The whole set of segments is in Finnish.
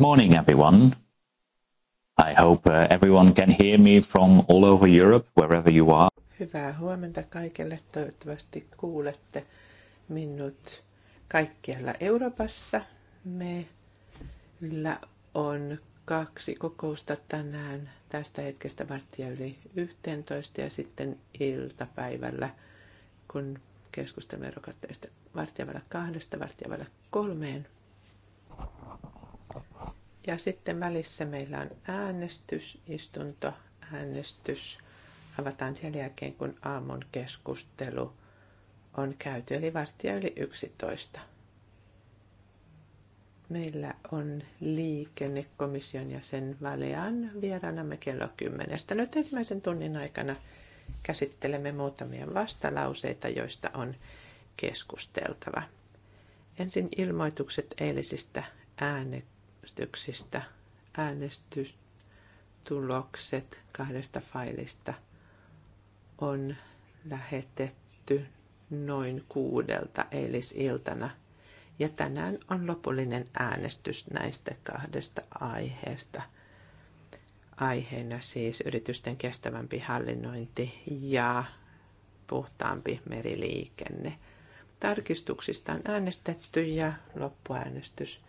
morning, everyone. I hope uh, everyone can hear me from all over Europe, wherever you are. Hyvää huomenta kaikille. Toivottavasti kuulette minut kaikkialla Euroopassa. Meillä on kaksi kokousta tänään tästä hetkestä varttia yli 11 ja sitten iltapäivällä, kun keskustelemme rokotteista varttia kahdesta, varttia kolmeen. Ja sitten välissä meillä on äänestys, istunto, äänestys. Avataan sen jälkeen, kun aamun keskustelu on käyty, eli varttia yli 11. Meillä on liikennekomission ja sen välian vieraanamme kello 10. Nyt ensimmäisen tunnin aikana käsittelemme muutamia vastalauseita, joista on keskusteltava. Ensin ilmoitukset eilisistä äänekokoista äänestyksistä äänestystulokset kahdesta failista on lähetetty noin kuudelta eilisiltana. Ja tänään on lopullinen äänestys näistä kahdesta aiheesta. Aiheena siis yritysten kestävämpi hallinnointi ja puhtaampi meriliikenne. Tarkistuksista on äänestetty ja loppuäänestys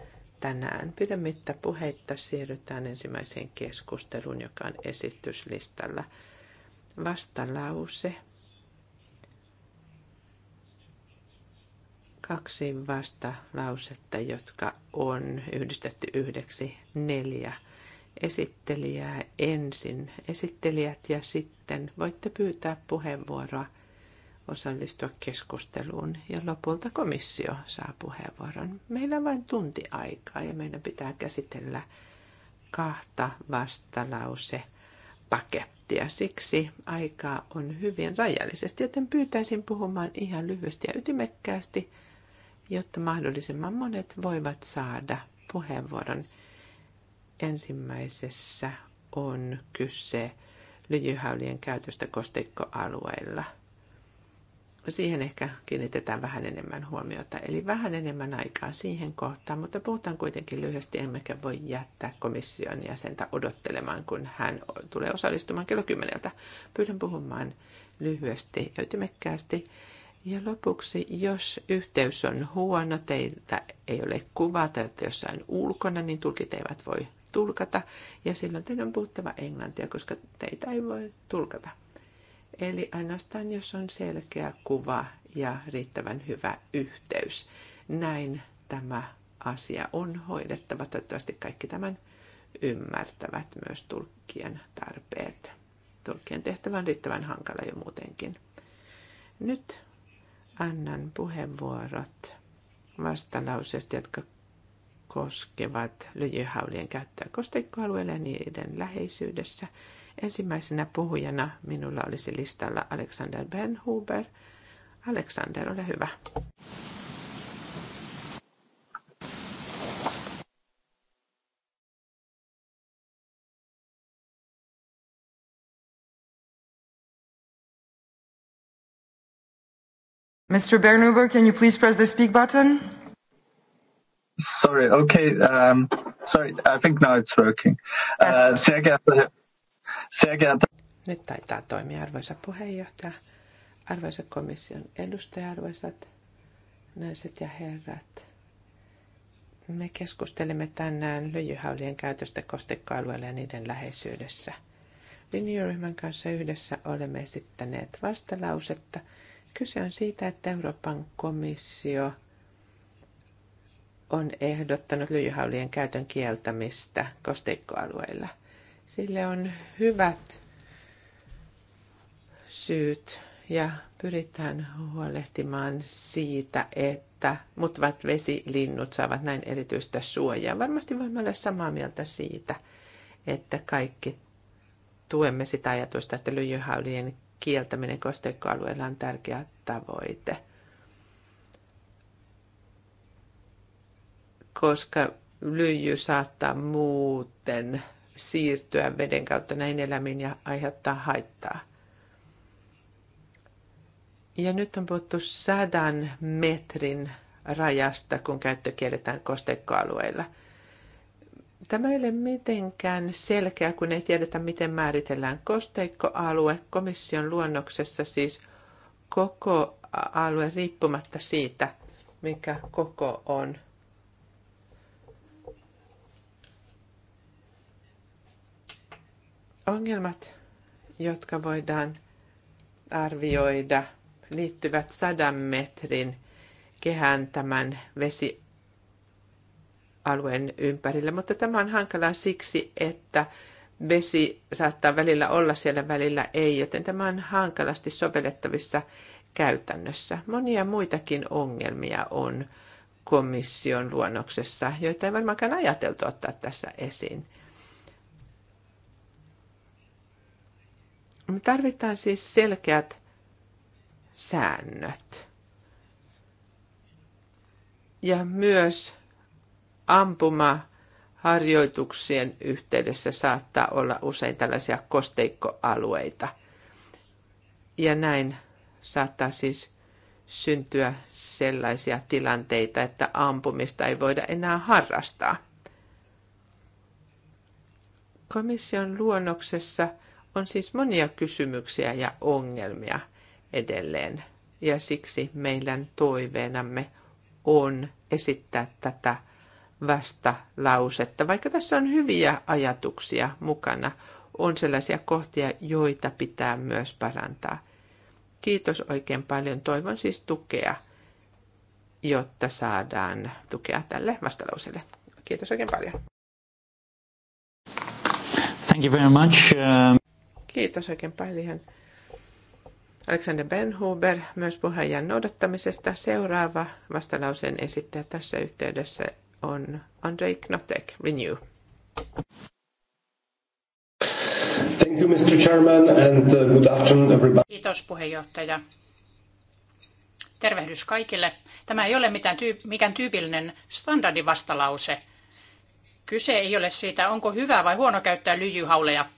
tänään. Pidemmittä puheitta siirrytään ensimmäiseen keskusteluun, joka on esityslistalla. Vastalause. Kaksi vastalausetta, jotka on yhdistetty yhdeksi neljä esittelijää ensin, esittelijät ja sitten voitte pyytää puheenvuoroa – osallistua keskusteluun ja lopulta komissio saa puheenvuoron. Meillä on vain tunti aikaa ja meidän pitää käsitellä kahta vastalause pakettia. Siksi aikaa on hyvin rajallisesti, joten pyytäisin puhumaan ihan lyhyesti ja ytimekkäästi, jotta mahdollisimman monet voivat saada puheenvuoron. Ensimmäisessä on kyse lyijyhaulien käytöstä kosteikkoalueilla – siihen ehkä kiinnitetään vähän enemmän huomiota, eli vähän enemmän aikaa siihen kohtaan, mutta puhutaan kuitenkin lyhyesti, emmekä voi jättää komission jäsentä odottelemaan, kun hän tulee osallistumaan kello kymmeneltä. Pyydän puhumaan lyhyesti ja ytimekkäästi. Ja lopuksi, jos yhteys on huono, teiltä ei ole kuvaa tai että jossain ulkona, niin tulkit eivät voi tulkata. Ja silloin teidän on puhuttava englantia, koska teitä ei voi tulkata. Eli ainoastaan jos on selkeä kuva ja riittävän hyvä yhteys. Näin tämä asia on hoidettava. Toivottavasti kaikki tämän ymmärtävät myös tulkkien tarpeet. Tulkkien tehtävä on riittävän hankala jo muutenkin. Nyt annan puheenvuorot vastalauseista, jotka koskevat lyijyhaulien käyttöä kosteikkoalueella ja niiden läheisyydessä – Ensimmäisenä puhujana minulla olisi listalla Alexander Benhuber. Alexander, ole hyvä. Mr. Bernhuber, can you please press the speak button? Sorry, okay. Um, sorry, I think now it's working. Uh, yes. Uh, sehr geehrte nyt taitaa toimia, arvoisa puheenjohtaja, arvoisa komission edustaja, arvoisat naiset ja herrat. Me keskustelemme tänään lyijyhaulien käytöstä kostekkoalueella ja niiden läheisyydessä. Linjaryhmän kanssa yhdessä olemme esittäneet vastalausetta. Kyse on siitä, että Euroopan komissio on ehdottanut lyijyhaulien käytön kieltämistä kosteikkoalueilla – Sille on hyvät syyt ja pyritään huolehtimaan siitä, että mutvat vesilinnut saavat näin erityistä suojaa. Varmasti voimme olla samaa mieltä siitä, että kaikki tuemme sitä ajatusta, että lyijyhaulien kieltäminen kosteikkoalueella on tärkeä tavoite. Koska lyijy saattaa muuten siirtyä veden kautta näihin eläimiin ja aiheuttaa haittaa. Ja nyt on puhuttu sadan metrin rajasta, kun käyttö kielletään kosteikkoalueilla. Tämä ei ole mitenkään selkeä, kun ei tiedetä, miten määritellään kosteikkoalue. Komission luonnoksessa siis koko alue riippumatta siitä, mikä koko on Ongelmat, jotka voidaan arvioida, liittyvät sadan metrin kehän tämän vesialueen ympärille, mutta tämä on hankalaa siksi, että vesi saattaa välillä olla siellä, välillä ei, joten tämä on hankalasti sovellettavissa käytännössä. Monia muitakin ongelmia on komission luonnoksessa, joita ei varmaankaan ajateltu ottaa tässä esiin. Me tarvitaan siis selkeät säännöt. Ja myös ampuma harjoituksien yhteydessä saattaa olla usein tällaisia kosteikkoalueita. Ja näin saattaa siis syntyä sellaisia tilanteita, että ampumista ei voida enää harrastaa. Komission luonnoksessa – on siis monia kysymyksiä ja ongelmia edelleen. Ja siksi meidän toiveenamme on esittää tätä vasta lausetta. Vaikka tässä on hyviä ajatuksia mukana, on sellaisia kohtia, joita pitää myös parantaa. Kiitos oikein paljon. Toivon siis tukea, jotta saadaan tukea tälle vastalauselle. Kiitos oikein paljon. Thank you very much. Um, Kiitos oikein paljon. Alexander Benhuber myös puheenjohtajan noudattamisesta. Seuraava vastalauseen esittäjä tässä yhteydessä on Andrei Knotek, Renew. Thank you, Mr. Chairman, and uh, good afternoon everybody. Kiitos puheenjohtaja. Tervehdys kaikille. Tämä ei ole mitään tyyp- mikään tyypillinen standardivastalause. Kyse ei ole siitä, onko hyvä vai huono käyttää lyijyhauleja –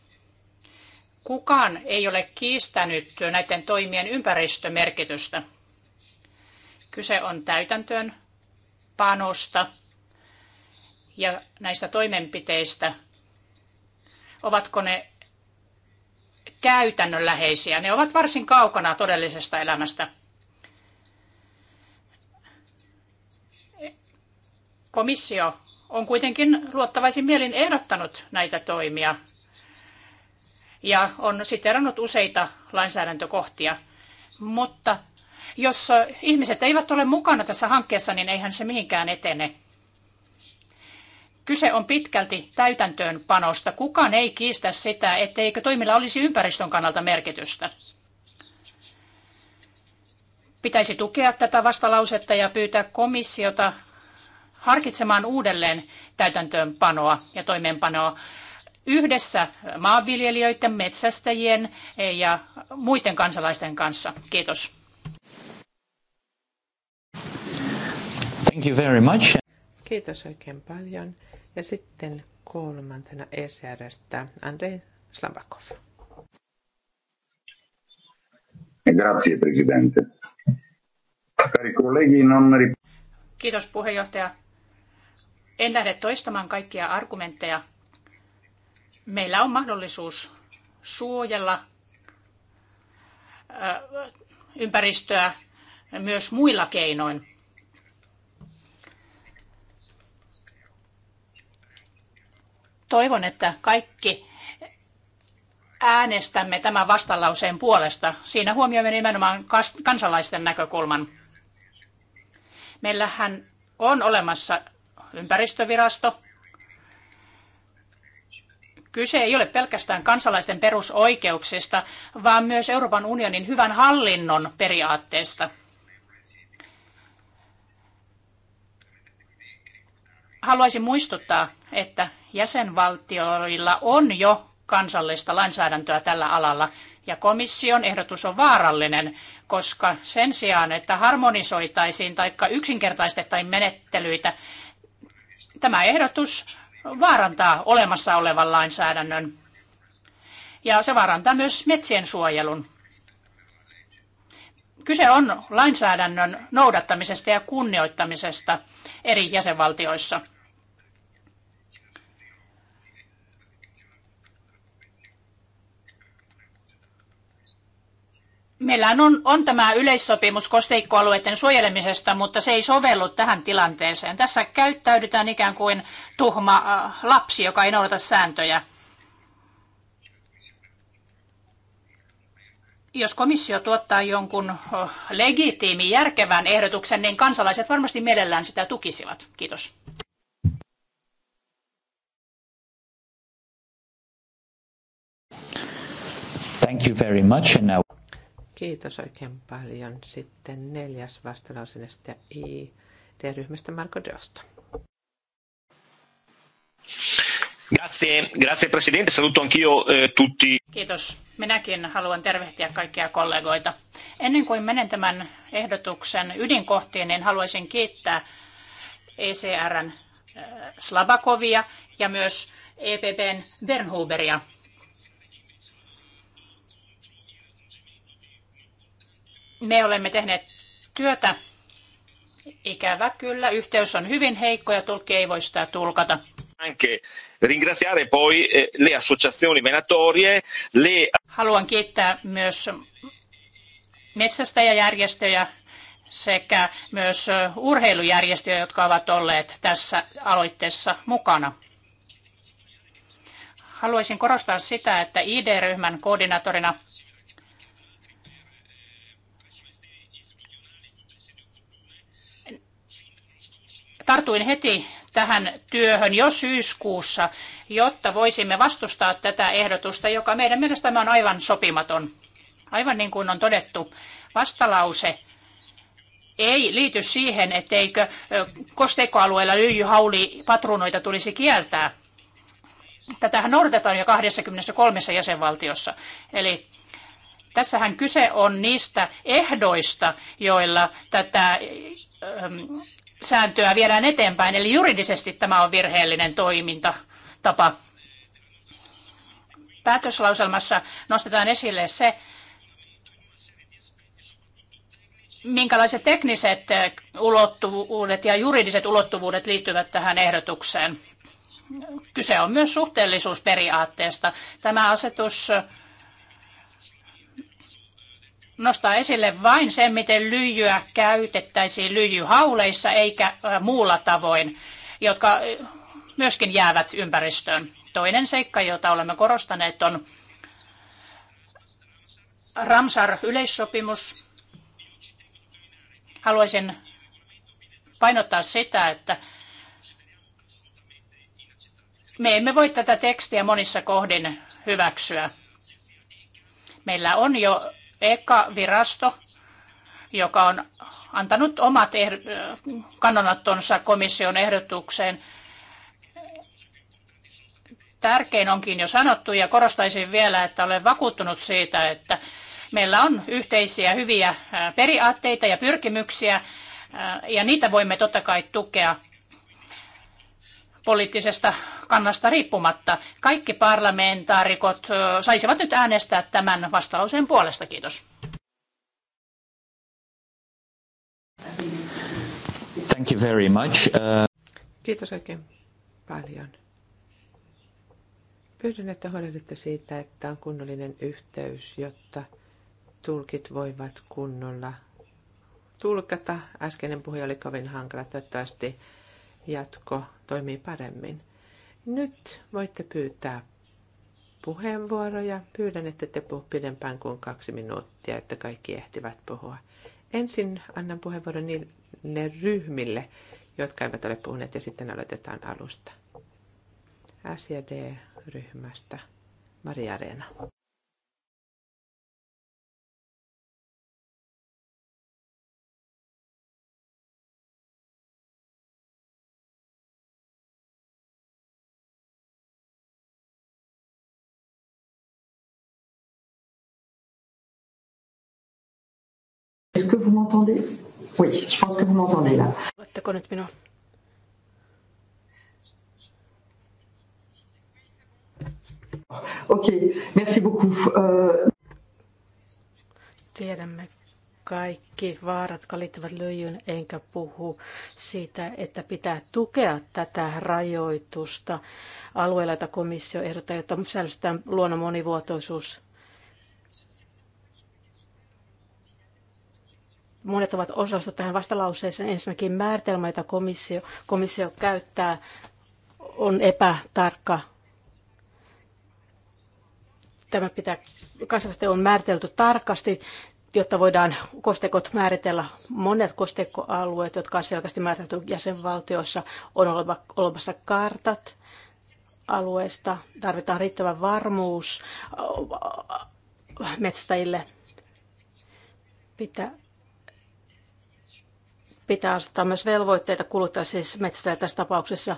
Kukaan ei ole kiistänyt näiden toimien ympäristömerkitystä. Kyse on täytäntöön panosta ja näistä toimenpiteistä. Ovatko ne käytännönläheisiä? Ne ovat varsin kaukana todellisesta elämästä. Komissio on kuitenkin luottavaisin mielin ehdottanut näitä toimia ja on siterannut useita lainsäädäntökohtia. Mutta jos ihmiset eivät ole mukana tässä hankkeessa, niin eihän se mihinkään etene. Kyse on pitkälti täytäntöönpanosta. Kukaan ei kiistä sitä, etteikö toimilla olisi ympäristön kannalta merkitystä. Pitäisi tukea tätä vastalausetta ja pyytää komissiota harkitsemaan uudelleen täytäntöönpanoa ja toimeenpanoa yhdessä maanviljelijöiden, metsästäjien ja muiden kansalaisten kanssa. Kiitos. Thank you very much. Kiitos oikein paljon. Ja sitten kolmantena ECRstä Andrei Slambakov. Grazie, Presidente. Cari colleghi, non... Kiitos puheenjohtaja. En lähde toistamaan kaikkia argumentteja, meillä on mahdollisuus suojella ympäristöä myös muilla keinoin. Toivon, että kaikki äänestämme tämän vastalauseen puolesta. Siinä huomioimme nimenomaan kansalaisten näkökulman. Meillähän on olemassa ympäristövirasto, Kyse ei ole pelkästään kansalaisten perusoikeuksista, vaan myös Euroopan unionin hyvän hallinnon periaatteesta. Haluaisin muistuttaa, että jäsenvaltioilla on jo kansallista lainsäädäntöä tällä alalla, ja komission ehdotus on vaarallinen, koska sen sijaan, että harmonisoitaisiin tai yksinkertaistettaisiin menettelyitä, tämä ehdotus vaarantaa olemassa olevan lainsäädännön. Ja se vaarantaa myös metsien suojelun. Kyse on lainsäädännön noudattamisesta ja kunnioittamisesta eri jäsenvaltioissa – meillä on, on tämä yleissopimus kosteikkoalueiden suojelemisesta, mutta se ei sovellu tähän tilanteeseen. Tässä käyttäydytään ikään kuin tuhma äh, lapsi, joka ei noudata sääntöjä. Jos komissio tuottaa jonkun äh, legitiimin, järkevän ehdotuksen, niin kansalaiset varmasti mielellään sitä tukisivat. Kiitos. Thank you very much. And now... Kiitos oikein paljon. Sitten neljäs vastalausinesta I. ryhmästä Marko Josto. Grazie, grazie presidente, saluto anch'io eh, tutti. Kiitos. Minäkin haluan tervehtiä kaikkia kollegoita. Ennen kuin menen tämän ehdotuksen ydinkohtiin, niin haluaisin kiittää ECRn eh, Slabakovia ja myös EPPn Bernhuberia Me olemme tehneet työtä. Ikävä kyllä, yhteys on hyvin heikko ja tulkki ei voi sitä tulkata. Anche ringraziare poi eh, le associazioni venatorie, le... Haluan kiittää myös metsästäjäjärjestöjä sekä myös eh, urheilujärjestöjä, jotka ovat olleet tässä aloitteessa mukana. Haluaisin korostaa sitä, että ID-ryhmän koordinaattorina tartuin heti tähän työhön jo syyskuussa, jotta voisimme vastustaa tätä ehdotusta, joka meidän mielestämme on aivan sopimaton. Aivan niin kuin on todettu, vastalause ei liity siihen, etteikö kosteikkoalueella lyijyhauli patruunoita tulisi kieltää. Tätähän noudatetaan jo 23 jäsenvaltiossa. Eli tässähän kyse on niistä ehdoista, joilla tätä sääntöä viedään eteenpäin. Eli juridisesti tämä on virheellinen toimintatapa. Päätöslauselmassa nostetaan esille se, minkälaiset tekniset ulottuvuudet ja juridiset ulottuvuudet liittyvät tähän ehdotukseen. Kyse on myös suhteellisuusperiaatteesta. Tämä asetus nostaa esille vain sen, miten lyijyä käytettäisiin lyijyhauleissa eikä muulla tavoin, jotka myöskin jäävät ympäristöön. Toinen seikka, jota olemme korostaneet, on Ramsar-yleissopimus. Haluaisin painottaa sitä, että me emme voi tätä tekstiä monissa kohdin hyväksyä. Meillä on jo EKA-virasto, joka on antanut omat kannanottonsa komission ehdotukseen. Tärkein onkin jo sanottu ja korostaisin vielä, että olen vakuuttunut siitä, että meillä on yhteisiä hyviä periaatteita ja pyrkimyksiä ja niitä voimme totta kai tukea poliittisesta kannasta riippumatta kaikki parlamentaarikot saisivat nyt äänestää tämän vastalauseen puolesta. Kiitos. Thank you very much. Uh... Kiitos oikein paljon. Pyydän, että huolehditte siitä, että on kunnollinen yhteys, jotta tulkit voivat kunnolla tulkata. Äskeinen puhe oli kovin hankala, toivottavasti jatko toimii paremmin. Nyt voitte pyytää puheenvuoroja. Pyydän, että te puhu pidempään kuin kaksi minuuttia, että kaikki ehtivät puhua. Ensin annan puheenvuoron niille ryhmille, jotka eivät ole puhuneet, ja sitten aloitetaan alusta. SJD-ryhmästä Maria Reena. Est-ce que vous m'entendez Oui, je pense que vous m'entendez là. nyt minua? Ok, merci beaucoup. Uh... Tiedämme kaikki vaarat, jotka liittyvät lyijyn, enkä puhu siitä, että pitää tukea tätä rajoitusta alueella, jota komissio ehdottaa, jotta säilytetään luonnon monivuotoisuus monet ovat osallistuneet tähän vastalauseeseen. Ensinnäkin määritelmä, jota komissio, komissio käyttää, on epätarkka. Tämä pitää, kansainvälisesti on määritelty tarkasti, jotta voidaan kostekot määritellä. Monet kostekoalueet jotka on selkeästi määritelty jäsenvaltioissa, on olemassa kartat alueesta. Tarvitaan riittävä varmuus metsästäjille. Pitää pitää asettaa myös velvoitteita kuluttaa siis metsästäjä tässä tapauksessa.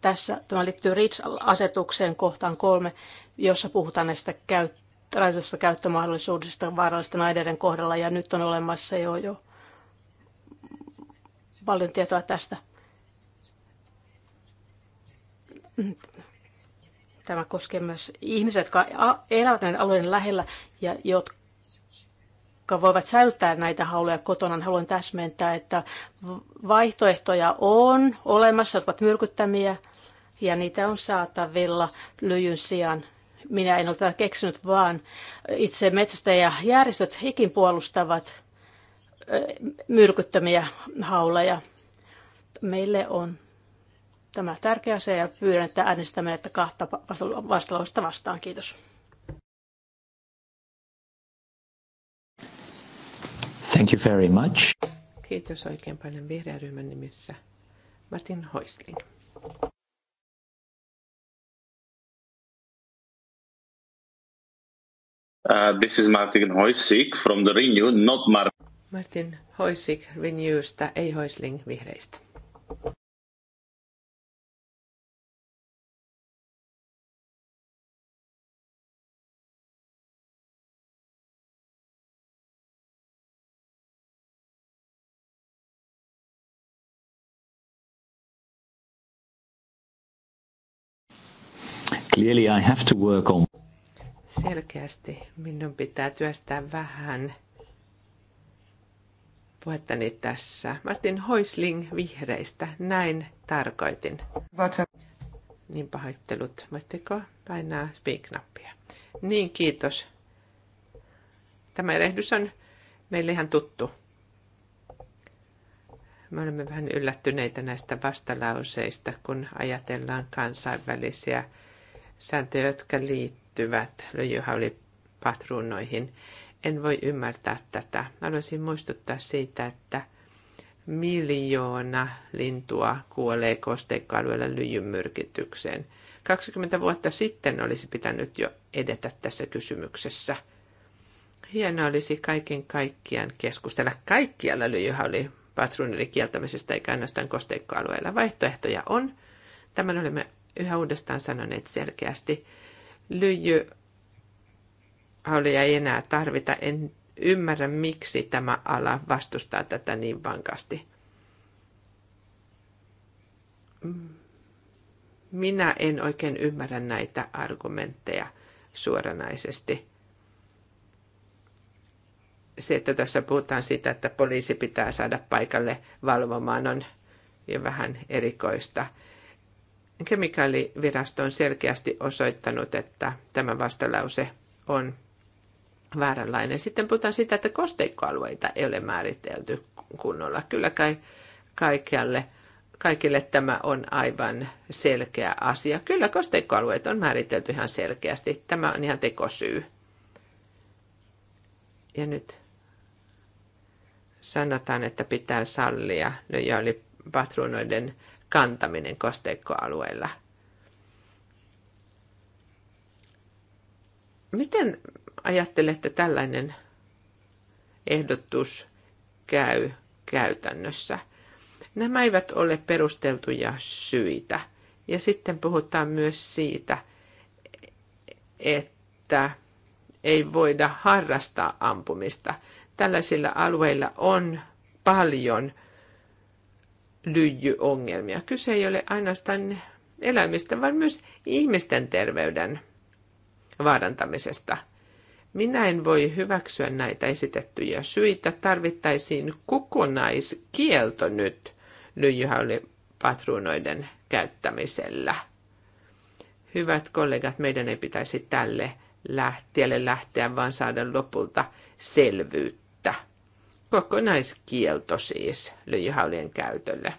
Tässä tämä liittyy RITS-asetukseen kohtaan kolme, jossa puhutaan näistä käyt, rajoitusta käyttömahdollisuudesta vaarallisten aineiden kohdalla ja nyt on olemassa jo, jo paljon tietoa tästä. Tämä koskee myös ihmisiä, jotka elävät näiden alueiden lähellä ja jotka jotka voivat säilyttää näitä hauluja kotona. Niin haluan täsmentää, että vaihtoehtoja on olemassa, jotka ovat myrkyttämiä, ja niitä on saatavilla lyijyn sijaan. Minä en ole tätä keksinyt, vaan itse metsästä ja järjestöt hikin puolustavat myrkyttämiä hauleja. Meille on tämä tärkeä asia ja pyydän, että äänestämme että kahta vastaan. Kiitos. Thank you very much. Kiitos oikein paljon vihreän ryhmän nimissä. Martin Hoisling. Uh, this is Martin Hoisik from the Renew, not Martin. Martin Hoisik Renewsta, ei Hoisling Vihreistä. Clearly I have to work on. Selkeästi minun pitää työstää vähän puhettani tässä. Martin Hoisling vihreistä, näin tarkoitin. WhatsApp. Niin pahoittelut. Voitteko painaa speak-nappia? Niin, kiitos. Tämä erehdys on meille ihan tuttu. Me olemme vähän yllättyneitä näistä vastalauseista, kun ajatellaan kansainvälisiä sääntöjä, jotka liittyvät löijyhaulipatruunoihin. En voi ymmärtää tätä. Haluaisin muistuttaa siitä, että miljoona lintua kuolee kosteikkoalueella lyijymyrkitykseen. 20 vuotta sitten olisi pitänyt jo edetä tässä kysymyksessä. Hienoa olisi kaiken kaikkiaan keskustella kaikkialla lyijyhauli patruunille kieltämisestä eikä ainoastaan kosteikkoalueella. Vaihtoehtoja on. Tämän olemme yhä uudestaan sanoneet selkeästi. Lyijy haulia ei enää tarvita. En ymmärrä, miksi tämä ala vastustaa tätä niin vankasti. Minä en oikein ymmärrä näitä argumentteja suoranaisesti. Se, että tässä puhutaan siitä, että poliisi pitää saada paikalle valvomaan, on jo vähän erikoista kemikaalivirasto on selkeästi osoittanut, että tämä vastalause on vääränlainen. Sitten puhutaan siitä, että kosteikkoalueita ei ole määritelty kunnolla. Kyllä kai kaikille, kaikille tämä on aivan selkeä asia. Kyllä kosteikkoalueet on määritelty ihan selkeästi. Tämä on ihan tekosyy. Ja nyt sanotaan, että pitää sallia oli no, kantaminen kosteikkoalueella. Miten ajattelette tällainen ehdotus käy käytännössä? Nämä eivät ole perusteltuja syitä. Ja sitten puhutaan myös siitä, että ei voida harrastaa ampumista. Tällaisilla alueilla on paljon lyijyongelmia. Kyse ei ole ainoastaan eläimistä, vaan myös ihmisten terveyden vaarantamisesta. Minä en voi hyväksyä näitä esitettyjä syitä. Tarvittaisiin kokonaiskielto nyt lyijyhaulipatruunoiden käyttämisellä. Hyvät kollegat, meidän ei pitäisi tälle lähtielle lähteä, vaan saada lopulta selvyyttä kokonaiskielto siis lyijyhaulien käytölle.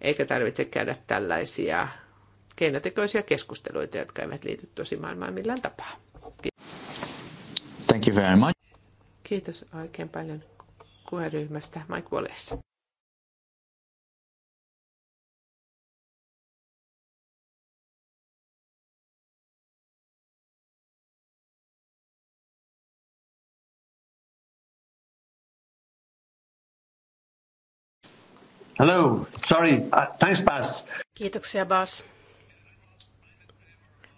Eikä tarvitse käydä tällaisia keinotekoisia keskusteluita, jotka eivät liity tosi maailmaan millään tapaa. Kiitos. Thank you very much. Kiitos oikein paljon kuheryhmästä Mike Wallace. Hello, sorry, uh, thanks Bas. Kiitoksia Bas.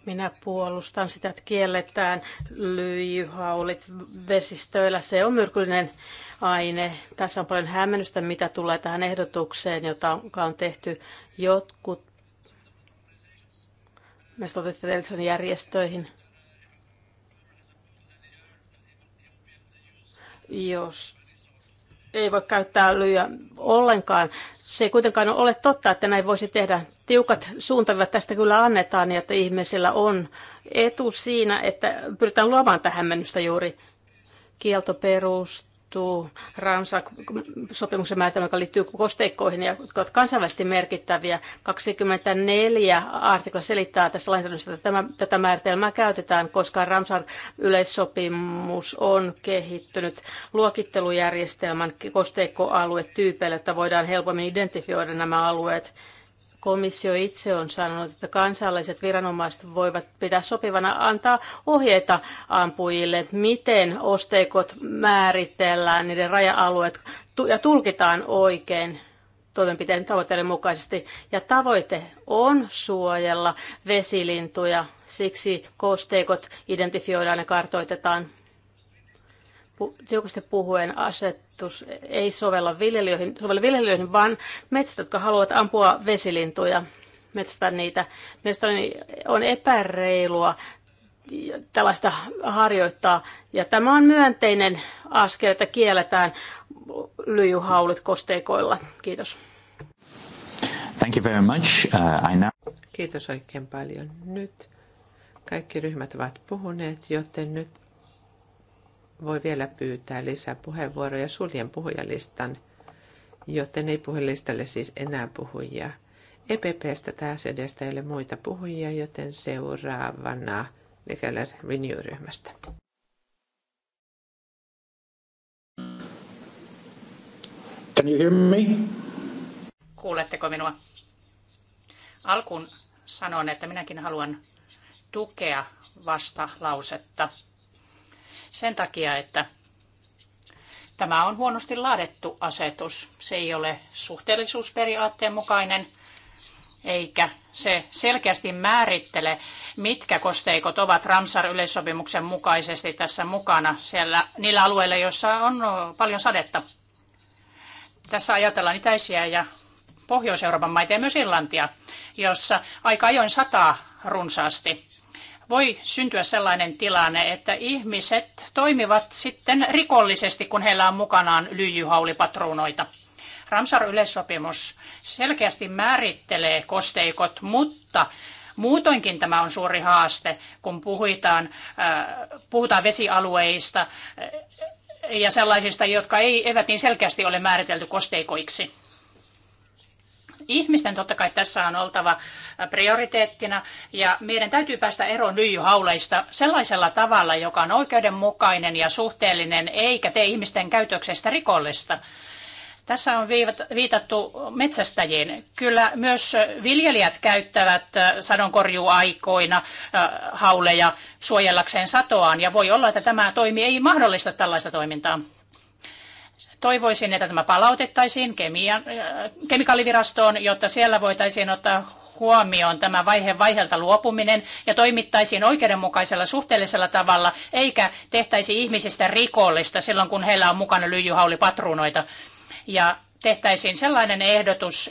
Minä puolustan sitä, että kielletään lyijyhaulit vesistöillä. Se on myrkyllinen aine. Tässä on paljon hämmennystä, mitä tulee tähän ehdotukseen, jota on tehty jotkut myös otettiin järjestöihin. Jos ei voi käyttää lyöä ollenkaan. Se ei kuitenkaan ole totta, että näin voisi tehdä. Tiukat suuntavat tästä kyllä annetaan, niin että ihmisillä on etu siinä, että pyritään luomaan tähän mennystä juuri kieltoperusta perustuu Ramsar-sopimuksen määritelmä, joka liittyy kosteikkoihin ja jotka ovat kansainvälisesti merkittäviä. 24 artikla selittää tässä lainsäädännössä, että tämä, tätä määritelmää käytetään, koska Ramsar-yleissopimus on kehittynyt luokittelujärjestelmän tyypeille, että voidaan helpommin identifioida nämä alueet Komissio itse on sanonut, että kansalliset viranomaiset voivat pitää sopivana antaa ohjeita ampujille, miten osteikot määritellään, niiden raja-alueet ja tulkitaan oikein toimenpiteen tavoitteiden mukaisesti. Ja tavoite on suojella vesilintuja, siksi kosteikot identifioidaan ja kartoitetaan tiukasti puhuen asetus ei sovella viljelijöihin, sovella viljelijöihin, vaan metsät, jotka haluavat ampua vesilintuja, metsästä niitä. Mielestäni on epäreilua tällaista harjoittaa. Ja tämä on myönteinen askel, että kielletään lyijuhaulut kosteikoilla. Kiitos. Thank you very much. Uh, I now... Kiitos oikein paljon. Nyt kaikki ryhmät ovat puhuneet, joten nyt voi vielä pyytää lisää puheenvuoroja. Suljen puhujalistan, joten ei puhelistalle siis enää puhujia. EPPstä taas edestä ei ole muita puhujia, joten seuraavana Nikeller Renew-ryhmästä. Can you hear me? Kuuletteko minua? Alkuun sanon, että minäkin haluan tukea vasta lausetta sen takia, että tämä on huonosti laadettu asetus. Se ei ole suhteellisuusperiaatteen mukainen, eikä se selkeästi määrittele, mitkä kosteikot ovat Ramsar-yleissopimuksen mukaisesti tässä mukana siellä, niillä alueilla, joissa on paljon sadetta. Tässä ajatellaan itäisiä ja Pohjois-Euroopan maita ja myös Irlantia, jossa aika ajoin sataa runsaasti voi syntyä sellainen tilanne, että ihmiset toimivat sitten rikollisesti, kun heillä on mukanaan lyijyhaulipatruunoita. Ramsar-yleissopimus selkeästi määrittelee kosteikot, mutta Muutoinkin tämä on suuri haaste, kun puhutaan, äh, puhutaan vesialueista äh, ja sellaisista, jotka ei, eivät niin selkeästi ole määritelty kosteikoiksi. Ihmisten totta kai tässä on oltava prioriteettina ja meidän täytyy päästä eroon lyijyhauleista sellaisella tavalla, joka on oikeudenmukainen ja suhteellinen eikä tee ihmisten käytöksestä rikollista. Tässä on viitattu metsästäjiin. Kyllä myös viljelijät käyttävät sadonkorjuaikoina hauleja suojellakseen satoaan, ja voi olla, että tämä toimi ei mahdollista tällaista toimintaa. Toivoisin, että tämä palautettaisiin kemia, äh, kemikaalivirastoon, jotta siellä voitaisiin ottaa huomioon tämä vaihe vaiheelta luopuminen ja toimittaisiin oikeudenmukaisella suhteellisella tavalla, eikä tehtäisi ihmisistä rikollista silloin, kun heillä on mukana lyijyhaulipatruunoita. Ja tehtäisiin sellainen ehdotus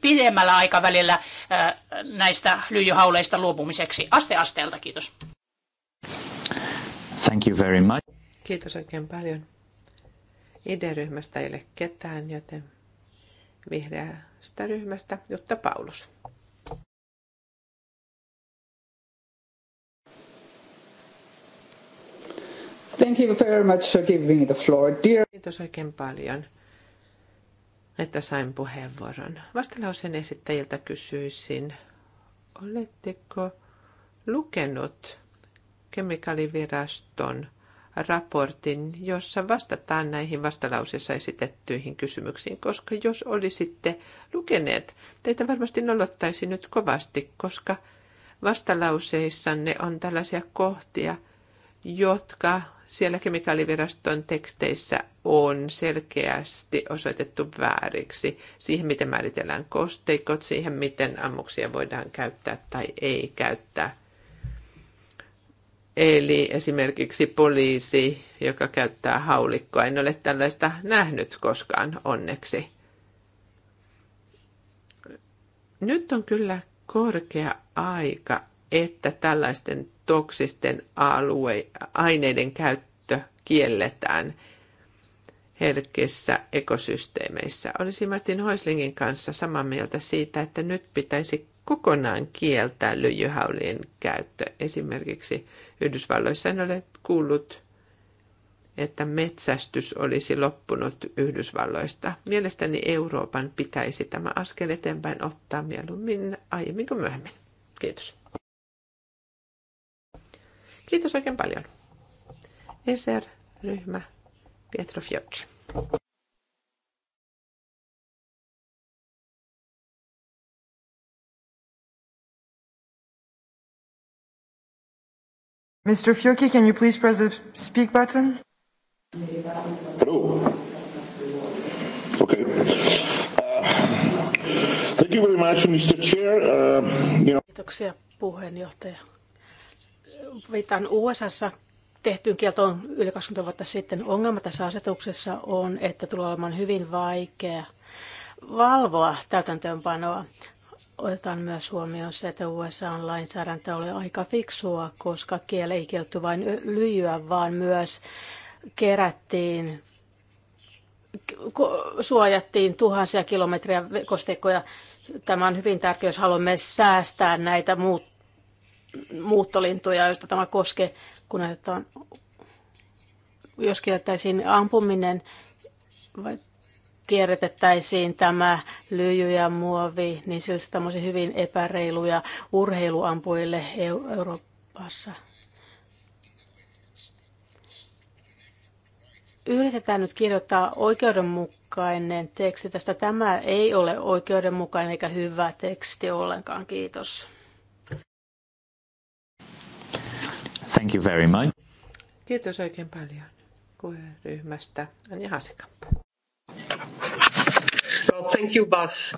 pidemmällä aikavälillä äh, näistä lyijyhauleista luopumiseksi aste asteelta. Kiitos. Thank you very much. Kiitos oikein paljon. ID-ryhmästä ei ole ketään, joten vihreästä ryhmästä Jutta Paulus. Thank you very much for giving the floor, dear. Kiitos oikein paljon, että sain puheenvuoron. Vastalauseen esittäjiltä kysyisin, oletteko lukenut kemikaaliviraston raportin, jossa vastataan näihin vastalauseissa esitettyihin kysymyksiin, koska jos olisitte lukeneet, teitä varmasti nolottaisi nyt kovasti, koska vastalauseissanne on tällaisia kohtia, jotka siellä kemikaaliviraston teksteissä on selkeästi osoitettu vääriksi siihen, miten määritellään kosteikot, siihen, miten ammuksia voidaan käyttää tai ei käyttää. Eli esimerkiksi poliisi, joka käyttää haulikkoa. En ole tällaista nähnyt koskaan, onneksi. Nyt on kyllä korkea aika, että tällaisten toksisten alue, aineiden käyttö kielletään herkissä ekosysteemeissä. Olisi Martin Hoislingin kanssa samaa mieltä siitä, että nyt pitäisi kokonaan kieltää lyijyhaulien käyttö. Esimerkiksi Yhdysvalloissa en ole kuullut, että metsästys olisi loppunut Yhdysvalloista. Mielestäni Euroopan pitäisi tämä askel eteenpäin ottaa mieluummin aiemmin kuin myöhemmin. Kiitos. Kiitos oikein paljon. ESER-ryhmä Pietro Fiocchi. Mr. Fiocchi, can you please press the speak button? Hello. Okay. Uh, thank you very much, Mr. Chair. Uh, you know... Kiitoksia puheenjohtaja. Viitan USAssa tehtyyn kieltoon yli 20 vuotta sitten. Ongelma tässä asetuksessa on, että tulee olemaan hyvin vaikea valvoa täytäntöönpanoa. Otetaan myös huomioon se, että USA-lainsäädäntö ole aika fiksua, koska kieli ei kielletty vain lyijyä, vaan myös kerättiin, suojattiin tuhansia kilometriä kosteikkoja. Tämä on hyvin tärkeää, jos haluamme säästää näitä muut, muuttolintuja, joista tämä koskee, kun otetaan, jos kiellettäisiin ampuminen, vai kierrätettäisiin tämä lyijy ja muovi, niin se olisi tämmöisiä hyvin epäreiluja EU- Euroopassa. Yritetään nyt kirjoittaa oikeudenmukainen teksti tästä. Tämä ei ole oikeudenmukainen eikä hyvä teksti ollenkaan. Kiitos. Thank you very much. Kiitos oikein paljon ryhmästä Anja Hasekamp. Well, thank you, Bas.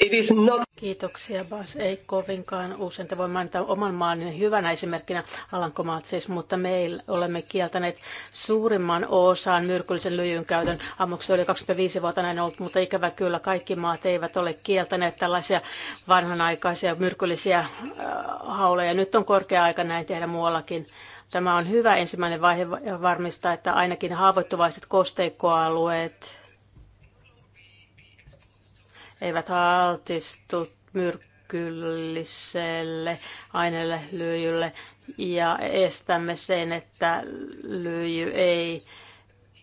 It is not... Kiitoksia, Bas. Ei kovinkaan usein. Te voi mainita oman maan hyvänä esimerkkinä Alankomaat siis, mutta meillä olemme kieltäneet suurimman osan myrkyllisen lyijyn käytön. Ammuksi oli 25 vuotta näin ollut, mutta ikävä kyllä kaikki maat eivät ole kieltäneet tällaisia vanhanaikaisia myrkyllisiä äh, hauleja. Nyt on korkea aika näin tehdä muuallakin. Tämä on hyvä ensimmäinen vaihe varmistaa, että ainakin haavoittuvaiset kosteikkoalueet, eivät altistu myrkylliselle aineelle lyijylle ja estämme sen, että lyijy ei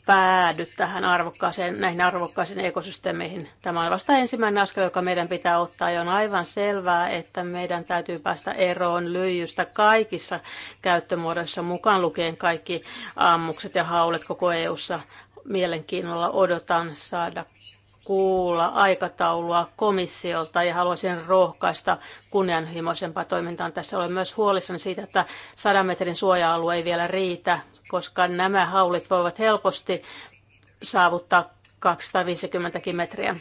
päädy tähän arvokkaaseen, näihin arvokkaisiin ekosysteemeihin. Tämä on vasta ensimmäinen askel, joka meidän pitää ottaa. Ja on aivan selvää, että meidän täytyy päästä eroon lyijystä kaikissa käyttömuodoissa, mukaan lukien kaikki ammukset ja haulet koko EU-ssa. Mielenkiinnolla odotan saada kuulla aikataulua komissiolta ja haluaisin rohkaista kunnianhimoisempaa toimintaan. Tässä olen myös huolissani siitä, että 100 metrin suoja-alue ei vielä riitä, koska nämä haulit voivat helposti saavuttaa 250 metriä.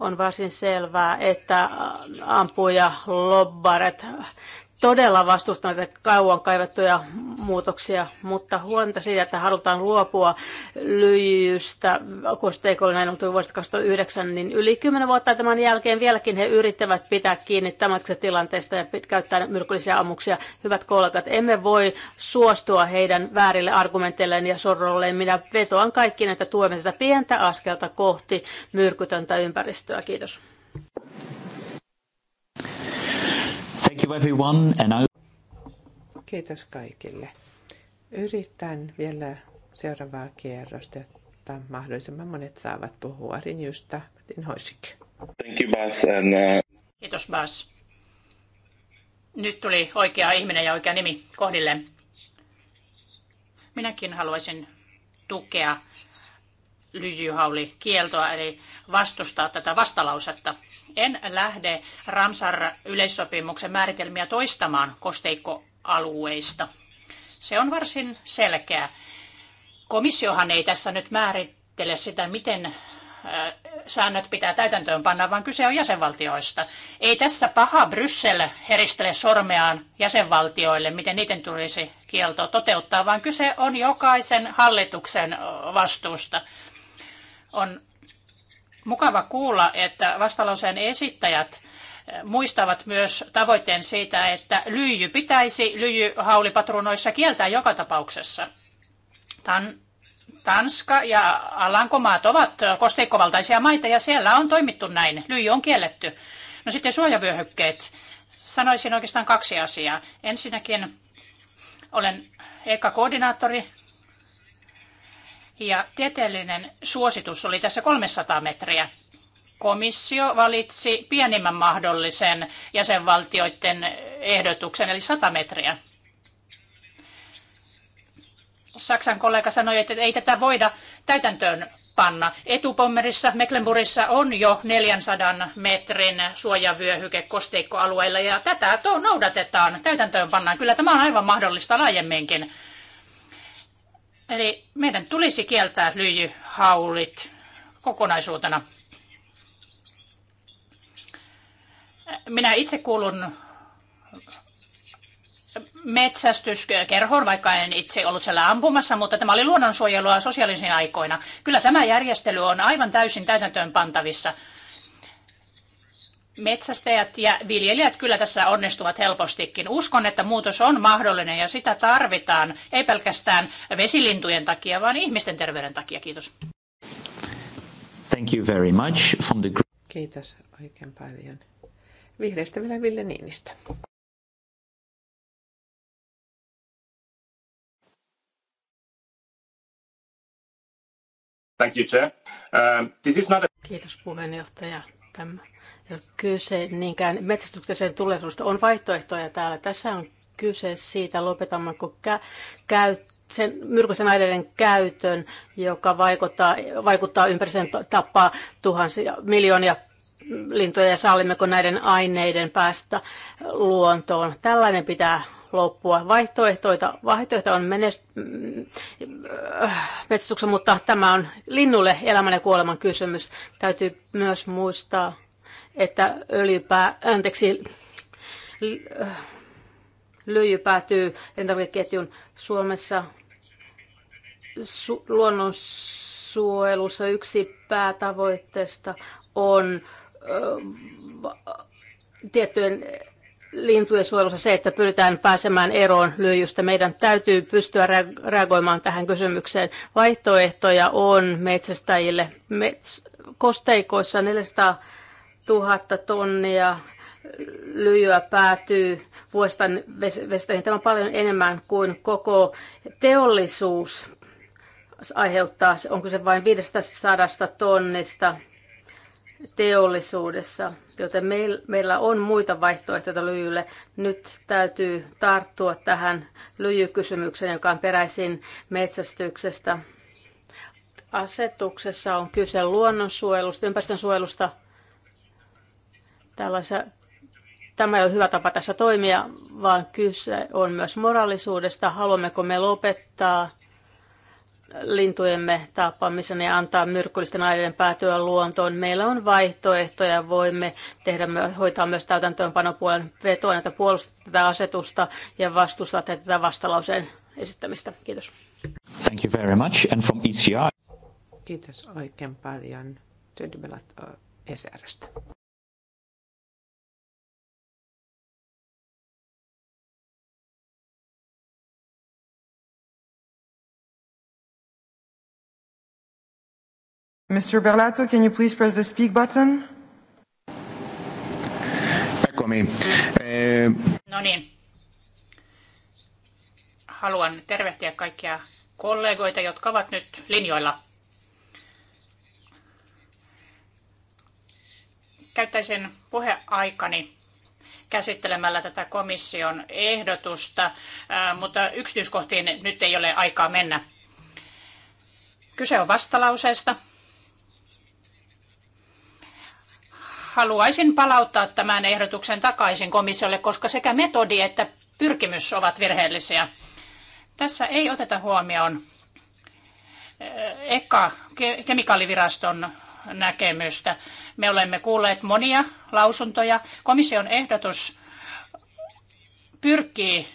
On varsin selvää, että ampuja lobbaret todella vastustan näitä kauan kaivattuja muutoksia, mutta huolimatta siitä, että halutaan luopua lyijystä, kun teikolla näin ollut vuodesta 2009, niin yli 10 vuotta tämän jälkeen vieläkin he yrittävät pitää kiinni tämänhetkisestä tilanteesta ja käyttää myrkyllisiä ammuksia. Hyvät kollegat, emme voi suostua heidän väärille argumenteilleen ja sorrolleen. Minä vetoan kaikkiin, että tuemme tätä pientä askelta kohti myrkytöntä ympäristöä. Kiitos. you everyone and I... Kiitos kaikille. Yritän vielä seuraavaa kierrosta, että mahdollisimman monet saavat puhua Rinjusta Martin Hoisik. Thank you, Bas. And, uh... Kiitos, Bas. Nyt tuli oikea ihminen ja oikea nimi kohdilleen. Minäkin haluaisin tukea lyijyhaulikieltoa, eli vastustaa tätä vastalausetta. En lähde Ramsar-yleissopimuksen määritelmiä toistamaan kosteikkoalueista. Se on varsin selkeä. Komissiohan ei tässä nyt määrittele sitä, miten äh, säännöt pitää täytäntöön panna, vaan kyse on jäsenvaltioista. Ei tässä paha Bryssel heristele sormeaan jäsenvaltioille, miten niiden tulisi kielto toteuttaa, vaan kyse on jokaisen hallituksen vastuusta. On mukava kuulla, että vastalauseen esittäjät eh, muistavat myös tavoitteen siitä, että lyijy pitäisi lyijyhaulipatruunoissa kieltää joka tapauksessa. Tan, Tanska ja Alankomaat ovat eh, kosteikkovaltaisia maita ja siellä on toimittu näin. Lyijy on kielletty. No sitten suojavyöhykkeet. Sanoisin oikeastaan kaksi asiaa. Ensinnäkin olen eka koordinaattori ja tieteellinen suositus oli tässä 300 metriä. Komissio valitsi pienimmän mahdollisen jäsenvaltioiden ehdotuksen, eli 100 metriä. Saksan kollega sanoi, että ei tätä voida täytäntöön panna. Etupommerissa, Mecklenburgissa on jo 400 metrin suojavyöhyke kosteikkoalueilla ja tätä noudatetaan, täytäntöön pannaan. Kyllä tämä on aivan mahdollista laajemminkin. Eli meidän tulisi kieltää lyijyhaulit kokonaisuutena. Minä itse kuulun metsästyskerhoon, vaikka en itse ollut siellä ampumassa, mutta tämä oli luonnonsuojelua sosiaalisina aikoina. Kyllä tämä järjestely on aivan täysin täytäntöön pantavissa – Metsästäjät ja viljelijät kyllä tässä onnistuvat helpostikin. Uskon, että muutos on mahdollinen ja sitä tarvitaan, ei pelkästään vesilintujen takia, vaan ihmisten terveyden takia. Kiitos. Thank you very much from the... Kiitos oikein paljon. Vihreistä vielä Ville Niinistä. Thank you, Chair. Uh, this is not a... Kiitos puheenjohtaja Tämä ei ole kyse niinkään metsästyksen tulevaisuudesta. On vaihtoehtoja täällä. Tässä on kyse siitä, lopetammeko kä- käy- sen myrkyisen aineiden käytön, joka vaikuttaa, vaikuttaa ympäristön tappaa tuhansia, miljoonia lintuja ja sallimmeko näiden aineiden päästä luontoon. Tällainen pitää loppua. Vaihtoehtoita, vaihtoehto on menest, äh, metsästyksen, mutta tämä on linnulle elämän ja kuoleman kysymys. Täytyy myös muistaa, että öljypää, anteeksi, äh, lyijy päätyy elintarvikeketjun Suomessa su- luonnonsuojelussa yksi päätavoitteesta on ö, äh, va- tiettyjen lintujen suojelussa se, että pyritään pääsemään eroon lyijystä. Meidän täytyy pystyä reagoimaan tähän kysymykseen. Vaihtoehtoja on metsästäjille. Mets- kosteikoissa 400 000 tonnia lyijyä päätyy vuosittain vesistöihin. Tämä on paljon enemmän kuin koko teollisuus aiheuttaa. Onko se vain 500 tonnista? teollisuudessa, joten meillä on muita vaihtoehtoja lyijylle. Nyt täytyy tarttua tähän lyijykysymykseen, joka on peräisin metsästyksestä. Asetuksessa on kyse luonnonsuojelusta, ympäristönsuojelusta. Tällaisia, tämä ei ole hyvä tapa tässä toimia, vaan kyse on myös moraalisuudesta. Haluammeko me lopettaa lintujemme tappamisen ja antaa myrkyllisten aineiden päätyä luontoon. Meillä on vaihtoehtoja, voimme tehdä, hoitaa myös täytäntöönpanopuolen vetoa, että puolustaa tätä asetusta ja vastustaa tätä vastalauseen esittämistä. Kiitos. Thank you very much. And from ECR... Kiitos oikein paljon. Tyydybelat ECRstä. Mr. Berlato, can you please press the speak button? Eccomi. Eh... No niin. Haluan tervehtiä kaikkia kollegoita, jotka ovat nyt linjoilla. Käyttäisin puheaikani käsittelemällä tätä komission ehdotusta, mutta yksityiskohtiin nyt ei ole aikaa mennä. Kyse on vastalauseesta haluaisin palauttaa tämän ehdotuksen takaisin komissiolle, koska sekä metodi että pyrkimys ovat virheellisiä. Tässä ei oteta huomioon Eka eh, kemikaaliviraston näkemystä. Me olemme kuulleet monia lausuntoja. Komission ehdotus pyrkii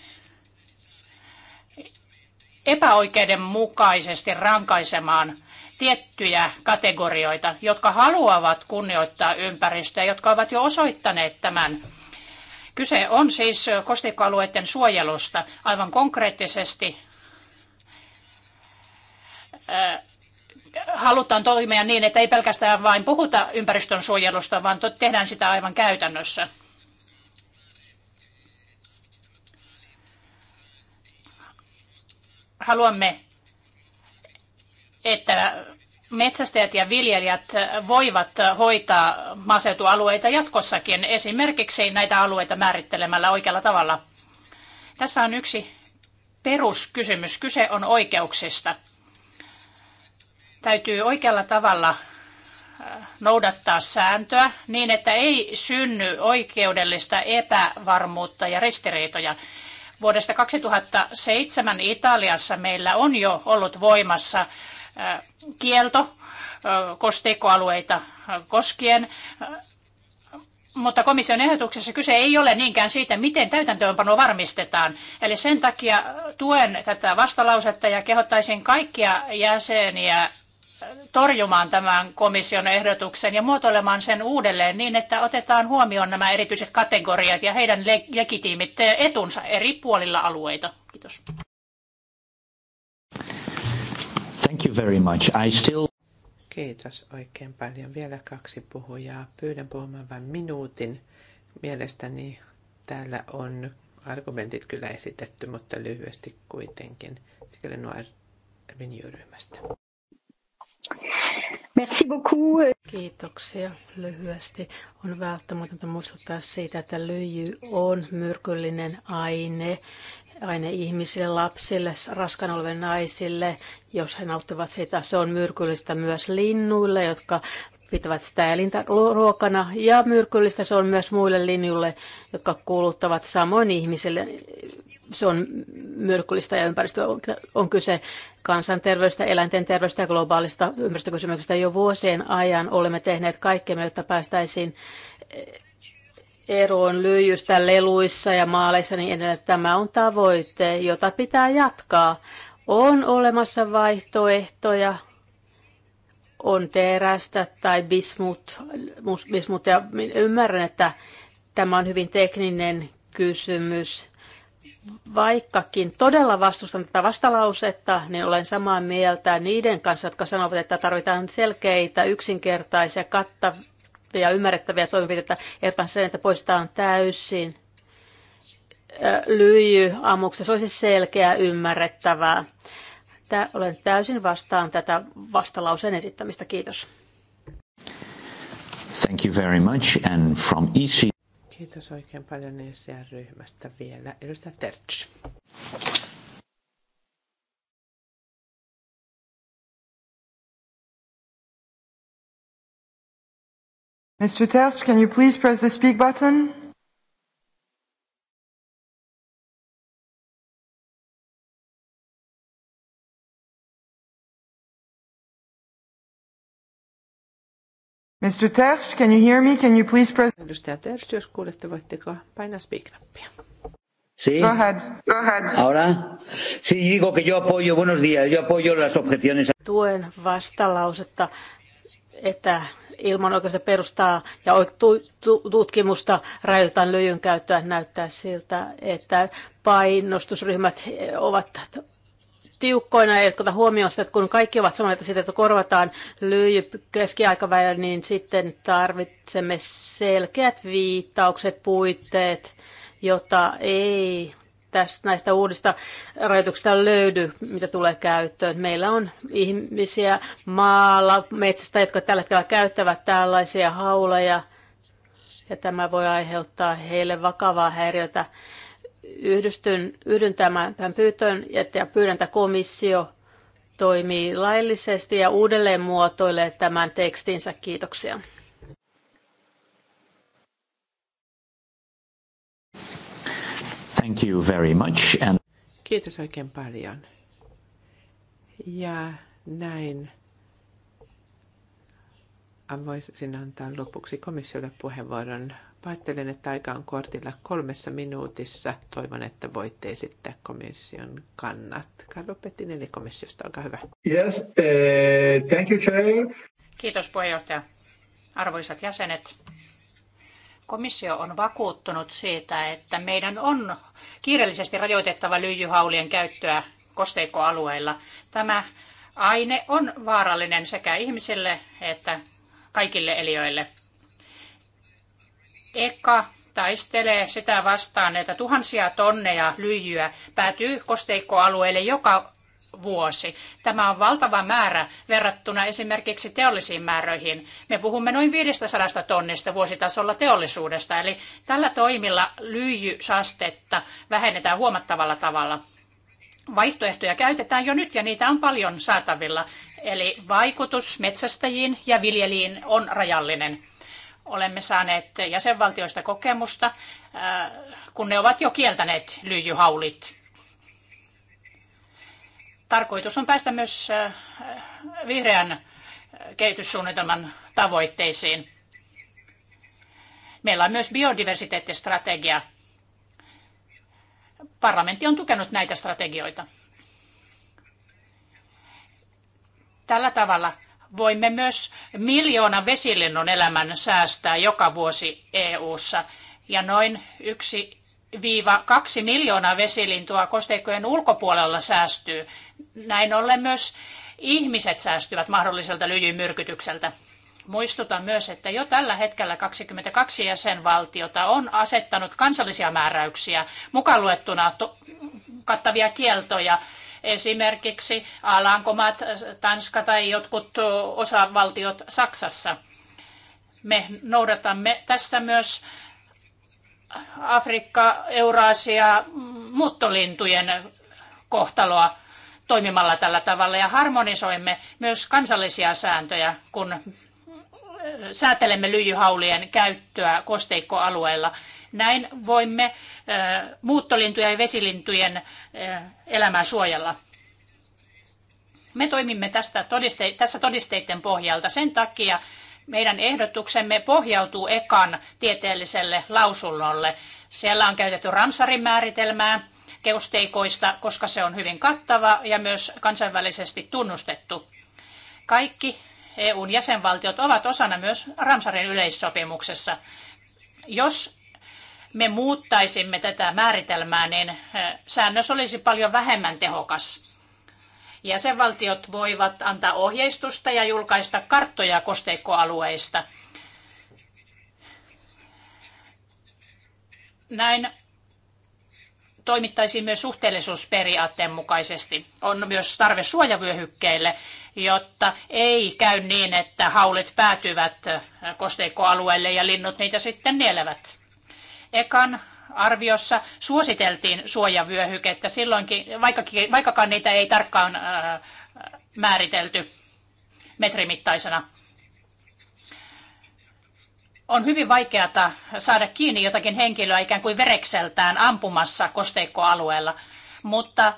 epäoikeudenmukaisesti rankaisemaan tiettyjä kategorioita, jotka haluavat kunnioittaa ympäristöä, jotka ovat jo osoittaneet tämän. Kyse on siis kosteikkoalueiden suojelusta aivan konkreettisesti. Äh, halutaan toimia niin, että ei pelkästään vain puhuta ympäristön suojelusta, vaan tehdään sitä aivan käytännössä. Haluamme että metsästäjät ja viljelijät voivat hoitaa maaseutualueita jatkossakin, esimerkiksi näitä alueita määrittelemällä oikealla tavalla. Tässä on yksi peruskysymys. Kyse on oikeuksista. Täytyy oikealla tavalla noudattaa sääntöä niin, että ei synny oikeudellista epävarmuutta ja ristiriitoja. Vuodesta 2007 Italiassa meillä on jo ollut voimassa kielto kosteikkoalueita koskien. Mutta komission ehdotuksessa kyse ei ole niinkään siitä, miten täytäntöönpano varmistetaan. Eli sen takia tuen tätä vastalausetta ja kehottaisin kaikkia jäseniä torjumaan tämän komission ehdotuksen ja muotoilemaan sen uudelleen niin, että otetaan huomioon nämä erityiset kategoriat ja heidän legitiimit etunsa eri puolilla alueita. Kiitos. Thank you very much. I still... Kiitos oikein paljon. Vielä kaksi puhujaa. Pyydän puhumaan vain minuutin. Mielestäni täällä on argumentit kyllä esitetty, mutta lyhyesti kuitenkin. Sikäli nuor ryhmästä Merci beaucoup. Kiitoksia. Lyhyesti on välttämätöntä muistuttaa siitä, että lyijy on myrkyllinen aine aine ihmisille, lapsille, raskan oleville naisille, jos he nauttivat sitä. Se on myrkyllistä myös linnuille, jotka pitävät sitä elintä ruokana ja myrkyllistä se on myös muille linjuille, jotka kuuluttavat samoin ihmisille. Se on myrkyllistä ja ympäristö on kyse kansanterveystä, eläinten terveystä ja globaalista ympäristökysymyksestä. Jo vuosien ajan olemme tehneet kaikkemme, jotta päästäisiin eroon lyijystä leluissa ja maaleissa, niin edelleen. tämä on tavoite, jota pitää jatkaa. On olemassa vaihtoehtoja, on terästä tai bismut, bismut ja ymmärrän, että tämä on hyvin tekninen kysymys. Vaikkakin todella vastustan tätä vastalausetta, niin olen samaa mieltä niiden kanssa, jotka sanovat, että tarvitaan selkeitä, yksinkertaisia, kattavia ja ymmärrettäviä toimenpiteitä, jotka sen, että poistetaan täysin lyijy ammuksessa. Se olisi selkeää, ymmärrettävää. Tää, olen täysin vastaan tätä vastalauseen esittämistä. Kiitos. Thank you very much. And from EC... Kiitos oikein paljon ECR-ryhmästä vielä. Edustaja Tertsch. Mr. Terz, can you please press the speak button? Mr. Terz, can you hear me? Can you please press... Edustaja Terz, jos kuulette, voitteko painaa speak-nappia? Sí. Go ahead. Go ahead. Ahora. Sí, digo que yo apoyo, buenos días, yo apoyo las objeciones. Tuen vastalausetta että ilman oikeastaan perustaa ja tutkimusta rajoitetaan lyijyn käyttöä. Näyttää siltä, että painostusryhmät ovat tiukkoina ja jotka huomioon sitä, että kun kaikki ovat samaa mieltä siitä, että korvataan lyijy keskiaikavälillä, niin sitten tarvitsemme selkeät viittaukset, puitteet, jota ei tästä, näistä uudista rajoituksista löydy, mitä tulee käyttöön. Meillä on ihmisiä maalla, metsästä, jotka tällä hetkellä käyttävät tällaisia hauleja, ja tämä voi aiheuttaa heille vakavaa häiriötä. Yhdystyn, yhdyn tämän, tämän pyytön, ja pyydän, että komissio toimii laillisesti ja uudelleen muotoilee tämän tekstinsä. Kiitoksia. Thank you very much. And... Kiitos oikein paljon. Ja näin voisin antaa lopuksi komissiolle puheenvuoron. Päättelen, että aika on kortilla kolmessa minuutissa. Toivon, että voitte esittää komission kannat. Karlo eli komissiosta, olkaa hyvä. Yes, uh, thank you, Chair. Kiitos puheenjohtaja. Arvoisat jäsenet, Komissio on vakuuttunut siitä, että meidän on kiireellisesti rajoitettava lyijyhaulien käyttöä kosteikkoalueilla. Tämä aine on vaarallinen sekä ihmisille että kaikille eliöille. Eka taistelee sitä vastaan, että tuhansia tonneja lyijyä päätyy kosteikkoalueelle joka vuosi. Tämä on valtava määrä verrattuna esimerkiksi teollisiin määröihin. Me puhumme noin 500 tonnista vuositasolla teollisuudesta, eli tällä toimilla lyijysastetta vähennetään huomattavalla tavalla. Vaihtoehtoja käytetään jo nyt ja niitä on paljon saatavilla. Eli vaikutus metsästäjiin ja viljeliin on rajallinen. Olemme saaneet jäsenvaltioista kokemusta, äh, kun ne ovat jo kieltäneet lyijyhaulit Tarkoitus on päästä myös äh, vihreän äh, kehityssuunnitelman tavoitteisiin. Meillä on myös biodiversiteettistrategia. Parlamentti on tukenut näitä strategioita. Tällä tavalla voimme myös miljoona vesilinnun elämän säästää joka vuosi EU:ssa ja noin yksi viiva kaksi miljoonaa vesilintua kosteikkojen ulkopuolella säästyy. Näin ollen myös ihmiset säästyvät mahdolliselta lyijymyrkytykseltä. Muistutan myös, että jo tällä hetkellä 22 jäsenvaltiota on asettanut kansallisia määräyksiä, mukaan luettuna kattavia kieltoja. Esimerkiksi Alankomaat, Tanska tai jotkut osavaltiot Saksassa. Me noudatamme tässä myös Afrikka, Euraasia, muuttolintujen kohtaloa toimimalla tällä tavalla ja harmonisoimme myös kansallisia sääntöjä, kun säätelemme lyijyhaulien käyttöä kosteikkoalueella. Näin voimme muuttolintuja ja vesilintujen elämää suojella. Me toimimme tästä todiste- tässä todisteiden pohjalta sen takia, meidän ehdotuksemme pohjautuu ekan tieteelliselle lausunnolle. Siellä on käytetty Ramsarin määritelmää keusteikoista, koska se on hyvin kattava ja myös kansainvälisesti tunnustettu. Kaikki EUn jäsenvaltiot ovat osana myös Ramsarin yleissopimuksessa. Jos me muuttaisimme tätä määritelmää, niin säännös olisi paljon vähemmän tehokas. Jäsenvaltiot voivat antaa ohjeistusta ja julkaista karttoja kosteikkoalueista. Näin toimittaisiin myös suhteellisuusperiaatteen mukaisesti. On myös tarve suojavyöhykkeille, jotta ei käy niin, että haulit päätyvät kosteikkoalueelle ja linnut niitä sitten nielevät. Ekan arviossa suositeltiin suojavyöhykettä silloinkin, vaikkakin, vaikkakaan niitä ei tarkkaan äh, määritelty metrimittaisena. On hyvin vaikeata saada kiinni jotakin henkilöä ikään kuin verekseltään ampumassa kosteikkoalueella, mutta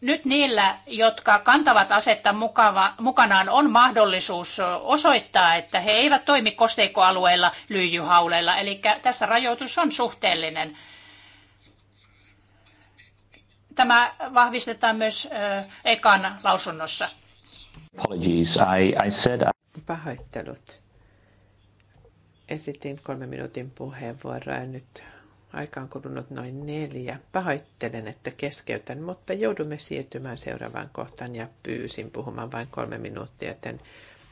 nyt niillä, jotka kantavat asetta mukava, mukanaan, on mahdollisuus osoittaa, että he eivät toimi kosteikkoalueilla lyijyhauleilla. Eli tässä rajoitus on suhteellinen. Tämä vahvistetaan myös ekan lausunnossa. Apologies. I, I said I... Pahoittelut. Esitin kolme minuutin puheenvuoroa ja nyt Aika on kulunut noin neljä. Pahoittelen, että keskeytän, mutta joudumme siirtymään seuraavaan kohtaan ja pyysin puhumaan vain kolme minuuttia, joten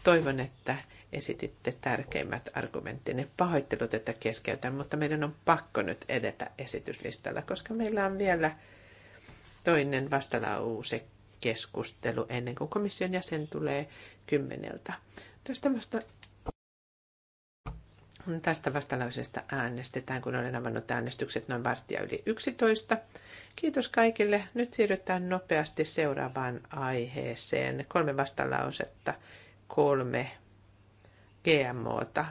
toivon, että esititte tärkeimmät argumenttinne. Pahoittelut, että keskeytän, mutta meidän on pakko nyt edetä esityslistalla, koska meillä on vielä toinen vastalause keskustelu ennen kuin komission jäsen tulee kymmeneltä. Tästä vasta Tästä vastalauseesta äänestetään, kun olen avannut äänestykset noin varttia yli 11. Kiitos kaikille. Nyt siirrytään nopeasti seuraavaan aiheeseen. Kolme vastalausetta, kolme GMOta.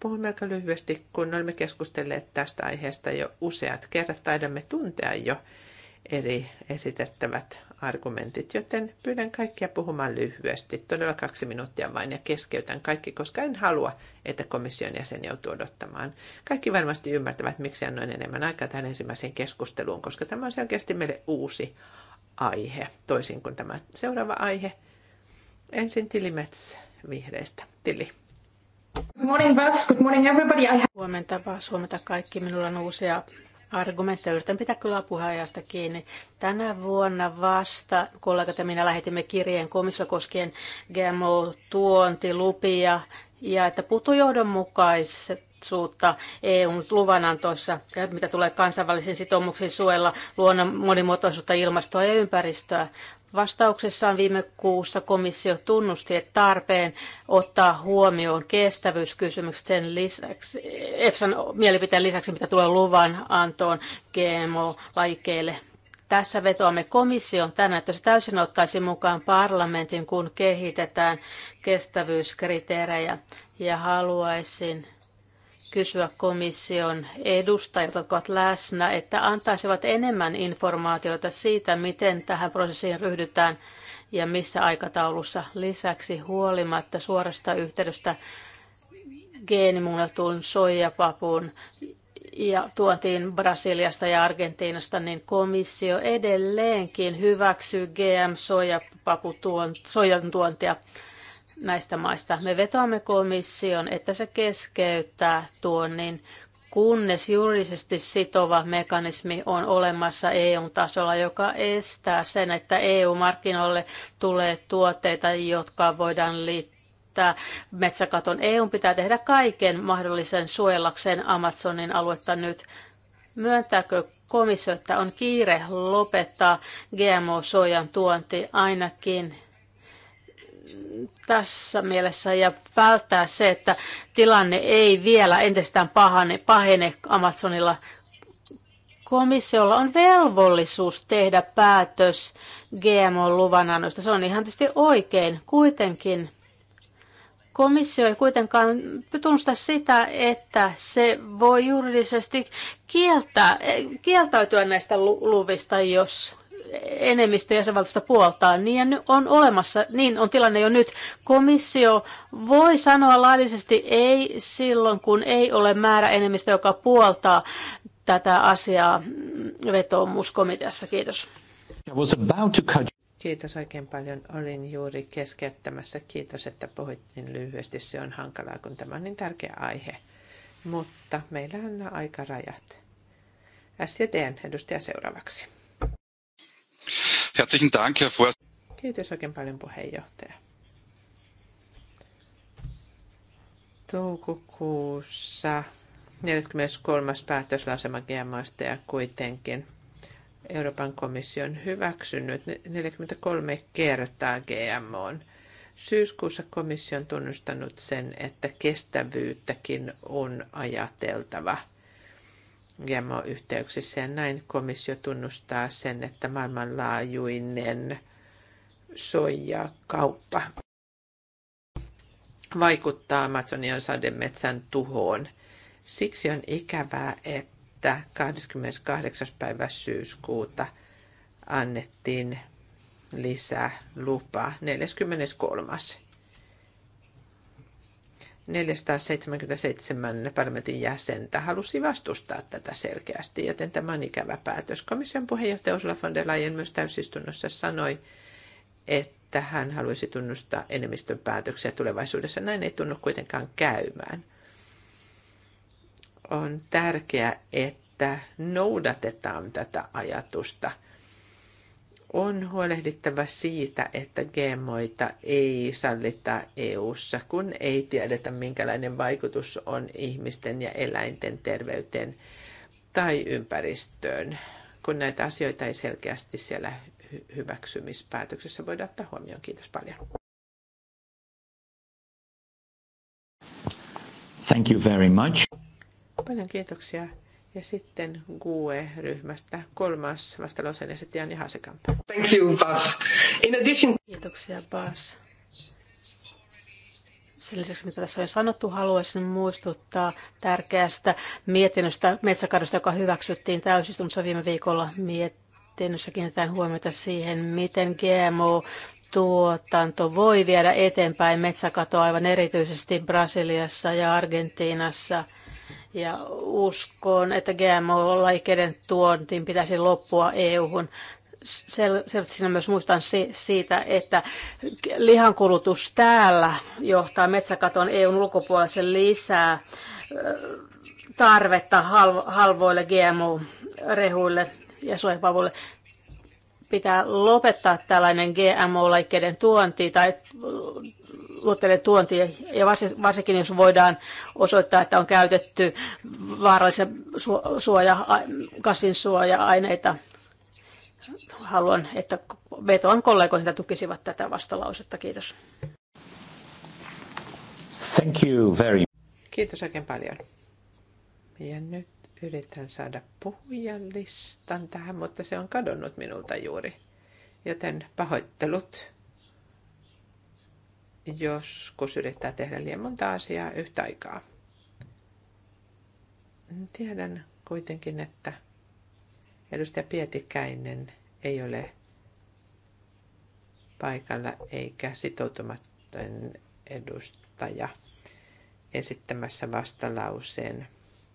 Puhumme aika lyhyesti, kun olemme keskustelleet tästä aiheesta jo useat kerrat. Taidamme tuntea jo eri esitettävät argumentit, joten pyydän kaikkia puhumaan lyhyesti, todella kaksi minuuttia vain, ja keskeytän kaikki, koska en halua, että komission jäsen joutuu odottamaan. Kaikki varmasti ymmärtävät, miksi annoin enemmän aikaa tähän ensimmäiseen keskusteluun, koska tämä on selkeästi meille uusi aihe, toisin kuin tämä seuraava aihe. Ensin Tilimets vihreistä. Tili. Good morning, Bas. Good morning, everybody. I Huomenta, vaan Huomenta kaikki. Minulla on uusia argumentteja. Yritän pitää kyllä puheenjohtajasta kiinni. Tänä vuonna vasta kollegat ja minä lähetimme kirjeen komissio koskien GMO-tuontilupia ja että puuttuu johdonmukaisuutta EUn luvanantoissa, mitä tulee kansainvälisiin sitoumuksiin suojella luonnon monimuotoisuutta, ilmastoa ja ympäristöä. Vastauksessaan viime kuussa komissio tunnusti, että tarpeen ottaa huomioon kestävyyskysymykset sen lisäksi, EFSAn mielipiteen lisäksi, mitä tulee luvan antoon GMO-lajikkeille. Tässä vetoamme komission tänään, että se täysin ottaisi mukaan parlamentin, kun kehitetään kestävyyskriteerejä. Ja haluaisin kysyä komission edustajilta, jotka ovat läsnä, että antaisivat enemmän informaatiota siitä, miten tähän prosessiin ryhdytään ja missä aikataulussa. Lisäksi huolimatta suorasta yhteydestä geenimuunneltuun soijapapuun ja tuotiin Brasiliasta ja Argentiinasta, niin komissio edelleenkin hyväksyy GM-soijan tuontia näistä maista. Me vetoamme komission, että se keskeyttää tuonnin, kunnes juridisesti sitova mekanismi on olemassa EU-tasolla, joka estää sen, että EU-markkinoille tulee tuotteita, jotka voidaan liittää metsäkaton. EU pitää tehdä kaiken mahdollisen suojellakseen Amazonin aluetta nyt. Myöntääkö komissio, että on kiire lopettaa GMO-sojan tuonti ainakin tässä mielessä ja välttää se, että tilanne ei vielä entistään pahane, pahene Amazonilla. Komissiolla on velvollisuus tehdä päätös GMO-luvanannosta. Se on ihan tietysti oikein. Kuitenkin komissio ei kuitenkaan tunnusta sitä, että se voi juridisesti kieltää, kieltäytyä näistä luvista, jos enemmistö jäsenvaltiosta puoltaa, niin on olemassa, niin on tilanne jo nyt. Komissio voi sanoa laillisesti ei silloin, kun ei ole määrä enemmistö, joka puoltaa tätä asiaa vetoomuskomiteassa. Kiitos. Kiitos oikein paljon. Olin juuri keskeyttämässä. Kiitos, että puhuit niin lyhyesti. Se on hankalaa, kun tämä on niin tärkeä aihe. Mutta meillä on rajat. SD edustaja seuraavaksi. Herzlichen Dank, Herr Vor Kiitos oikein paljon puheenjohtaja. Toukokuussa 43. päätöslausema GMOista ja kuitenkin Euroopan komissio on hyväksynyt 43 kertaa on. Syyskuussa komissio on tunnustanut sen, että kestävyyttäkin on ajateltava – GMO-yhteyksissä. Ja näin komissio tunnustaa sen, että maailmanlaajuinen soijakauppa vaikuttaa Amazonian sademetsän tuhoon. Siksi on ikävää, että 28. päivä syyskuuta annettiin lisää lupa 43. 477 parlamentin jäsentä halusi vastustaa tätä selkeästi, joten tämä on ikävä päätös. Komission puheenjohtaja Ursula von der Leyen myös täysistunnossa sanoi, että hän haluaisi tunnustaa enemmistön päätöksiä tulevaisuudessa. Näin ei tunnu kuitenkaan käymään. On tärkeää, että noudatetaan tätä ajatusta – on huolehdittava siitä, että GMOita ei sallita EU:ssa, kun ei tiedetä minkälainen vaikutus on ihmisten ja eläinten terveyteen tai ympäristöön, kun näitä asioita ei selkeästi siellä hyväksymispäätöksessä voida ottaa huomioon. Kiitos paljon. Thank you very much. Paljon kiitoksia. Ja sitten GUE-ryhmästä kolmas vastalauseen esittäjä Anja Hasekamp. Thank you, Bas. In addition... Kiitoksia, Bas. Sen lisäksi, mitä tässä on sanottu, haluaisin muistuttaa tärkeästä mietinnöstä metsäkadosta, joka hyväksyttiin täysistunnossa viime viikolla. Mietinnössä kiinnitetään huomiota siihen, miten GMO tuotanto voi viedä eteenpäin metsäkatoa aivan erityisesti Brasiliassa ja Argentiinassa – ja uskon, että gmo laikeiden tuontiin pitäisi loppua EU-hun selvästi siinä myös muistan siitä, että lihankulutus täällä johtaa metsäkaton EUn ulkopuolisen lisää tarvetta halvoille GMO-rehuille ja soipavuille. Pitää lopettaa tällainen GMO-laikkeiden tuonti tai luottelee tuonti ja varsinkin jos voidaan osoittaa, että on käytetty vaarallisia suoja, kasvinsuoja-aineita. Haluan, että vetoan kollegoihin, että tukisivat tätä vastalausetta. Kiitos. Thank you very Kiitos oikein paljon. Ja nyt yritän saada puhujalistan tähän, mutta se on kadonnut minulta juuri. Joten pahoittelut joskus yrittää tehdä liian monta asiaa yhtä aikaa. Tiedän kuitenkin, että edustaja Pietikäinen ei ole paikalla eikä sitoutumaton edustaja esittämässä vastalauseen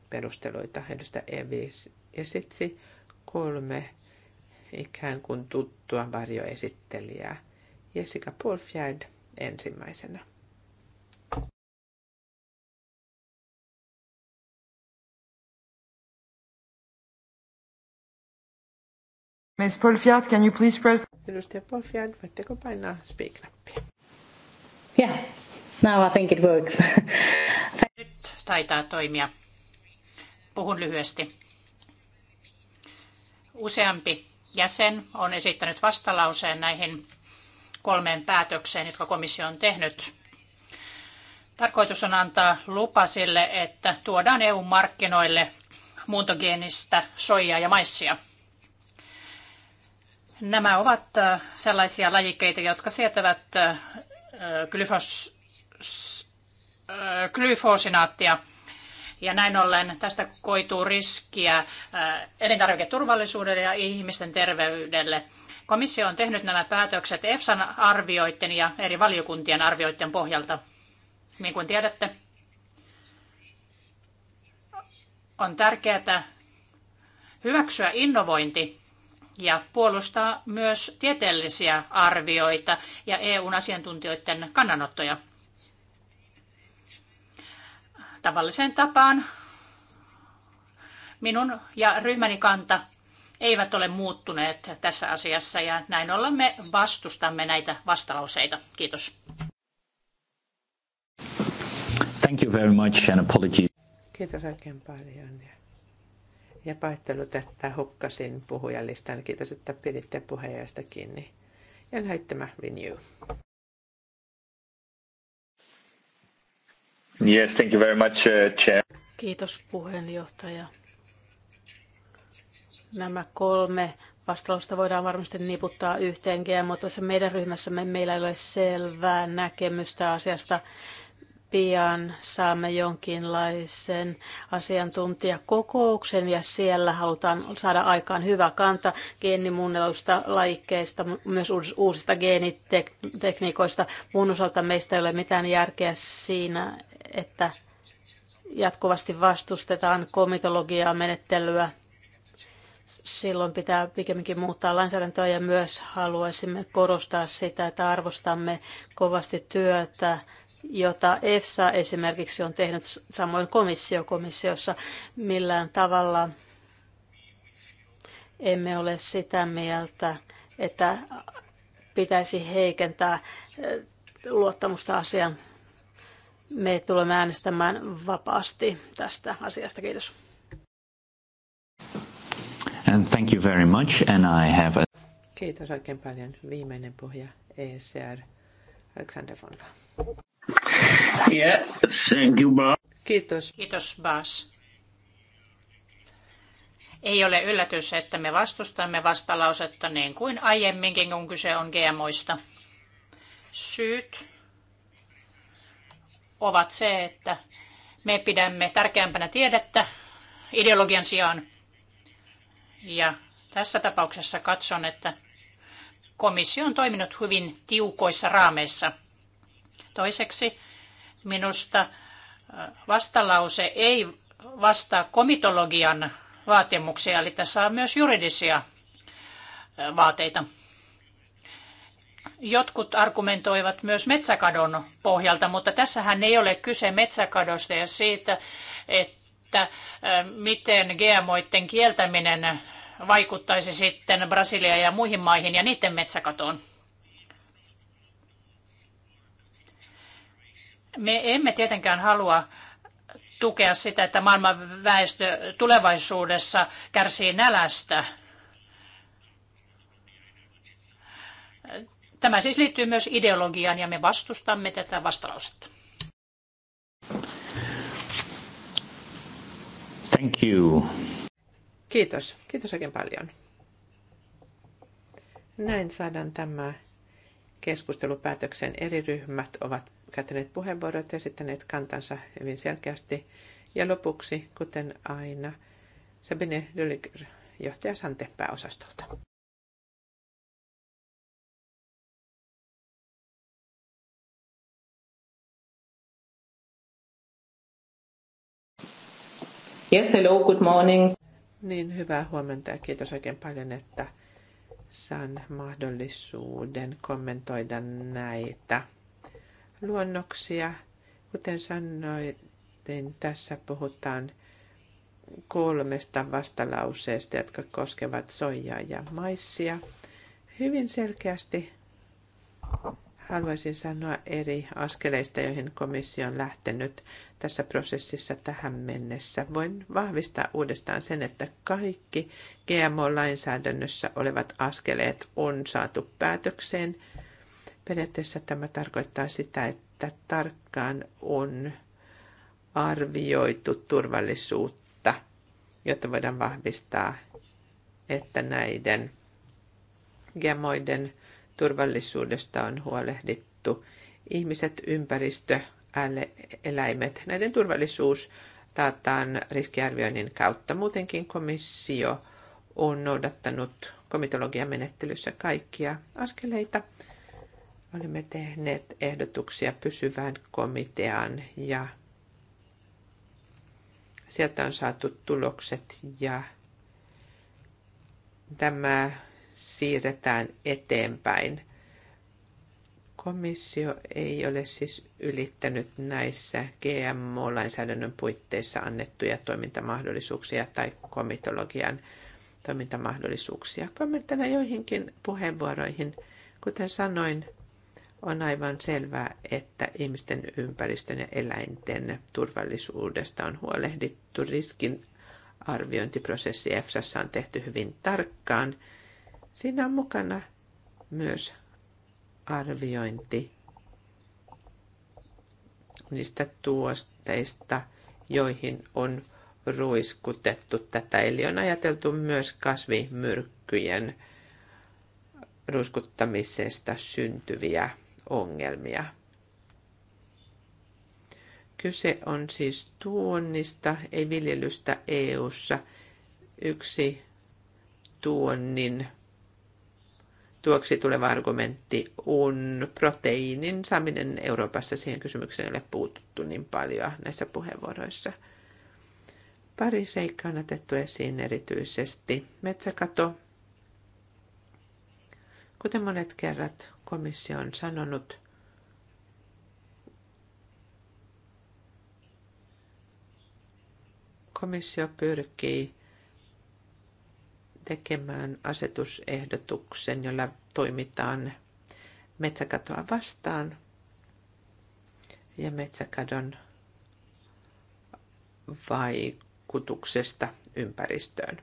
perusteluita. Edustaja Evi esitsi kolme ikään kuin tuttua varjoesittelijää. Jessica Polfjärd, ensimmäisenä. Miss Polfiat, can you please press... Edustaja Polfiat, voitteko painaa speak-nappia? Yeah, now I think it works. Nyt taitaa toimia. Puhun lyhyesti. Useampi jäsen on esittänyt vastalauseen näihin kolmeen päätökseen, jotka komissio on tehnyt. Tarkoitus on antaa lupa sille, että tuodaan EU-markkinoille muuntogeenistä soijaa ja maissia. Nämä ovat äh, sellaisia lajikkeita, jotka sietävät äh, glyfos, äh, glyfosinaattia. Ja näin ollen tästä koituu riskiä elintarviketurvallisuudelle ja ihmisten terveydelle – Komissio on tehnyt nämä päätökset EFSAn arvioiden ja eri valiokuntien arvioiden pohjalta. Niin kuin tiedätte, on tärkeää hyväksyä innovointi ja puolustaa myös tieteellisiä arvioita ja EUn asiantuntijoiden kannanottoja. Tavalliseen tapaan minun ja ryhmäni kanta eivät ole muuttuneet tässä asiassa ja näin ollen me vastustamme näitä vastalauseita. Kiitos. Thank you very much and apologies. Kiitos oikein paljon. Ja pahoittelut, että hukkasin puhujalistan. Kiitos, että piditte puheenjohtajasta kiinni. Ja näyttämä tämä Renew. Yes, thank you very much, uh, Chair. Kiitos puheenjohtaja. Nämä kolme vastausta voidaan varmasti niputtaa yhteen gmo tuossa Meidän ryhmässämme meillä ei ole selvää näkemystä asiasta. Pian saamme jonkinlaisen asiantuntijakokouksen ja siellä halutaan saada aikaan hyvä kanta geenimuunnelusta lajikkeista, myös uusista geenitekniikoista. Muun osalta meistä ei ole mitään järkeä siinä, että jatkuvasti vastustetaan komitologiaa menettelyä silloin pitää pikemminkin muuttaa lainsäädäntöä ja myös haluaisimme korostaa sitä, että arvostamme kovasti työtä, jota EFSA esimerkiksi on tehnyt samoin komissio komissiossa millään tavalla. Emme ole sitä mieltä, että pitäisi heikentää eh, luottamusta asiaan. Me tulemme äänestämään vapaasti tästä asiasta. Kiitos and thank you very much, and I have a... Kiitos oikein paljon. Viimeinen puhuja ECR, Alexander von Law. Yeah, thank you, Bas. Kiitos. Kiitos, Bas. Ei ole yllätys, että me vastustamme vastalausetta niin kuin aiemminkin, kun kyse on GMOista. Syyt ovat se, että me pidämme tärkeämpänä tiedettä ideologian sijaan. Ja tässä tapauksessa katson, että komissio on toiminut hyvin tiukoissa raameissa. Toiseksi minusta äh, vastalause ei vastaa komitologian vaatimuksia, eli tässä on myös juridisia äh, vaateita. Jotkut argumentoivat myös metsäkadon pohjalta, mutta tässähän ei ole kyse metsäkadosta ja siitä, että äh, miten GMOiden kieltäminen vaikuttaisi sitten Brasiliaan ja muihin maihin ja niiden metsäkatoon? Me emme tietenkään halua tukea sitä, että maailman väestö tulevaisuudessa kärsii nälästä. Tämä siis liittyy myös ideologiaan ja me vastustamme tätä vastalausetta. Thank you. Kiitos. Kiitos oikein paljon. Näin saadaan tämä keskustelupäätöksen eri ryhmät ovat käyttäneet puheenvuorot ja esittäneet kantansa hyvin selkeästi. Ja lopuksi, kuten aina, Sabine Dölliger, johtaja Sante pääosastolta. Yes, hello, good morning. Niin, hyvää huomenta ja kiitos oikein paljon, että saan mahdollisuuden kommentoida näitä luonnoksia. Kuten sanoin, tässä puhutaan kolmesta vastalauseesta, jotka koskevat soijaa ja maissia. Hyvin selkeästi haluaisin sanoa eri askeleista, joihin komissio on lähtenyt tässä prosessissa tähän mennessä. Voin vahvistaa uudestaan sen, että kaikki GMO-lainsäädännössä olevat askeleet on saatu päätökseen. Periaatteessa tämä tarkoittaa sitä, että tarkkaan on arvioitu turvallisuutta, jotta voidaan vahvistaa, että näiden gemoiden turvallisuudesta on huolehdittu. Ihmiset, ympäristö, eläimet, näiden turvallisuus taataan riskiarvioinnin kautta. Muutenkin komissio on noudattanut komitologiamenettelyssä kaikkia askeleita. Olemme tehneet ehdotuksia pysyvään komiteaan ja sieltä on saatu tulokset ja tämä siirretään eteenpäin. Komissio ei ole siis ylittänyt näissä GMO-lainsäädännön puitteissa annettuja toimintamahdollisuuksia tai komitologian toimintamahdollisuuksia. Kommenttina joihinkin puheenvuoroihin, kuten sanoin, on aivan selvää, että ihmisten ympäristön ja eläinten turvallisuudesta on huolehdittu. Riskin arviointiprosessi EFSAssa on tehty hyvin tarkkaan Siinä on mukana myös arviointi niistä tuosteista, joihin on ruiskutettu tätä. Eli on ajateltu myös kasvimyrkkyjen ruiskuttamisesta syntyviä ongelmia. Kyse on siis tuonnista, ei viljelystä EU:ssa. Yksi tuonnin tuoksi tuleva argumentti on proteiinin saaminen Euroopassa. Siihen kysymykseen ei ole puututtu niin paljon näissä puheenvuoroissa. Pari seikkaa on otettu esiin erityisesti. Metsäkato. Kuten monet kerrat komissio on sanonut, komissio pyrkii tekemään asetusehdotuksen, jolla toimitaan metsäkatoa vastaan ja metsäkadon vaikutuksesta ympäristöön.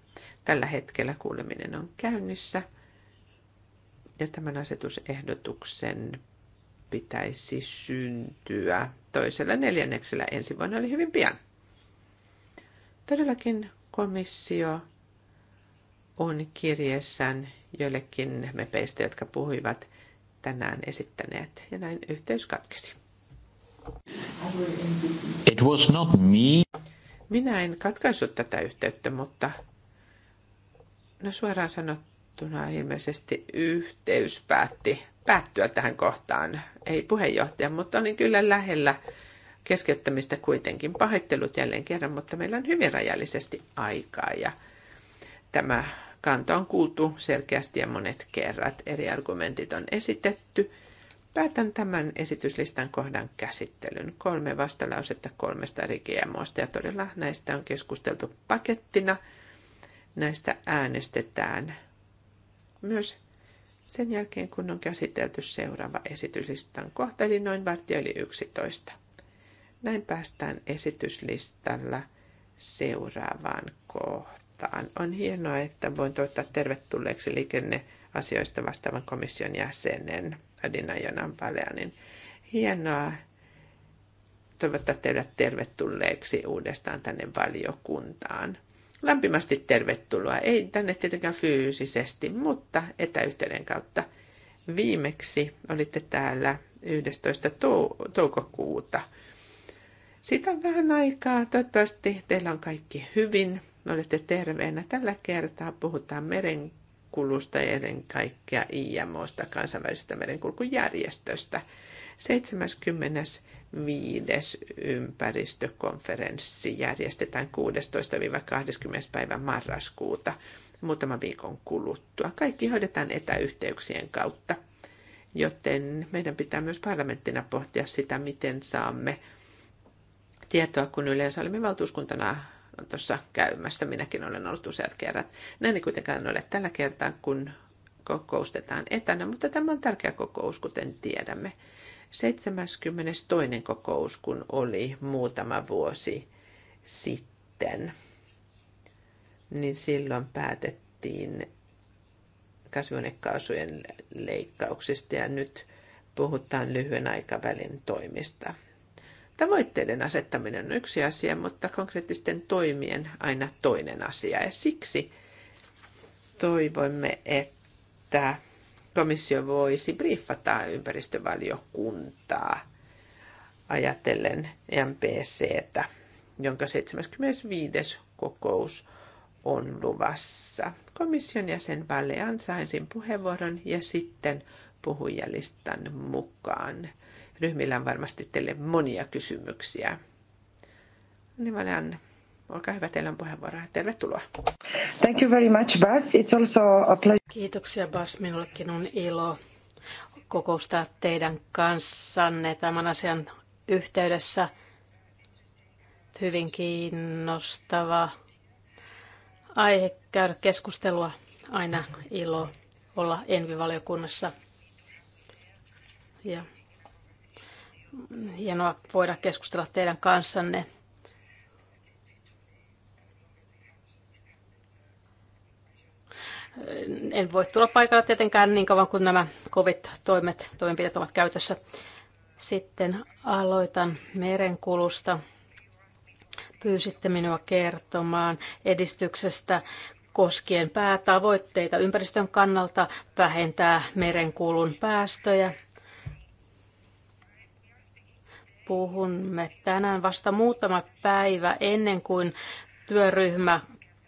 Tällä hetkellä kuuleminen on käynnissä ja tämän asetusehdotuksen pitäisi syntyä toisella neljänneksellä ensi vuonna, eli hyvin pian. Todellakin komissio on kirjeessään joillekin mepeistä, jotka puhuivat tänään esittäneet. Ja näin yhteys katkesi. It was not me. Minä en katkaissut tätä yhteyttä, mutta no suoraan sanottuna ilmeisesti yhteys päätti päättyä tähän kohtaan. Ei puheenjohtaja, mutta olin kyllä lähellä keskeyttämistä kuitenkin. Pahoittelut jälleen kerran, mutta meillä on hyvin rajallisesti aikaa ja Tämä kanta on kuultu selkeästi ja monet kerrat. Eri argumentit on esitetty. Päätän tämän esityslistan kohdan käsittelyn. Kolme vastalausetta kolmesta eri GMOsta ja todella näistä on keskusteltu pakettina. Näistä äänestetään myös sen jälkeen, kun on käsitelty seuraava esityslistan kohta, eli noin vartti yli 11. Näin päästään esityslistalla seuraavaan kohtaan vastaan. On hienoa, että voin toivottaa tervetulleeksi liikenneasioista vastaavan komission jäsenen Adina Jonan Hienoa toivottaa teidät tervetulleeksi uudestaan tänne valiokuntaan. Lämpimästi tervetuloa, ei tänne tietenkään fyysisesti, mutta etäyhteyden kautta. Viimeksi olitte täällä 11. toukokuuta. Sitä on vähän aikaa. Toivottavasti teillä on kaikki hyvin olette terveenä. Tällä kertaa puhutaan merenkulusta ja ennen kaikkea IMOsta, kansainvälisestä merenkulkujärjestöstä. 75. ympäristökonferenssi järjestetään 16-20. päivä marraskuuta muutaman viikon kuluttua. Kaikki hoidetaan etäyhteyksien kautta, joten meidän pitää myös parlamenttina pohtia sitä, miten saamme tietoa, kun yleensä olemme valtuuskuntana tuossa käymässä. Minäkin olen ollut useat kerrat. Näin ei kuitenkaan ole tällä kertaa, kun kokoustetaan etänä, mutta tämä on tärkeä kokous, kuten tiedämme. 72. kokous, kun oli muutama vuosi sitten, niin silloin päätettiin kasvihuonekaasujen leikkauksista ja nyt puhutaan lyhyen aikavälin toimista. Tavoitteiden asettaminen on yksi asia, mutta konkreettisten toimien aina toinen asia. Ja siksi toivoimme, että komissio voisi briefata ympäristövaliokuntaa ajatellen MPCtä, jonka 75. kokous on luvassa. Komission jäsen Palle ansaisin puheenvuoron ja sitten puhujalistan mukaan Ryhmillä on varmasti teille monia kysymyksiä. Niin Anne. Olkaa hyvä, teillä on puheenvuoro. Tervetuloa. Thank you very much, Bas. It's also a pleasure. Kiitoksia, Bas. Minullekin on ilo kokoustaa teidän kanssanne tämän asian yhteydessä. Hyvin kiinnostava aihe käydä keskustelua. Aina ilo olla Envi-valiokunnassa. Ja hienoa voida keskustella teidän kanssanne. En voi tulla paikalla tietenkään niin kauan kuin nämä kovit toimet, toimenpiteet ovat käytössä. Sitten aloitan merenkulusta. Pyysitte minua kertomaan edistyksestä koskien päätavoitteita ympäristön kannalta vähentää merenkulun päästöjä puhumme tänään vasta muutama päivä ennen kuin työryhmä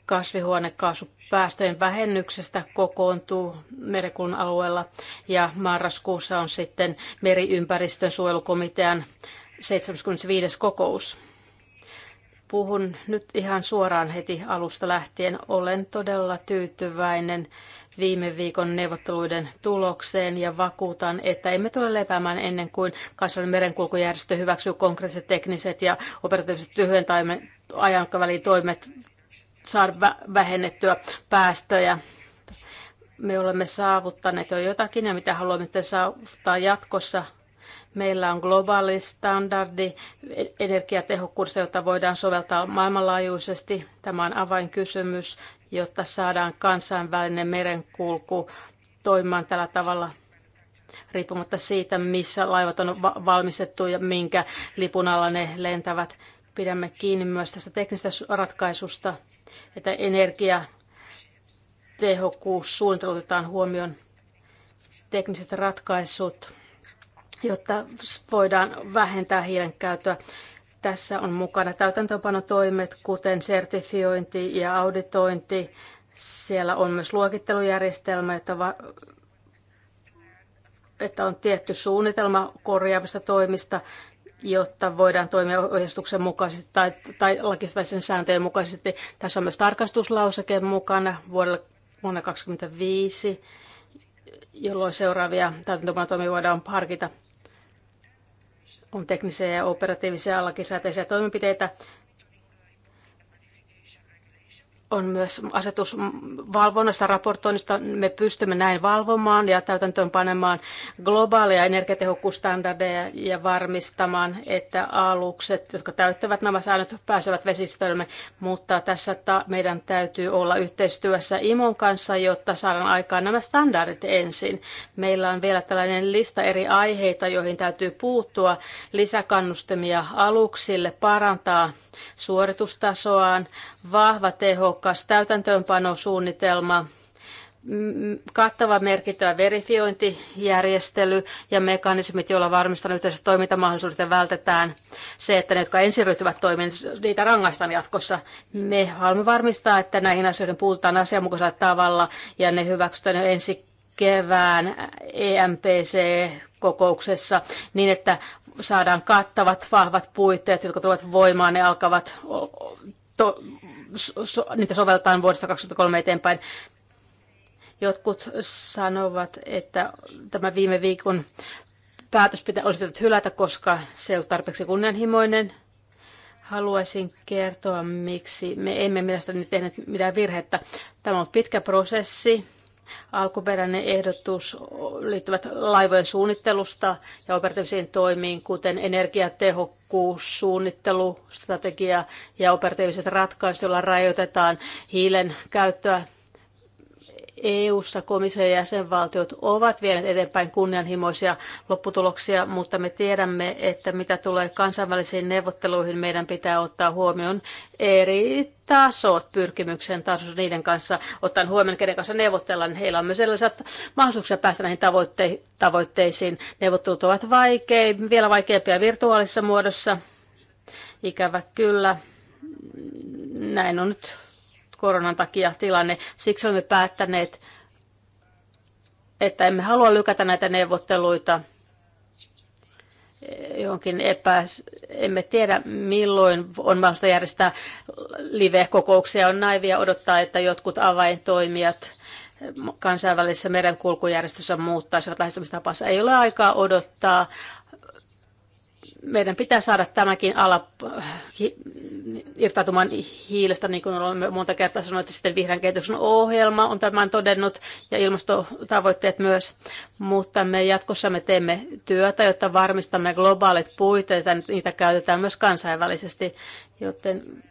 kasvihuonekaasupäästöjen vähennyksestä kokoontuu merikulun alueella ja marraskuussa on sitten meriympäristön suojelukomitean 75. kokous. Puhun nyt ihan suoraan heti alusta lähtien. Olen todella tyytyväinen viime viikon neuvotteluiden tulokseen ja vakuutan, että emme tule lepäämään ennen kuin kansallinen merenkulkujärjestö hyväksyy konkreettiset tekniset ja operatiiviset lyhyen ajankavälin toimet saada vähennettyä päästöjä me olemme saavuttaneet jo jotakin ja mitä haluamme sitten saavuttaa jatkossa. Meillä on globaali standardi e-, energiatehokkuudesta, jota voidaan soveltaa maailmanlaajuisesti. Tämä on avainkysymys, jotta saadaan kansainvälinen merenkulku toimimaan tällä tavalla riippumatta siitä, missä laivat on valmistettu ja minkä lipun alla ne lentävät. Pidämme kiinni myös tästä teknisestä ratkaisusta, että tehokkuus suunnitelutetaan huomioon tekniset ratkaisut, jotta voidaan vähentää hiilen käyttöä. Tässä on mukana täytäntöpanotoimet, kuten sertifiointi ja auditointi. Siellä on myös luokittelujärjestelmä, että, va- että on tietty suunnitelma korjaavista toimista, jotta voidaan toimia ohjeistuksen mukaisesti tai, tai lakistaisen sääntöjen mukaisesti. Tässä on myös tarkastuslauseke mukana vuodelle, vuonna 2025, jolloin seuraavia täytäntöpanotoimia voidaan harkita – on teknisiä ja operatiivisia lakisääteisiä toimenpiteitä, on myös asetus valvonnasta, raportoinnista. Me pystymme näin valvomaan ja täytäntöön panemaan globaaleja energiatehokkuusstandardeja ja varmistamaan, että alukset, jotka täyttävät nämä säännöt, pääsevät vesistöömme. Mutta tässä meidän täytyy olla yhteistyössä IMON kanssa, jotta saadaan aikaan nämä standardit ensin. Meillä on vielä tällainen lista eri aiheita, joihin täytyy puuttua. Lisäkannustimia aluksille parantaa suoritustasoaan, vahva, tehokas täytäntöönpanosuunnitelma, mm, kattava merkittävä verifiointijärjestely ja mekanismit, joilla varmistetaan yhteiset toimintamahdollisuudet ja vältetään se, että ne, jotka ensin ryhtyvät toimiin, niitä rangaistaan jatkossa. Me haluamme varmistaa, että näihin asioihin puhutaan asianmukaisella tavalla ja ne hyväksytään jo ensi kevään EMPC-kokouksessa niin, että saadaan kattavat, vahvat puitteet, jotka tulevat voimaan. ja alkavat to- so, niitä soveltaan vuodesta 2003 eteenpäin. Jotkut sanovat, että tämä viime viikon päätös pitä, olisi pitänyt hylätä, koska se ei ollut tarpeeksi kunnianhimoinen. Haluaisin kertoa, miksi me emme mielestäni tehneet mitään virhettä. Tämä on pitkä prosessi Alkuperäinen ehdotus liittyvät laivojen suunnittelusta ja operatiivisiin toimiin, kuten energiatehokkuus, suunnittelu, strategia ja operatiiviset ratkaisut, joilla rajoitetaan hiilen käyttöä EU-ssa komission jäsenvaltiot ovat vieneet eteenpäin kunnianhimoisia lopputuloksia, mutta me tiedämme, että mitä tulee kansainvälisiin neuvotteluihin, meidän pitää ottaa huomioon eri tasot, pyrkimyksen tasot niiden kanssa, ottaen huomioon, kenen kanssa neuvotellaan, niin heillä on myös sellaisia mahdollisuuksia päästä näihin tavoitte- tavoitteisiin. Neuvottelut ovat vaikei, vielä vaikeampia virtuaalisessa muodossa. Ikävä kyllä. Näin on nyt koronan takia tilanne. Siksi olemme päättäneet, että emme halua lykätä näitä neuvotteluita johonkin epäs, emme tiedä milloin on mahdollista järjestää live-kokouksia. On naivia odottaa, että jotkut avaintoimijat kansainvälisessä merenkulkujärjestössä muuttaisivat lähestymistapansa. Ei ole aikaa odottaa meidän pitää saada tämäkin ala äh, irtautumaan hiilestä, niin kuin olemme monta kertaa sanoneet, että sitten vihreän kehityksen ohjelma on tämän todennut ja ilmastotavoitteet myös, mutta me jatkossa me teemme työtä, jotta varmistamme globaalit puitteet ja niitä käytetään myös kansainvälisesti, joten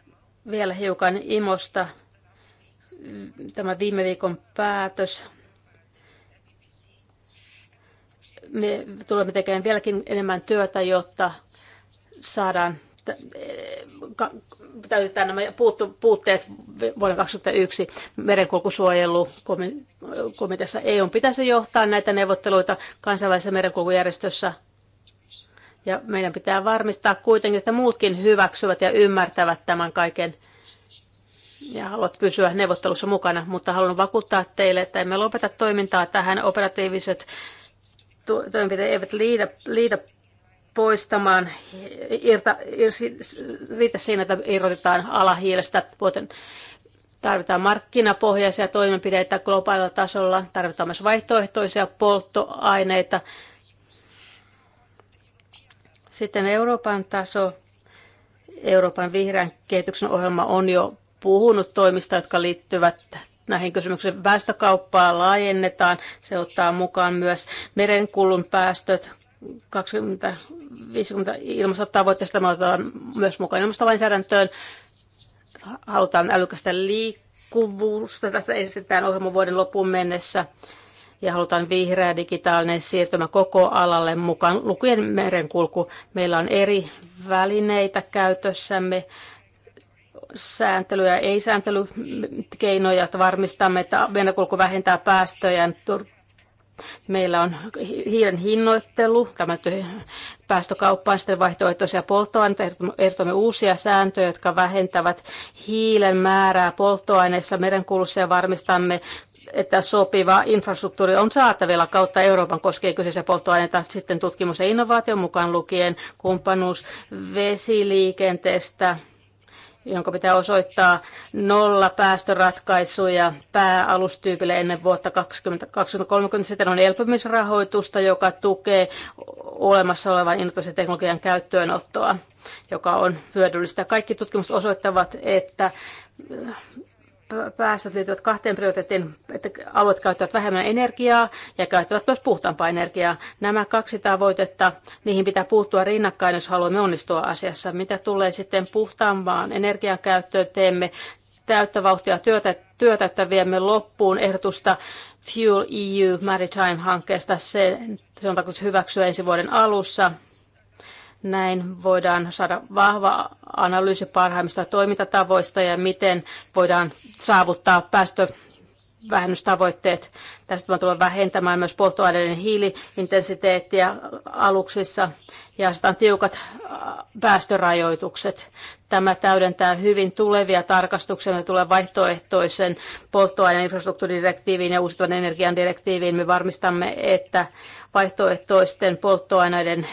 vielä hiukan imosta tämä viime viikon päätös me tulemme tekemään vieläkin enemmän työtä, jotta saadaan eh, täytetään nämä puuttu, puutteet vuoden 2001 komiteassa. EU pitäisi johtaa näitä neuvotteluita kansainvälisessä merenkulkujärjestössä ja meidän pitää varmistaa kuitenkin, että muutkin hyväksyvät ja ymmärtävät tämän kaiken ja haluat pysyä neuvottelussa mukana, mutta haluan vakuuttaa teille, että emme lopeta toimintaa tähän. Operatiiviset toimenpiteet eivät liitä, liitä poistamaan, irta, riitä siinä, että irrotetaan alahiilestä vuoten Tarvitaan markkinapohjaisia toimenpiteitä globaalilla tasolla, tarvitaan myös vaihtoehtoisia polttoaineita. Sitten Euroopan taso, Euroopan vihreän kehityksen ohjelma on jo puhunut toimista, jotka liittyvät näihin kysymyksiin. Väestökauppaa laajennetaan, se ottaa mukaan myös merenkulun päästöt, 2050 ilmastotavoitteista me otetaan myös mukaan ilmastolainsäädäntöön. Halutaan älykästä liikkuvuusta. Tästä esitetään ohjelman vuoden loppuun mennessä. Ja halutaan vihreä digitaalinen siirtymä koko alalle mukaan lukien merenkulku. Meillä on eri välineitä käytössämme sääntely- ja ei-sääntelykeinoja, että varmistamme, että merenkulku vähentää päästöjä. Meillä on hiilen hinnoittelu, tämä päästökauppaan sitten vaihtoehtoisia polttoaineita, ehdotamme uusia sääntöjä, jotka vähentävät hiilen määrää polttoaineessa merenkulussa ja varmistamme että sopiva infrastruktuuri on saatavilla kautta Euroopan koskee kyseisiä polttoaineita sitten tutkimus- ja innovaation mukaan lukien kumppanuus vesiliikenteestä jonka pitää osoittaa nolla päästöratkaisuja pääalustyypille ennen vuotta 2030. Sitten on elpymisrahoitusta, joka tukee olemassa olevan innovatiivisen teknologian käyttöönottoa, joka on hyödyllistä. Kaikki tutkimukset osoittavat, että päästöt liittyvät kahteen prioriteettiin, että alueet käyttävät vähemmän energiaa ja käyttävät myös puhtaampaa energiaa. Nämä kaksi tavoitetta, niihin pitää puuttua rinnakkain, jos haluamme onnistua asiassa. Mitä tulee sitten puhtaampaan energian käyttöön, teemme täyttä vauhtia työtä, työtä, että viemme loppuun ehdotusta Fuel EU Maritime-hankkeesta. Se, se on tarkoitus hyväksyä ensi vuoden alussa. Näin voidaan saada vahva analyysi parhaimmista toimintatavoista ja miten voidaan saavuttaa päästövähennystavoitteet. Tästä voi tulee vähentämään myös polttoaineiden hiiliintensiteettiä aluksissa ja asetetaan tiukat äh, päästörajoitukset. Tämä täydentää hyvin tulevia tarkastuksia, joita tulee vaihtoehtoisen polttoaineen infrastruktuuridirektiiviin ja uusiutuvan energian direktiiviin. Me varmistamme, että vaihtoehtoisten polttoaineiden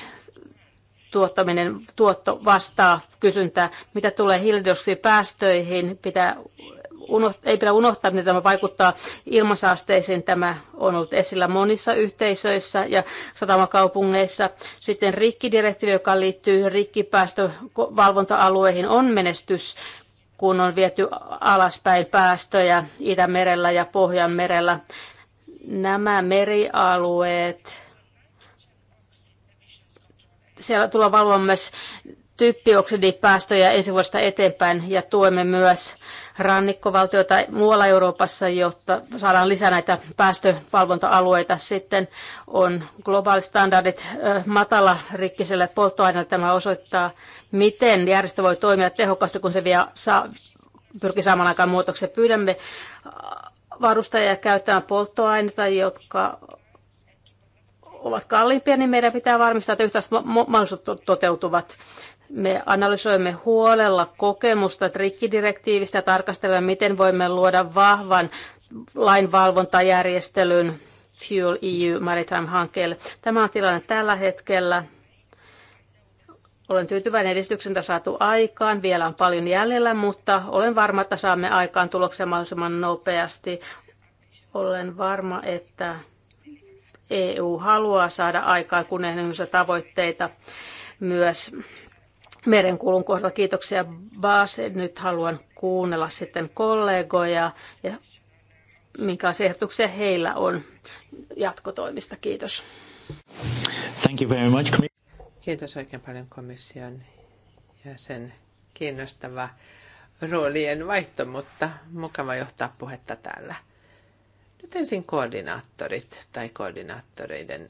tuottaminen, tuotto vastaa kysyntää. Mitä tulee hiilidioksidipäästöihin, pitää unohtaa, ei pidä unohtaa, miten tämä vaikuttaa ilmansaasteisiin. Tämä on ollut esillä monissa yhteisöissä ja satamakaupungeissa. Sitten rikkidirektiivi, joka liittyy rikkipäästövalvonta-alueihin, on menestys kun on viety alaspäin päästöjä Itämerellä ja Pohjanmerellä. Nämä merialueet siellä tulee valvomaan myös typpioksidipäästöjä ensi vuodesta eteenpäin ja tuemme myös rannikkovaltioita muualla Euroopassa, jotta saadaan lisää näitä päästövalvonta-alueita. Sitten on globaalit standardit matala rikkiselle polttoaineelle. Tämä osoittaa, miten järjestö voi toimia tehokkaasti, kun se vielä saa, pyrkii saamaan aikaan muutoksen. Pyydämme varustajia käyttämään polttoaineita, jotka ovat kalliimpia, niin meidän pitää varmistaa, että yhtäiset mahdollisuudet toteutuvat. Me analysoimme huolella kokemusta trikkidirektiivistä ja tarkastelemme, miten voimme luoda vahvan lainvalvontajärjestelyn Fuel EU Maritime-hankkeelle. Tämä on tilanne tällä hetkellä. Olen tyytyväinen edistyksen saatu aikaan. Vielä on paljon jäljellä, mutta olen varma, että saamme aikaan tuloksen mahdollisimman nopeasti. Olen varma, että EU haluaa saada aikaan kunnianhimoisia tavoitteita myös merenkulun kohdalla. Kiitoksia Baas. Nyt haluan kuunnella sitten kollegoja ja minkälaisia ehdotuksia heillä on jatkotoimista. Kiitos. Thank you very much. Kiitos oikein paljon komission ja sen kiinnostava roolien vaihto, mutta mukava johtaa puhetta täällä. Nyt ensin koordinaattorit tai koordinaattoreiden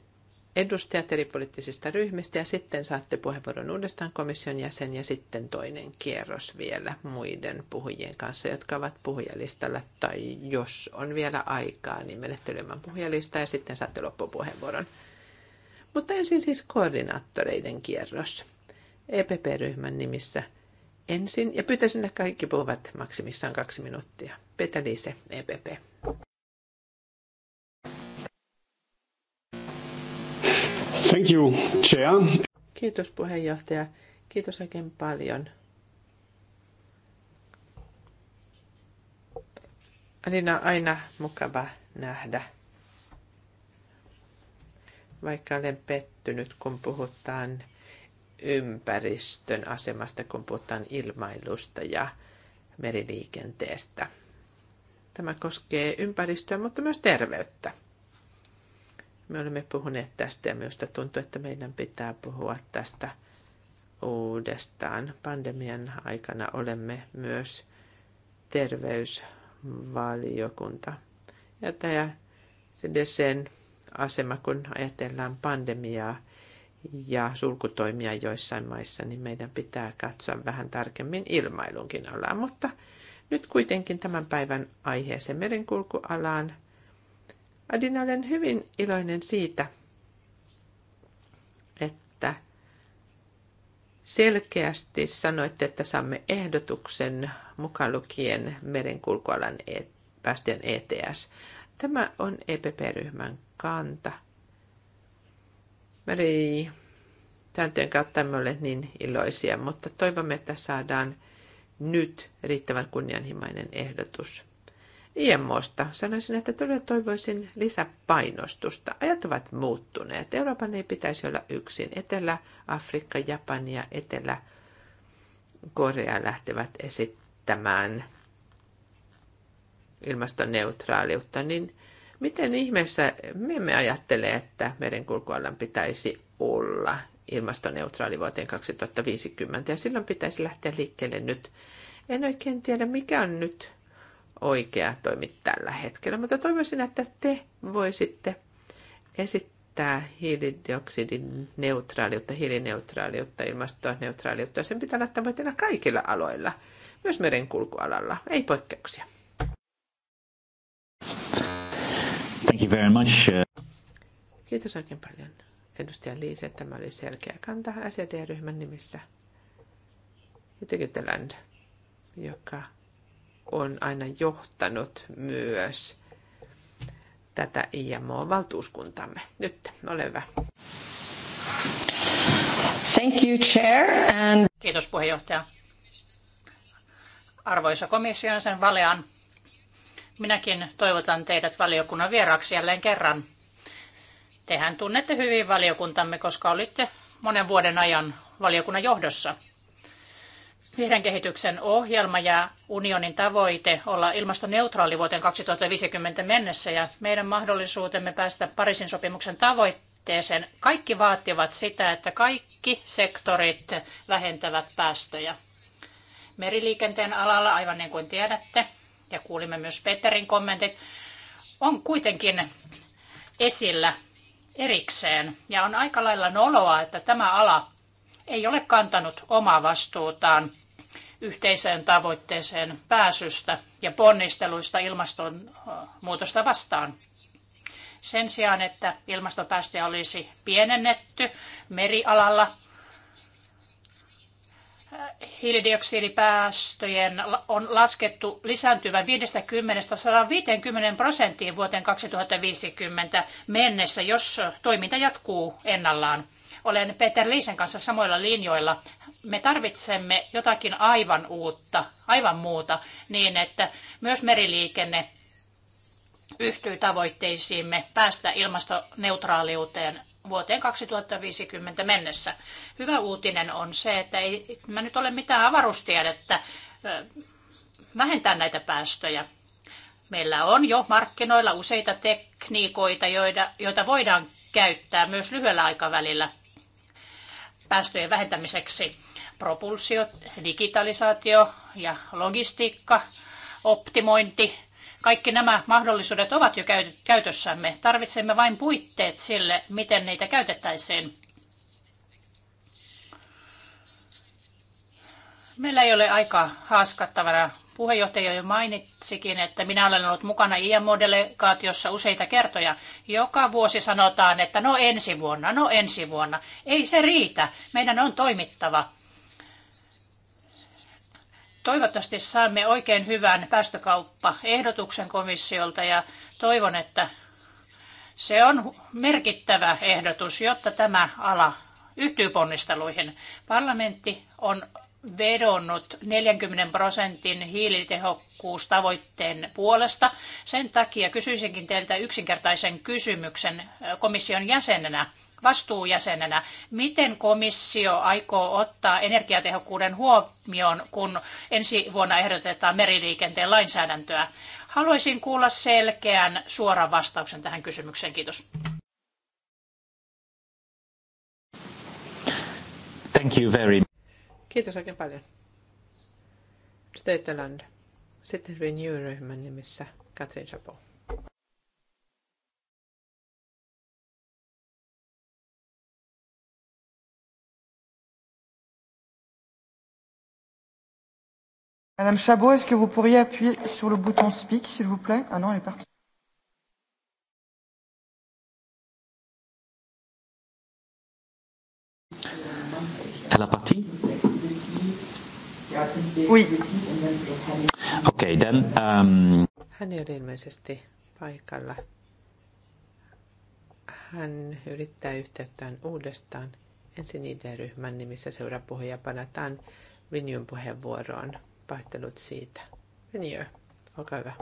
edustajat eri poliittisista ryhmistä ja sitten saatte puheenvuoron uudestaan komission jäsen ja sitten toinen kierros vielä muiden puhujien kanssa, jotka ovat puhujalistalla tai jos on vielä aikaa, niin menette lyömään puhujalistaa ja sitten saatte loppupuheenvuoron. Mutta ensin siis koordinaattoreiden kierros EPP-ryhmän nimissä ensin ja pyytäisin, että kaikki puhuvat maksimissaan kaksi minuuttia. Petä Liise, EPP. Thank you, Chair. Kiitos puheenjohtaja. Kiitos oikein paljon. Alina, niin aina mukava nähdä. Vaikka olen pettynyt, kun puhutaan ympäristön asemasta, kun puhutaan ilmailusta ja meriliikenteestä. Tämä koskee ympäristöä, mutta myös terveyttä. Me olemme puhuneet tästä ja minusta tuntuu, että meidän pitää puhua tästä uudestaan. Pandemian aikana olemme myös terveysvaliokunta. Ja tämä sen asema, kun ajatellaan pandemiaa ja sulkutoimia joissain maissa, niin meidän pitää katsoa vähän tarkemmin ilmailunkin alaa. Mutta nyt kuitenkin tämän päivän aiheeseen merenkulkualaan – Adina, olen hyvin iloinen siitä, että selkeästi sanoitte, että saamme ehdotuksen mukaan lukien merenkulkualan e- päästöjen ETS. Tämä on EPP-ryhmän kanta. Meri, sääntöjen kautta emme ole niin iloisia, mutta toivomme, että saadaan nyt riittävän kunnianhimainen ehdotus. IMOsta sanoisin, että todella toivoisin lisäpainostusta. Ajat ovat muuttuneet. Euroopan ei pitäisi olla yksin. Etelä-Afrikka, Japania, Etelä-Korea lähtevät esittämään ilmastoneutraaliutta, niin miten ihmeessä me emme ajattele, että merenkulkualan pitäisi olla ilmastoneutraali vuoteen 2050 ja silloin pitäisi lähteä liikkeelle nyt. En oikein tiedä, mikä on nyt oikea toimi tällä hetkellä, mutta toivoisin, että te voisitte esittää hiilidioksidin neutraaliutta, hiilineutraaliutta, neutraaliutta. Sen pitää olla tavoitteena kaikilla aloilla, myös merenkulkualalla, ei poikkeuksia. Thank you very much. Uh, Kiitos oikein paljon edustaja Liise, että tämä oli selkeä kanta SED-ryhmän nimissä. Jotenkin joka on aina johtanut myös tätä IMO-valtuuskuntamme. Nyt, ole hyvä. Thank you, Chair. And... Kiitos puheenjohtaja. Arvoisa komission sen valean, minäkin toivotan teidät valiokunnan vieraksi jälleen kerran. Tehän tunnette hyvin valiokuntamme, koska olitte monen vuoden ajan valiokunnan johdossa. Vihreän kehityksen ohjelma ja unionin tavoite olla ilmastoneutraali vuoteen 2050 mennessä ja meidän mahdollisuutemme päästä Pariisin sopimuksen tavoitteeseen, kaikki vaativat sitä, että kaikki sektorit vähentävät päästöjä. Meriliikenteen alalla, aivan niin kuin tiedätte, ja kuulimme myös Peterin kommentit, on kuitenkin esillä erikseen. Ja on aika lailla noloa, että tämä ala ei ole kantanut omaa vastuutaan yhteiseen tavoitteeseen pääsystä ja ponnisteluista ilmastonmuutosta vastaan. Sen sijaan, että ilmastopäästöjä olisi pienennetty merialalla, hiilidioksidipäästöjen on laskettu lisääntyvän 50-150 prosenttiin vuoteen 2050 mennessä, jos toiminta jatkuu ennallaan. Olen Peter Liisen kanssa samoilla linjoilla me tarvitsemme jotakin aivan uutta, aivan muuta, niin että myös meriliikenne yhtyy tavoitteisiimme päästä ilmastoneutraaliuteen vuoteen 2050 mennessä. Hyvä uutinen on se, että ei mä nyt ole mitään avaruustiedettä vähentää näitä päästöjä. Meillä on jo markkinoilla useita tekniikoita, joita, joita voidaan käyttää myös lyhyellä aikavälillä päästöjen vähentämiseksi propulsio, digitalisaatio ja logistiikka, optimointi, kaikki nämä mahdollisuudet ovat jo käytössämme. Tarvitsemme vain puitteet sille, miten niitä käytettäisiin. Meillä ei ole aika haaskattavana. Puheenjohtaja jo mainitsikin, että minä olen ollut mukana IMO-delegaatiossa useita kertoja. Joka vuosi sanotaan, että no ensi vuonna, no ensi vuonna. Ei se riitä. Meidän on toimittava. Toivottavasti saamme oikein hyvän päästökauppaehdotuksen komissiolta ja toivon, että se on merkittävä ehdotus, jotta tämä ala yhtyy ponnisteluihin. Parlamentti on vedonnut 40 prosentin hiilitehokkuustavoitteen puolesta. Sen takia kysyisinkin teiltä yksinkertaisen kysymyksen komission jäsenenä vastuujäsenenä. Miten komissio aikoo ottaa energiatehokkuuden huomioon, kun ensi vuonna ehdotetaan meriliikenteen lainsäädäntöä? Haluaisin kuulla selkeän suoran vastauksen tähän kysymykseen. Kiitos. Thank you very Kiitos oikein paljon. Stateland. Sitten Renew-ryhmän nimissä Katrin Madame Chabot, est-ce que vous pourriez appuyer sur le bouton Speak, s'il vous plaît Ah non, elle est partie. Elle est partie Oui. Ok, then... Um... Hän ei ole ilmeisesti paikalla. Hän yrittää yhteyttään uudestaan. Ensin ID-ryhmän nimissä seuraa puhuja palataan Vinjun puheenvuoroon pahoittelut siitä. Veniö, olkaa hyvä.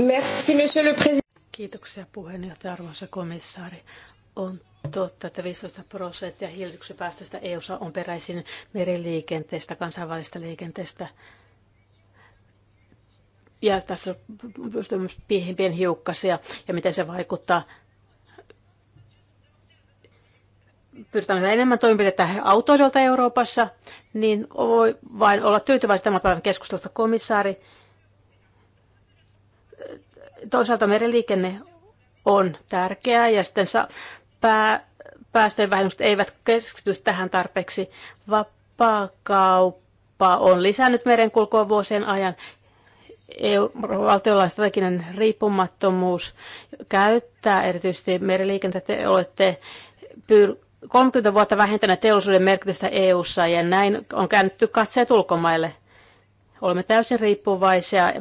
Merci, monsieur le président. Kiitoksia puheenjohtaja, arvoisa komissaari. On totta, että 15 prosenttia hiilidioksidin päästöistä eu on peräisin meriliikenteestä, kansainvälisestä liikenteestä. Ja tässä on pienhiukkasia ja miten se vaikuttaa pyritään enemmän toimenpiteitä autoilijoilta Euroopassa, niin voi vain olla tyytyväinen tämän päivän keskustelusta komissaari. Toisaalta meriliikenne on tärkeää ja sitten pää, päästöjen vähennykset eivät keskity tähän tarpeeksi. Vapaakauppa on lisännyt merenkulkua vuosien ajan. EU-valtiolla on strateginen riippumattomuus käyttää erityisesti meriliikennettä. Te olette pyr- 30 vuotta vähentänyt teollisuuden merkitystä EU:ssa ja näin on käännetty katseet ulkomaille. Olemme täysin riippuvaisia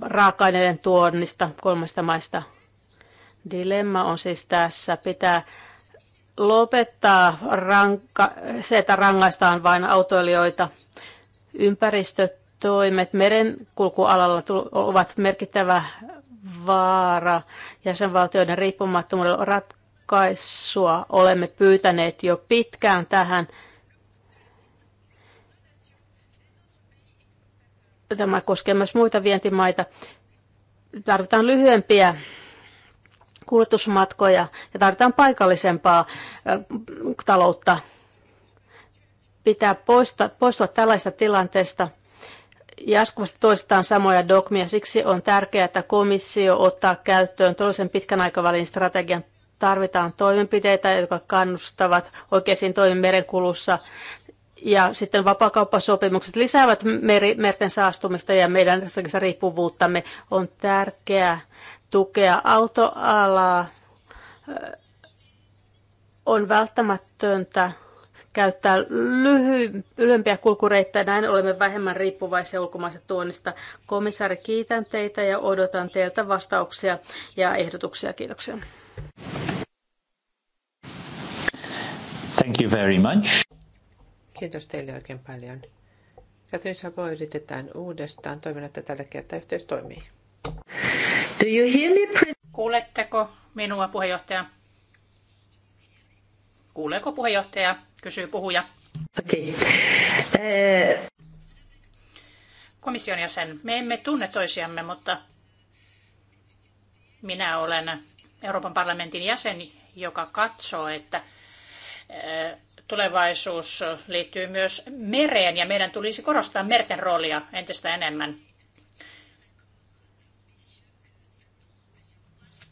raaka-aineiden tuonnista kolmesta maista. Dilemma on siis tässä. Pitää lopettaa ranka, se, että rangaistaan vain autoilijoita. Ympäristötoimet merenkulkualalla ovat merkittävä vaara jäsenvaltioiden riippumattomuudelle. Rat- rohkaisua olemme pyytäneet jo pitkään tähän. Tämä koskee myös muita vientimaita. Tarvitaan lyhyempiä kulutusmatkoja ja tarvitaan paikallisempaa taloutta. Pitää poista, poistua tällaista tilanteesta jatkuvasti toistetaan samoja dogmia. Siksi on tärkeää, että komissio ottaa käyttöön toisen pitkän aikavälin strategian Tarvitaan toimenpiteitä, jotka kannustavat oikeisiin toimiin merenkulussa. Ja sitten vapakauppasopimukset lisäävät meri, merten saastumista ja meidän riippuvuuttamme. On tärkeää tukea autoalaa. On välttämätöntä käyttää lyhy- lyhyempiä kulkureittejä. Näin olemme vähemmän riippuvaisia ulkomaisesta tuonnista. Komissaari, kiitän teitä ja odotan teiltä vastauksia ja ehdotuksia. Kiitoksia. Thank you very much. Kiitos teille oikein paljon. Katrin Sabo yritetään uudestaan. Toivon, että tällä kertaa yhteys toimii. Do you hear me? Kuuletteko minua, puheenjohtaja? Kuuleeko puheenjohtaja? Kysyy puhuja. Okei. Okay. Uh... Komission jäsen, me emme tunne toisiamme, mutta minä olen Euroopan parlamentin jäsen, joka katsoo, että tulevaisuus liittyy myös mereen ja meidän tulisi korostaa merten roolia entistä enemmän.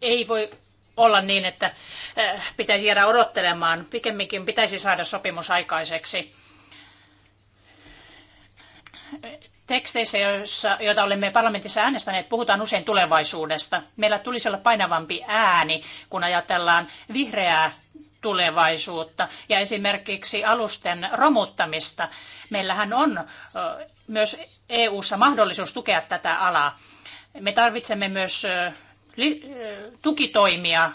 Ei voi olla niin, että pitäisi jäädä odottelemaan. Pikemminkin pitäisi saada sopimus aikaiseksi. Teksteissä, joissa, joita olemme parlamentissa äänestäneet, puhutaan usein tulevaisuudesta. Meillä tulisi olla painavampi ääni, kun ajatellaan vihreää tulevaisuutta ja esimerkiksi alusten romuttamista. Meillähän on myös EU-ssa mahdollisuus tukea tätä alaa. Me tarvitsemme myös tukitoimia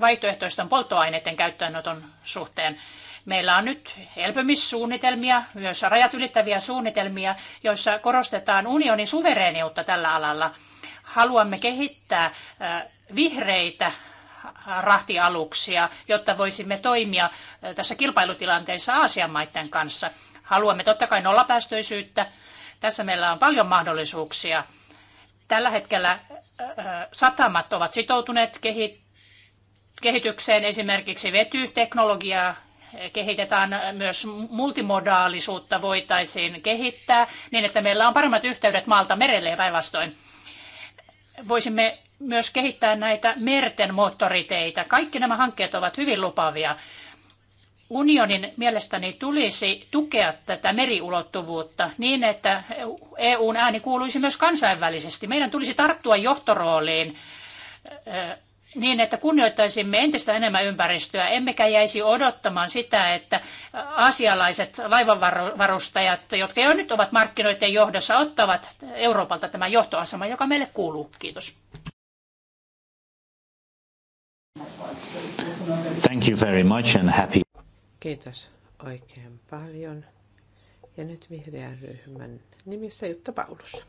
vaihtoehtoisten polttoaineiden käyttöönoton suhteen. Meillä on nyt elpymissuunnitelmia, myös rajat ylittäviä suunnitelmia, joissa korostetaan unionin suvereeniutta tällä alalla. Haluamme kehittää vihreitä rahtialuksia, jotta voisimme toimia tässä kilpailutilanteessa Aasian maiden kanssa. Haluamme totta kai nollapäästöisyyttä. Tässä meillä on paljon mahdollisuuksia. Tällä hetkellä satamat ovat sitoutuneet kehitykseen. Esimerkiksi vetyteknologiaa kehitetään myös multimodaalisuutta voitaisiin kehittää niin, että meillä on paremmat yhteydet maalta merelle ja päinvastoin. Voisimme myös kehittää näitä merten moottoriteitä. Kaikki nämä hankkeet ovat hyvin lupaavia. Unionin mielestäni tulisi tukea tätä meriulottuvuutta niin, että EUn ääni kuuluisi myös kansainvälisesti. Meidän tulisi tarttua johtorooliin eh, niin, että kunnioittaisimme entistä enemmän ympäristöä, emmekä jäisi odottamaan sitä, että asialaiset laivanvarustajat, jotka jo nyt ovat markkinoiden johdossa, ottavat Euroopalta tämän johtoaseman, joka meille kuuluu. Kiitos. Thank you very much and happy. Kiitos oikein paljon. Ja nyt vihreän ryhmän nimissä Jutta Paulus.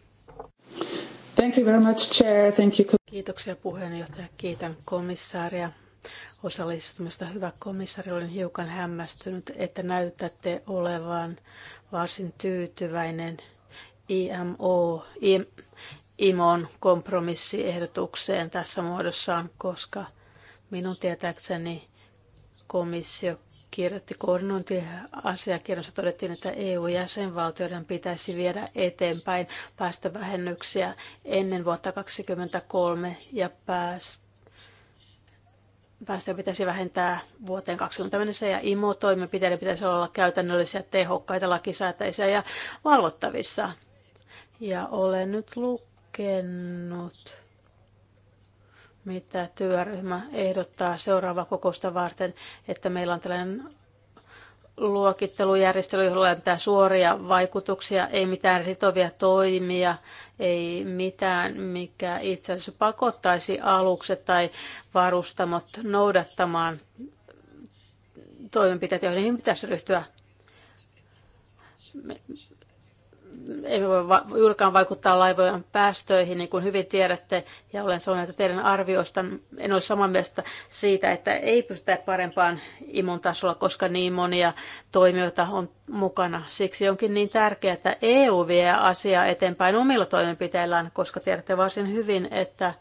Thank you very much, Chair. Thank you. Kiitoksia puheenjohtaja. Kiitän komissaaria osallistumista. Hyvä komissaari, olen hiukan hämmästynyt, että näytätte olevan varsin tyytyväinen IMO, IM, IMOn kompromissiehdotukseen tässä muodossaan, koska minun tietääkseni komissio kirjoitti koordinointiasiakirjassa todettiin, että EU-jäsenvaltioiden pitäisi viedä eteenpäin päästövähennyksiä ennen vuotta 2023 ja päästä päästöjä pitäisi vähentää vuoteen 2020 ja IMO-toimenpiteiden pitäisi olla käytännöllisiä, tehokkaita, lakisääteisiä ja valvottavissa. Ja olen nyt lukenut mitä työryhmä ehdottaa seuraava kokousta varten, että meillä on tällainen luokittelujärjestely, jolla ei mitään suoria vaikutuksia, ei mitään sitovia toimia, ei mitään, mikä itse asiassa pakottaisi alukset tai varustamot noudattamaan toimenpiteitä, joihin pitäisi ryhtyä. Ei voi va- juurikaan vaikuttaa laivojen päästöihin, niin kuin hyvin tiedätte, ja olen sanonut, että teidän arvioista en ole samaa mieltä siitä, että ei pystytä parempaan imun tasolla, koska niin monia toimijoita on mukana. Siksi onkin niin tärkeää, että EU vie asiaa eteenpäin omilla toimenpiteillään, koska tiedätte varsin hyvin, että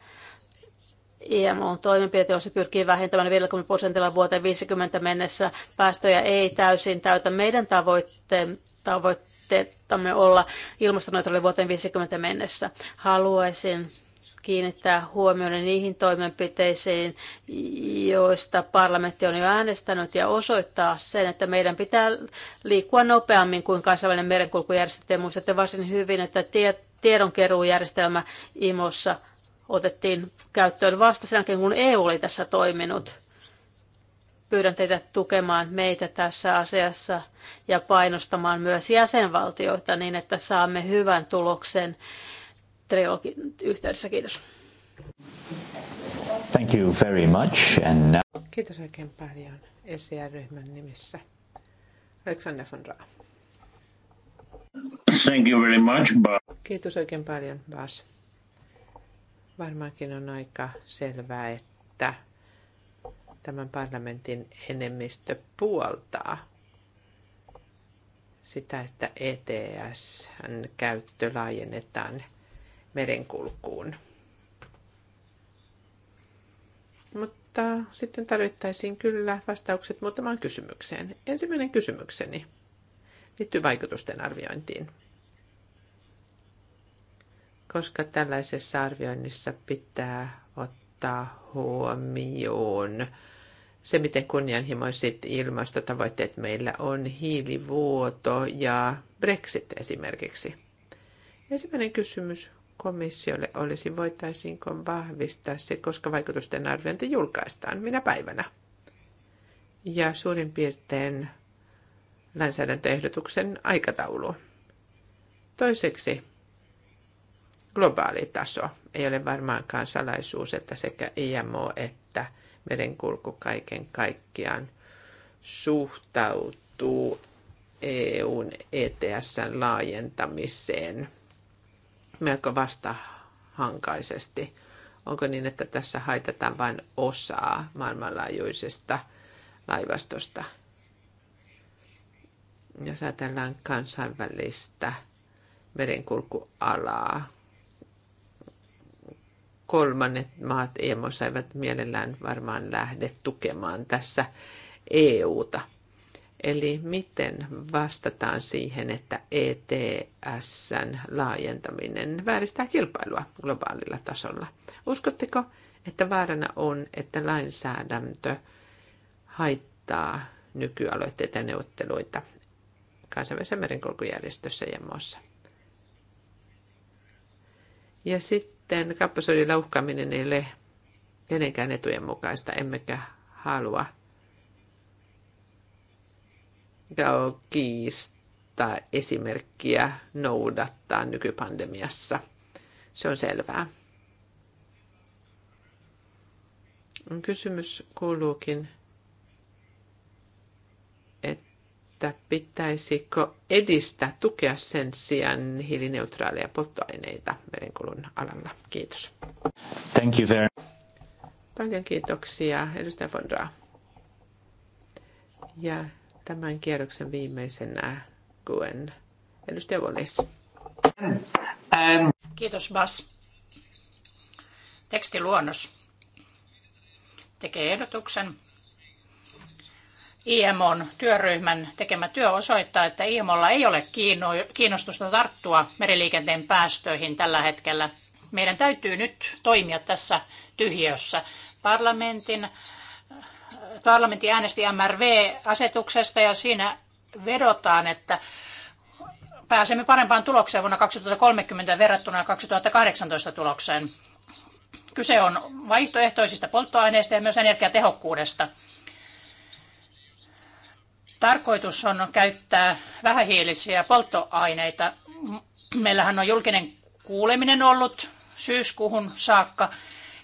IMO-toimenpiteet, joissa pyrkii vähentämään 50 prosentilla vuoteen 50 mennessä päästöjä, ei täysin täytä meidän tavoitteen tavoitte tavoitteetamme olla ilmastoneutraali vuoteen 50 mennessä. Haluaisin kiinnittää huomioon niihin toimenpiteisiin, joista parlamentti on jo äänestänyt ja osoittaa sen, että meidän pitää liikkua nopeammin kuin kansainvälinen merenkulkujärjestö. Te muistatte varsin hyvin, että tiedonkeruujärjestelmä IMOssa otettiin käyttöön vasta sen jälkeen, kun EU oli tässä toiminut pyydän teitä tukemaan meitä tässä asiassa ja painostamaan myös jäsenvaltioita niin, että saamme hyvän tuloksen trilogin yhteydessä. Kiitos. Thank you very much. And now... Kiitos oikein paljon ECR-ryhmän nimissä. Alexander von Raa. Thank you very much, Bas. Kiitos oikein paljon, Bas. Varmaankin on aika selvää, että tämän parlamentin enemmistö puoltaa sitä, että ETSn käyttö laajennetaan merenkulkuun. Mutta sitten tarvittaisiin kyllä vastaukset muutamaan kysymykseen. Ensimmäinen kysymykseni liittyy vaikutusten arviointiin. Koska tällaisessa arvioinnissa pitää ottaa huomioon se, miten kunnianhimoiset ilmastotavoitteet meillä on, hiilivuoto ja Brexit esimerkiksi. Ensimmäinen kysymys komissiolle olisi, voitaisiinko vahvistaa se, koska vaikutusten arviointi julkaistaan minä päivänä. Ja suurin piirtein lainsäädäntöehdotuksen aikataulu. Toiseksi globaali taso. Ei ole varmaankaan salaisuus, että sekä IMO että – merenkulku kaiken kaikkiaan suhtautuu EUn ETSn laajentamiseen melko vastahankaisesti. Onko niin, että tässä haitataan vain osaa maailmanlaajuisesta laivastosta? Jos ajatellaan kansainvälistä merenkulkualaa, kolmannet maat EMOssa eivät mielellään varmaan lähde tukemaan tässä EUta. Eli miten vastataan siihen, että ETSn laajentaminen vääristää kilpailua globaalilla tasolla? Uskotteko, että vaarana on, että lainsäädäntö haittaa nykyaloitteita ja neuvotteluita kansainvälisessä merenkulkujärjestössä ja e muassa? Ja sitten sitten kappasodilla laukkaaminen ei ole kenenkään etujen mukaista, emmekä halua kiista esimerkkiä noudattaa nykypandemiassa. Se on selvää. Kysymys kuuluukin, että pitäisikö edistää, tukea sen sijaan hiilineutraaleja polttoaineita merenkulun alalla. Kiitos. Thank you very Paljon kiitoksia, edustaja Fondraa. Ja tämän kierroksen viimeisenä kuen edustaja Wallis. Um. Kiitos, Bas. Tekstiluonnos tekee ehdotuksen IMOn työryhmän tekemä työ osoittaa, että IMOlla ei ole kiinnostusta tarttua meriliikenteen päästöihin tällä hetkellä. Meidän täytyy nyt toimia tässä tyhjössä. Parlamentin, parlamentti äänesti MRV-asetuksesta ja siinä vedotaan, että pääsemme parempaan tulokseen vuonna 2030 verrattuna 2018 tulokseen. Kyse on vaihtoehtoisista polttoaineista ja myös energiatehokkuudesta. Tarkoitus on käyttää vähähiilisiä polttoaineita. Meillähän on julkinen kuuleminen ollut syyskuuhun saakka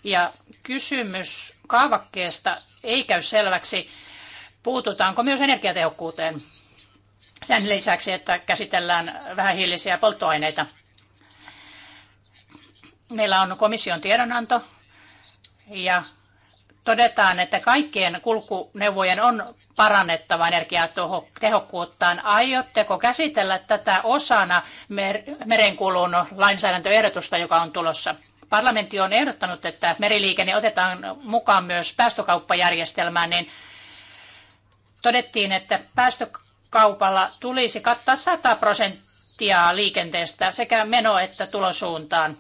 ja kysymys kaavakkeesta ei käy selväksi, puututaanko myös energiatehokkuuteen sen lisäksi, että käsitellään vähähiilisiä polttoaineita. Meillä on komission tiedonanto ja todetaan, että kaikkien kulkuneuvojen on parannettava energiatehokkuuttaan. Aiotteko käsitellä tätä osana mer- merenkulun lainsäädäntöehdotusta, joka on tulossa? Parlamentti on ehdottanut, että meriliikenne otetaan mukaan myös päästökauppajärjestelmään, niin todettiin, että päästökaupalla tulisi kattaa 100 prosenttia liikenteestä sekä meno- että tulosuuntaan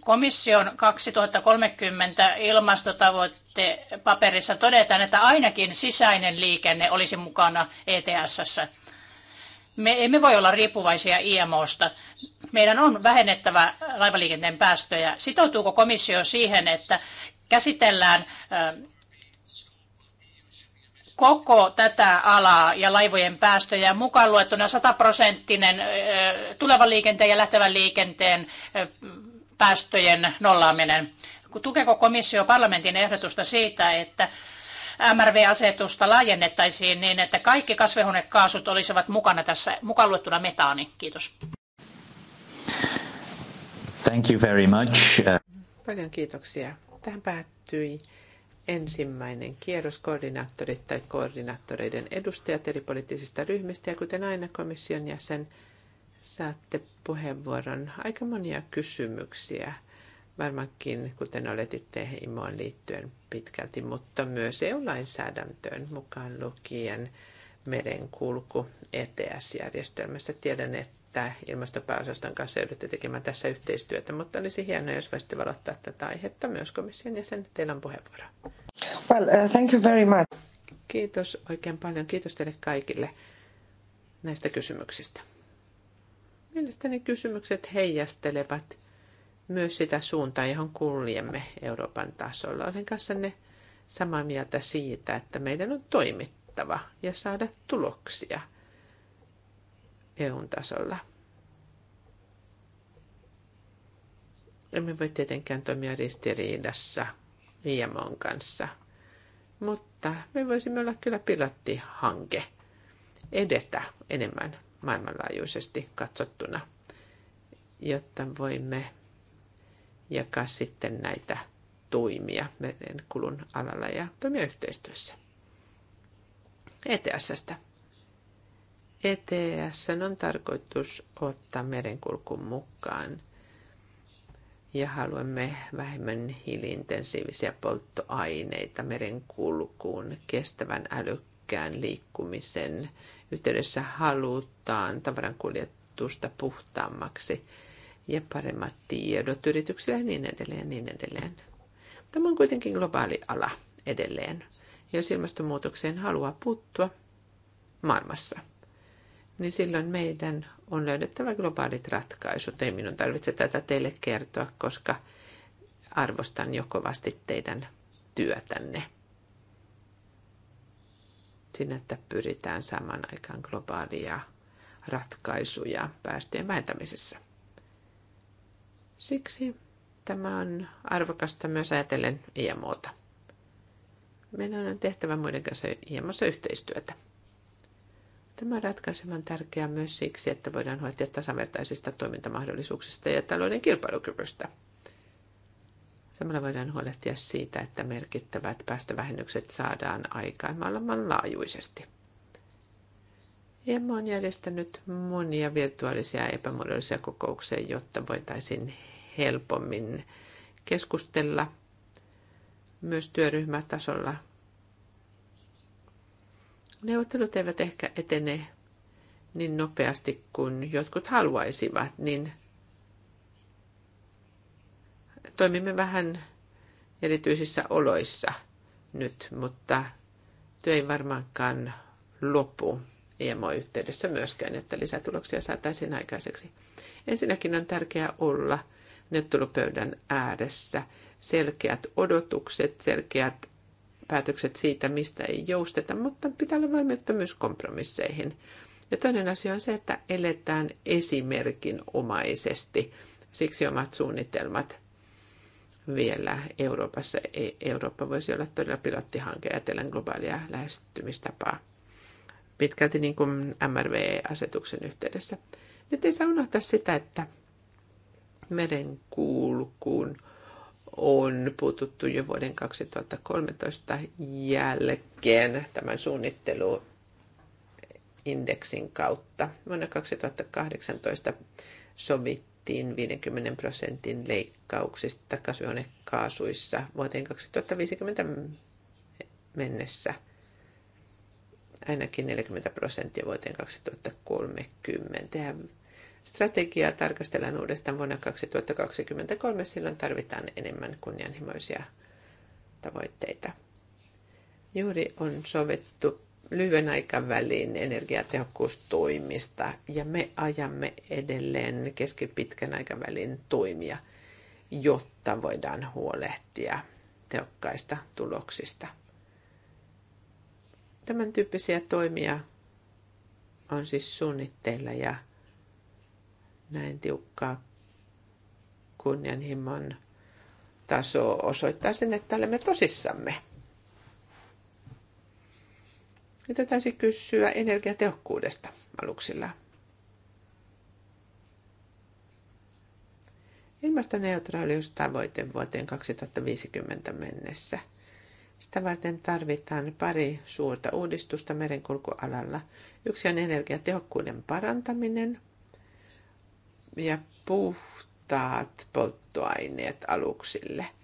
komission 2030 ilmastotavoitte paperissa todetaan, että ainakin sisäinen liikenne olisi mukana ETSssä. Me emme voi olla riippuvaisia IMOsta. Meidän on vähennettävä laivaliikenteen päästöjä. Sitoutuuko komissio siihen, että käsitellään koko tätä alaa ja laivojen päästöjä mukaan luettuna 100 prosenttinen tulevan liikenteen ja lähtevän liikenteen päästöjen nollaaminen. Tukeeko komissio parlamentin ehdotusta siitä, että MRV-asetusta laajennettaisiin niin, että kaikki kasvihuonekaasut olisivat mukana tässä, mukaan luettuna metaani? Kiitos. Thank you very much. Paljon kiitoksia. Tähän päättyi ensimmäinen kierros koordinaattorit tai koordinaattoreiden edustajat eri poliittisista ryhmistä ja kuten aina komission jäsen saatte puheenvuoron. Aika monia kysymyksiä varmaankin, kuten oletitte imoon liittyen pitkälti, mutta myös EU-lainsäädäntöön mukaan lukien merenkulku ETS-järjestelmässä. Tiedän, että ilmastopääosaston kanssa joudutte tekemään tässä yhteistyötä, mutta olisi hienoa, jos voisitte valottaa tätä aihetta myös komission jäsen. Teillä on puheenvuoro. Well, uh, thank you very much. Kiitos oikein paljon. Kiitos teille kaikille näistä kysymyksistä. Mielestäni kysymykset heijastelevat myös sitä suuntaa, johon kuljemme Euroopan tasolla. Olen kanssanne samaa mieltä siitä, että meidän on toimittava ja saada tuloksia EUn tasolla. Emme voi tietenkään toimia ristiriidassa Viemon kanssa, mutta me voisimme olla kyllä pilottihanke, edetä enemmän maailmanlaajuisesti katsottuna, jotta voimme jakaa sitten näitä toimia merenkulun alalla ja toimia yhteistyössä. ETSstä. ETS on tarkoitus ottaa merenkulkun mukaan ja haluamme vähemmän hiiliintensiivisiä polttoaineita merenkulkuun kestävän älykkään liikkumisen yhteydessä halutaan tavarankuljetusta puhtaammaksi ja paremmat tiedot yrityksille ja niin edelleen, niin edelleen. Tämä on kuitenkin globaali ala edelleen. Jos ilmastonmuutokseen haluaa puuttua maailmassa, niin silloin meidän on löydettävä globaalit ratkaisut. Ei minun tarvitse tätä teille kertoa, koska arvostan jo kovasti teidän työtänne siinä, että pyritään saman aikaan globaalia ratkaisuja päästöjen vähentämisessä. Siksi tämä on arvokasta myös ajatellen IMOta. Meidän on tehtävä muiden kanssa IMOssa yhteistyötä. Tämä on ratkaisevan tärkeää myös siksi, että voidaan huolehtia tasavertaisista toimintamahdollisuuksista ja talouden kilpailukyvystä – Samalla voidaan huolehtia siitä, että merkittävät päästövähennykset saadaan aikaan maailman laajuisesti. EMO on järjestänyt monia virtuaalisia ja epämuodollisia kokouksia, jotta voitaisiin helpommin keskustella myös työryhmätasolla. Neuvottelut eivät ehkä etene niin nopeasti kuin jotkut haluaisivat, niin toimimme vähän erityisissä oloissa nyt, mutta työ ei varmaankaan lopu EMO-yhteydessä myöskään, että lisätuloksia saataisiin aikaiseksi. Ensinnäkin on tärkeää olla neuvottelupöydän ääressä selkeät odotukset, selkeät päätökset siitä, mistä ei jousteta, mutta pitää olla valmiutta myös kompromisseihin. Ja toinen asia on se, että eletään esimerkinomaisesti. Siksi omat suunnitelmat vielä Euroopassa. E- Eurooppa voisi olla todella pilottihanke ajatellen globaalia lähestymistapaa pitkälti niin kuin MRV-asetuksen yhteydessä. Nyt ei saa unohtaa sitä, että merenkulkuun on puututtu jo vuoden 2013 jälkeen tämän suunnitteluindeksin kautta. Vuonna 2018 sovittiin sovittiin 50 prosentin leikkauksista kasvihuonekaasuissa vuoteen 2050 mennessä ainakin 40 prosenttia vuoteen 2030. Ja strategiaa tarkastellaan uudestaan vuonna 2023. Silloin tarvitaan enemmän kunnianhimoisia tavoitteita. Juuri on sovittu lyhyen aikavälin energiatehokkuustoimista ja me ajamme edelleen keskipitkän aikavälin toimia, jotta voidaan huolehtia tehokkaista tuloksista. Tämän tyyppisiä toimia on siis suunnitteilla ja näin tiukkaa kunnianhimon taso osoittaa sen, että olemme tosissamme – mitä taisi kysyä energiatehokkuudesta aluksilla? Ilmastoneutraaliustavoite vuoteen 2050 mennessä. Sitä varten tarvitaan pari suurta uudistusta merenkulkualalla. Yksi on energiatehokkuuden parantaminen ja puhtaat polttoaineet aluksille –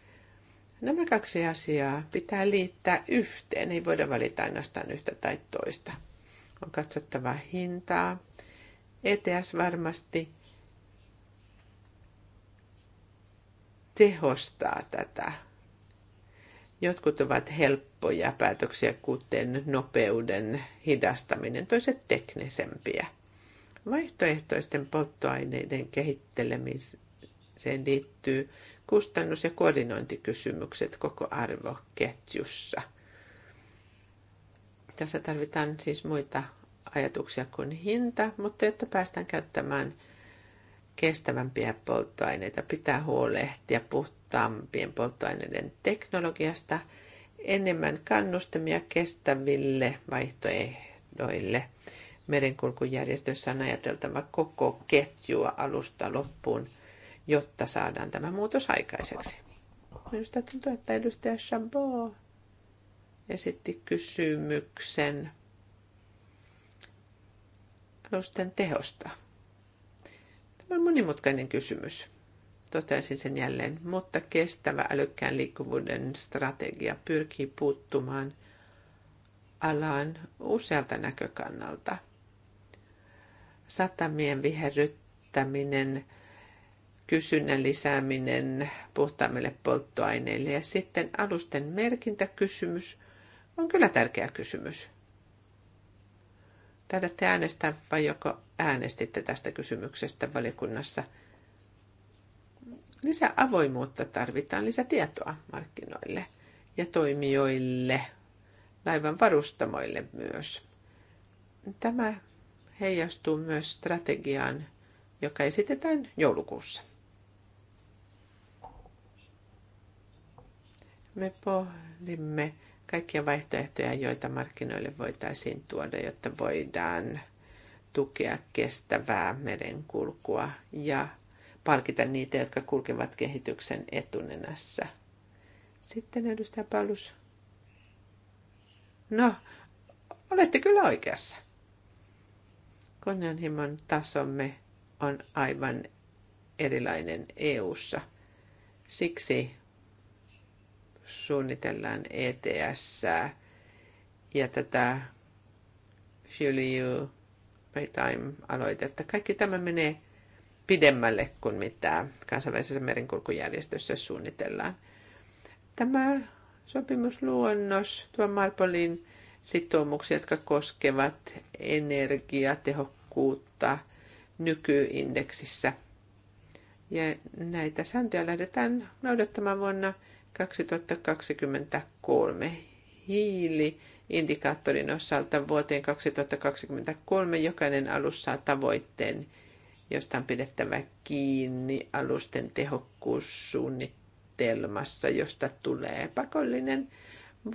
Nämä kaksi asiaa pitää liittää yhteen, ei voida valita ainoastaan yhtä tai toista. On katsottava hintaa. ETS varmasti tehostaa tätä. Jotkut ovat helppoja päätöksiä, kuten nopeuden hidastaminen, toiset teknisempiä. Vaihtoehtoisten polttoaineiden kehittelemiseen liittyy kustannus- ja koordinointikysymykset koko arvoketjussa. Tässä tarvitaan siis muita ajatuksia kuin hinta, mutta jotta päästään käyttämään kestävämpiä polttoaineita, pitää huolehtia puhtaampien polttoaineiden teknologiasta, enemmän kannustamia kestäville vaihtoehdoille. Merenkulkujärjestössä on ajateltava koko ketjua alusta loppuun – jotta saadaan tämä muutos aikaiseksi. Minusta tuntuu, että edustaja Chabot esitti kysymyksen alusten tehosta. Tämä on monimutkainen kysymys. Totesin sen jälleen, mutta kestävä älykkään liikkuvuuden strategia pyrkii puuttumaan alaan usealta näkökannalta. Satamien viherryttäminen – kysynnän lisääminen puhtaammille polttoaineille. Ja sitten alusten merkintäkysymys on kyllä tärkeä kysymys. Taidatte äänestää vai joko äänestitte tästä kysymyksestä valiokunnassa? Lisää avoimuutta tarvitaan, lisätietoa markkinoille ja toimijoille, laivan varustamoille myös. Tämä heijastuu myös strategiaan, joka esitetään joulukuussa. Me pohdimme kaikkia vaihtoehtoja, joita markkinoille voitaisiin tuoda, jotta voidaan tukea kestävää merenkulkua ja palkita niitä, jotka kulkevat kehityksen etunenässä. Sitten edustaja Paulus. No, olette kyllä oikeassa. Kunnianhimon tasomme on aivan erilainen EU:ssa. Siksi suunnitellaan ETS ja tätä Fuel EU Maritime-aloitetta. Kaikki tämä menee pidemmälle kuin mitä kansainvälisessä merenkulkujärjestössä suunnitellaan. Tämä sopimusluonnos tuo Marpolin sitoumuksia, jotka koskevat energiatehokkuutta nykyindeksissä Ja näitä sääntöjä lähdetään noudattamaan vuonna 2023 hiiliindikaattorin osalta vuoteen 2023 jokainen alus saa tavoitteen, josta on pidettävä kiinni alusten tehokkuussuunnitelmassa, josta tulee pakollinen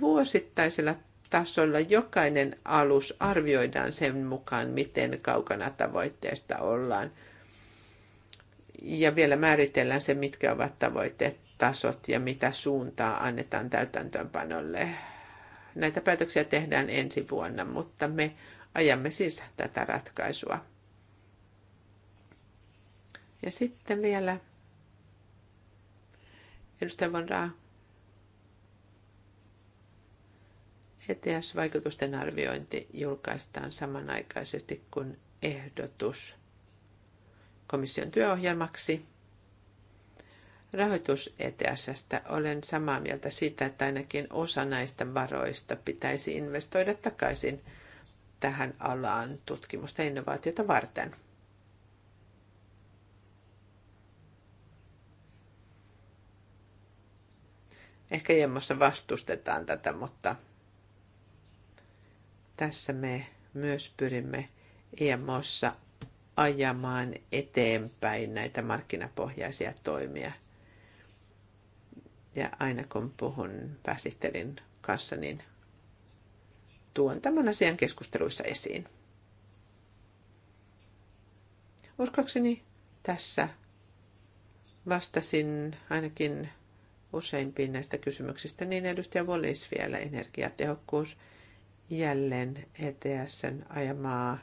vuosittaisella tasolla jokainen alus arvioidaan sen mukaan, miten kaukana tavoitteesta ollaan. Ja vielä määritellään se, mitkä ovat tavoitteet tasot ja mitä suuntaa annetaan täytäntöönpanolle. Näitä päätöksiä tehdään ensi vuonna, mutta me ajamme siis tätä ratkaisua. Ja sitten vielä edustaja Von Raa. ETS-vaikutusten arviointi julkaistaan samanaikaisesti kuin ehdotus komission työohjelmaksi rahoitus ETSstä olen samaa mieltä siitä, että ainakin osa näistä varoista pitäisi investoida takaisin tähän alaan tutkimusta ja innovaatiota varten. Ehkä jemmossa vastustetaan tätä, mutta tässä me myös pyrimme IMOssa ajamaan eteenpäin näitä markkinapohjaisia toimia – ja aina kun puhun pääsihteerin kanssa, niin tuon tämän asian keskusteluissa esiin. Uskoakseni tässä vastasin ainakin useimpiin näistä kysymyksistä, niin edustaja Wallis vielä energiatehokkuus jälleen ETSn ajamaa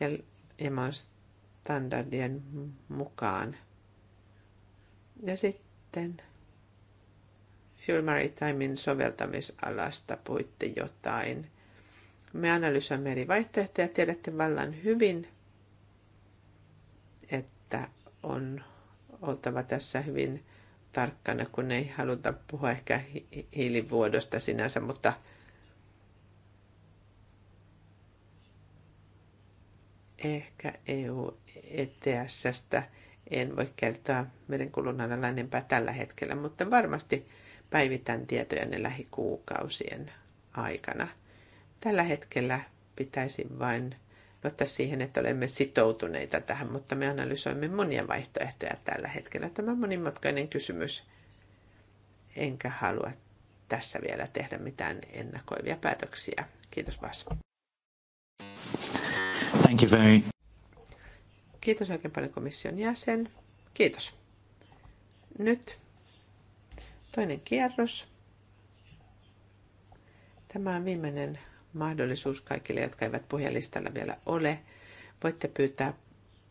ja ajamaan standardien mukaan. Ja sitten Fuel Maritimein soveltamisalasta puitte jotain. Me analysoimme eri vaihtoehtoja. Tiedätte vallan hyvin, että on oltava tässä hyvin tarkkana, kun ei haluta puhua ehkä hiilivuodosta sinänsä, mutta ehkä EU ETSstä en voi kertoa merenkulun alalla enempää tällä hetkellä, mutta varmasti päivitän tietoja ne lähikuukausien aikana. Tällä hetkellä pitäisi vain luottaa siihen, että olemme sitoutuneita tähän, mutta me analysoimme monia vaihtoehtoja tällä hetkellä. Tämä on monimutkainen kysymys. Enkä halua tässä vielä tehdä mitään ennakoivia päätöksiä. Kiitos Vas. Thank you very. Kiitos oikein paljon komission jäsen. Kiitos. Nyt Toinen kierros. Tämä on viimeinen mahdollisuus kaikille, jotka eivät puhelistalla vielä ole. Voitte pyytää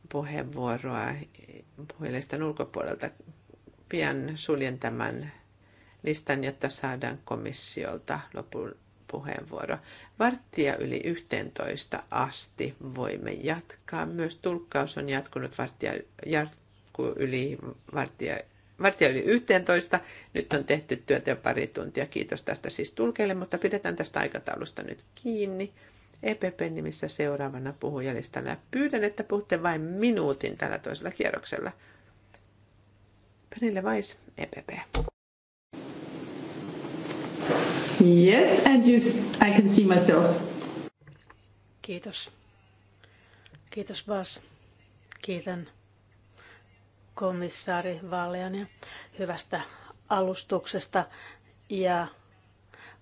puheenvuoroa puhelistan ulkopuolelta. Pian suljen tämän listan, jotta saadaan komissiolta lopun puheenvuoro. Varttia yli 11 asti voimme jatkaa. Myös tulkkaus on jatkunut varttia, jatku yli varttia vartija yli 11. Nyt on tehty työtä jo pari tuntia. Kiitos tästä siis tulkeille, mutta pidetään tästä aikataulusta nyt kiinni. EPP nimissä seuraavana puhujalistalla. Pyydän, että puhutte vain minuutin tällä toisella kierroksella. Penille Vais, EPP. Yes, and just I can see myself. Kiitos. Kiitos Bas. Kiitän komissaari Vaaleania hyvästä alustuksesta ja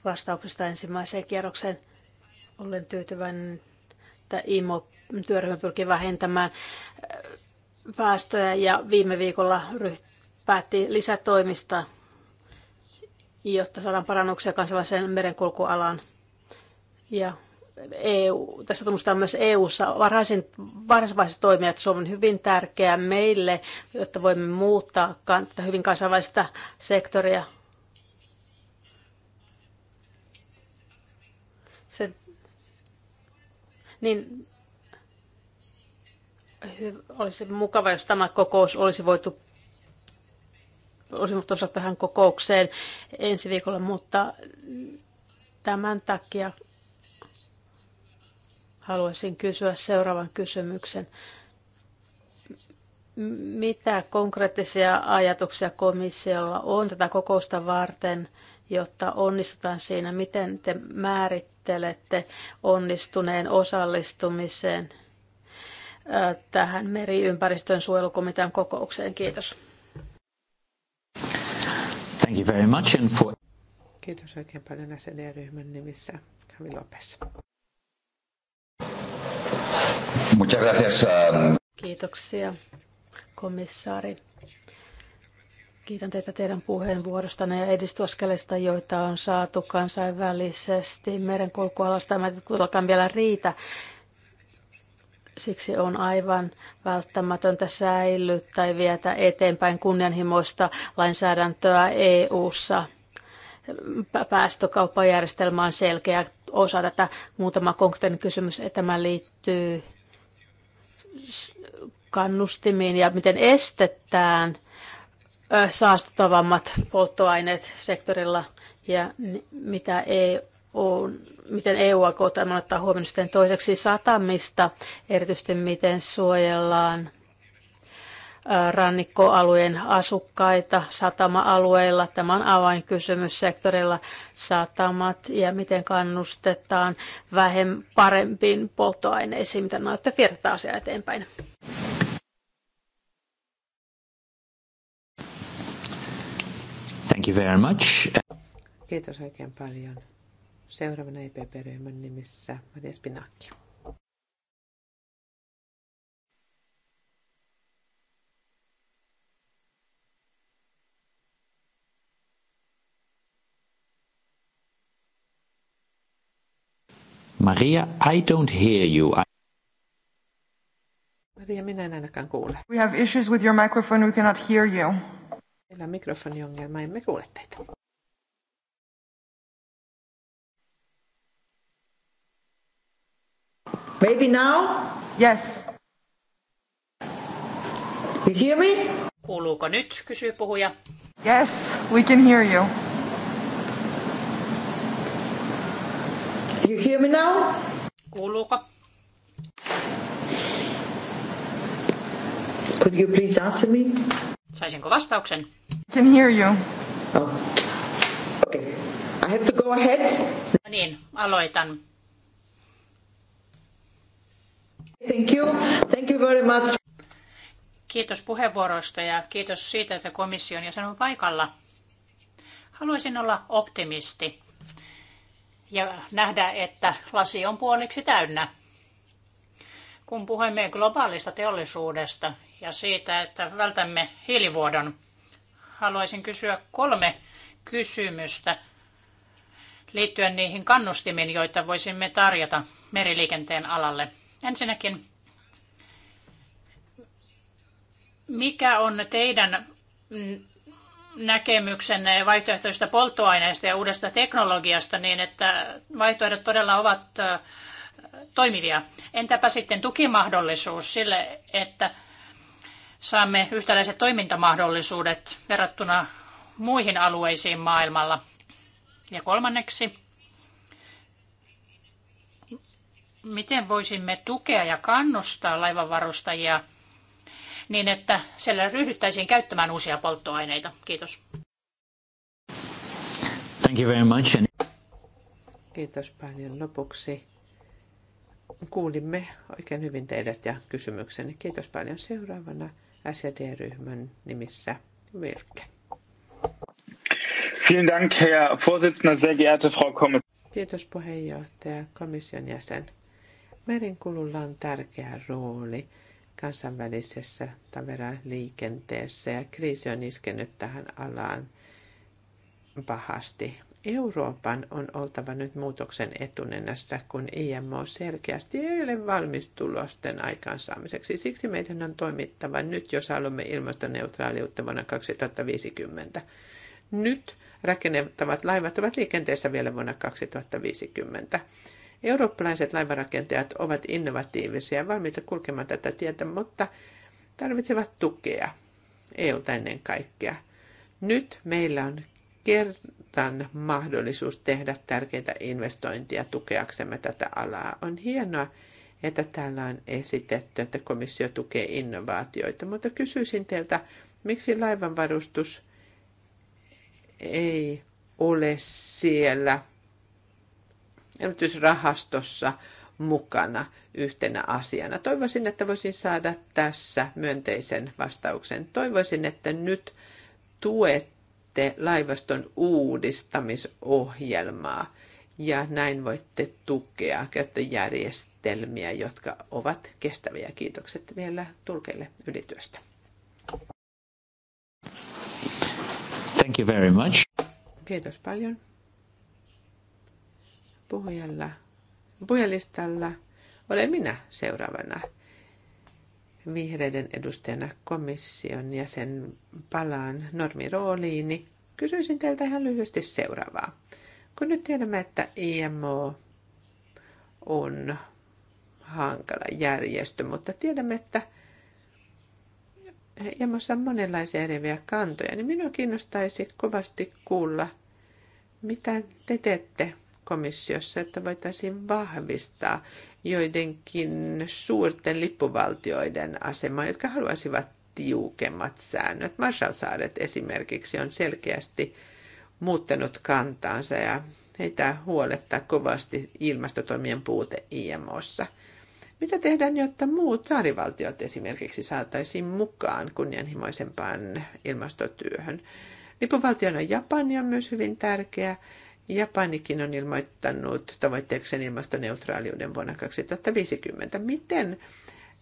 vastauksesta ensimmäiseen kierrokseen. Olen tyytyväinen, että IMO-työryhmä pyrkii vähentämään äh, päästöjä ja viime viikolla päätti lisätoimista, jotta saadaan parannuksia kansalaisen merenkulkualaan. Ja EU, tässä tunnustetaan myös EU-ssa varhaisin, toimia, että Suomi on hyvin tärkeää meille, jotta voimme muuttaa tätä hyvin kansainvälistä sektoria. Se, niin olisi mukava, jos tämä kokous olisi voitu olisi tähän kokoukseen ensi viikolla, mutta tämän takia haluaisin kysyä seuraavan kysymyksen. Mitä konkreettisia ajatuksia komissiolla on tätä kokousta varten, jotta onnistutaan siinä, miten te määrittelette onnistuneen osallistumisen tähän meriympäristön suojelukomitean kokoukseen? Kiitos. Thank you very much and for... Kiitos oikein paljon SED-ryhmän nimissä, Kavi Lopes. Muchas gracias. Um, Kiitoksia, komissaari. Kiitän teitä teidän puheenvuorostanne ja edistysaskeleista, joita on saatu kansainvälisesti. Merenkulkualasta ei todellakaan vielä riitä. Siksi on aivan välttämätöntä säilyttää tai vietä eteenpäin kunnianhimoista lainsäädäntöä EU-ssa. Päästökauppajärjestelmä on selkeä osa tätä. Muutama konkreettinen kysymys, että tämä liittyy kannustimiin ja miten estetään saastuttavammat polttoaineet sektorilla ja mitä ei on, miten EU aikoo tämän ottaa huomioon toiseksi satamista, erityisesti miten suojellaan rannikkoalueen asukkaita satama-alueilla. Tämä on avainkysymys sektorilla satamat ja miten kannustetaan vähem parempiin polttoaineisiin, mitä noitte viertaa asiaa eteenpäin. Thank you very much. Kiitos oikein paljon. Seuraavana EPP-ryhmän nimissä Matias Pinakki. Maria, I don't hear you. I... Maria, minä en ainakaan kuule. We have issues with your microphone, we cannot hear you. Meillä on mikrofoniongelma, emme kuule teitä. Maybe now? Yes. You hear me? Kuuluuko nyt, kysyy puhuja. Yes, we can hear you. You hear me now? Kuuluuko? Could you please answer me? Saisinko vastauksen? I can hear you. Oh. Okay. I have to go ahead. No niin, aloitan. Thank you. Thank you very much. Kiitos puheenvuoroista ja kiitos siitä, että komissio jäsen on paikalla. Haluaisin olla optimisti ja nähdä, että lasi on puoliksi täynnä. Kun puhumme globaalista teollisuudesta ja siitä, että vältämme hiilivuodon, haluaisin kysyä kolme kysymystä liittyen niihin kannustimiin, joita voisimme tarjota meriliikenteen alalle. Ensinnäkin, mikä on teidän näkemyksenne vaihtoehtoista polttoaineista ja uudesta teknologiasta niin, että vaihtoehdot todella ovat toimivia. Entäpä sitten tukimahdollisuus sille, että saamme yhtäläiset toimintamahdollisuudet verrattuna muihin alueisiin maailmalla? Ja kolmanneksi, miten voisimme tukea ja kannustaa laivanvarustajia – niin että siellä ryhdyttäisiin käyttämään uusia polttoaineita. Kiitos. Thank you very much. Kiitos paljon lopuksi. Kuulimme oikein hyvin teidät ja kysymyksenne. Kiitos paljon seuraavana SED-ryhmän nimissä Virke. Vielen Dank, Herr Vorsitzender, sehr geehrte Frau Kiitos puheenjohtaja, komission jäsen. Merenkululla on tärkeä rooli kansainvälisessä tavaraliikenteessä ja kriisi on iskenyt tähän alaan pahasti. Euroopan on oltava nyt muutoksen etunenässä, kun IMO selkeästi ei ole valmis tulosten aikaansaamiseksi. Siksi meidän on toimittava nyt, jos haluamme ilmastoneutraaliutta vuonna 2050. Nyt rakennettavat laivat ovat liikenteessä vielä vuonna 2050. Eurooppalaiset laivarakentajat ovat innovatiivisia ja valmiita kulkemaan tätä tietä, mutta tarvitsevat tukea eu ennen kaikkea. Nyt meillä on kerran mahdollisuus tehdä tärkeitä investointia tukeaksemme tätä alaa. On hienoa, että täällä on esitetty, että komissio tukee innovaatioita, mutta kysyisin teiltä, miksi laivanvarustus ei ole siellä – elvytysrahastossa mukana yhtenä asiana. Toivoisin, että voisin saada tässä myönteisen vastauksen. Toivoisin, että nyt tuette laivaston uudistamisohjelmaa ja näin voitte tukea käyttöjärjestelmiä, jotka ovat kestäviä. Kiitokset vielä tulkeille ylityöstä. Thank you very much. Kiitos paljon puhujalla, puhujalistalla olen minä seuraavana vihreiden edustajana komission ja sen palaan normirooliini. Kysyisin teiltä ihan lyhyesti seuraavaa. Kun nyt tiedämme, että IMO on hankala järjestö, mutta tiedämme, että IMOssa on monenlaisia eriviä kantoja, niin minua kiinnostaisi kovasti kuulla, mitä te teette komissiossa, että voitaisiin vahvistaa joidenkin suurten lippuvaltioiden asemaa, jotka haluaisivat tiukemmat säännöt. Marshall-saaret esimerkiksi on selkeästi muuttanut kantaansa ja heitä huolettaa kovasti ilmastotoimien puute IMOssa. Mitä tehdään, jotta muut saarivaltiot esimerkiksi saataisiin mukaan kunnianhimoisempaan ilmastotyöhön? Lippuvaltiona Japani on myös hyvin tärkeä Japanikin on ilmoittanut tavoitteeksi ilmastoneutraaliuden vuonna 2050. Miten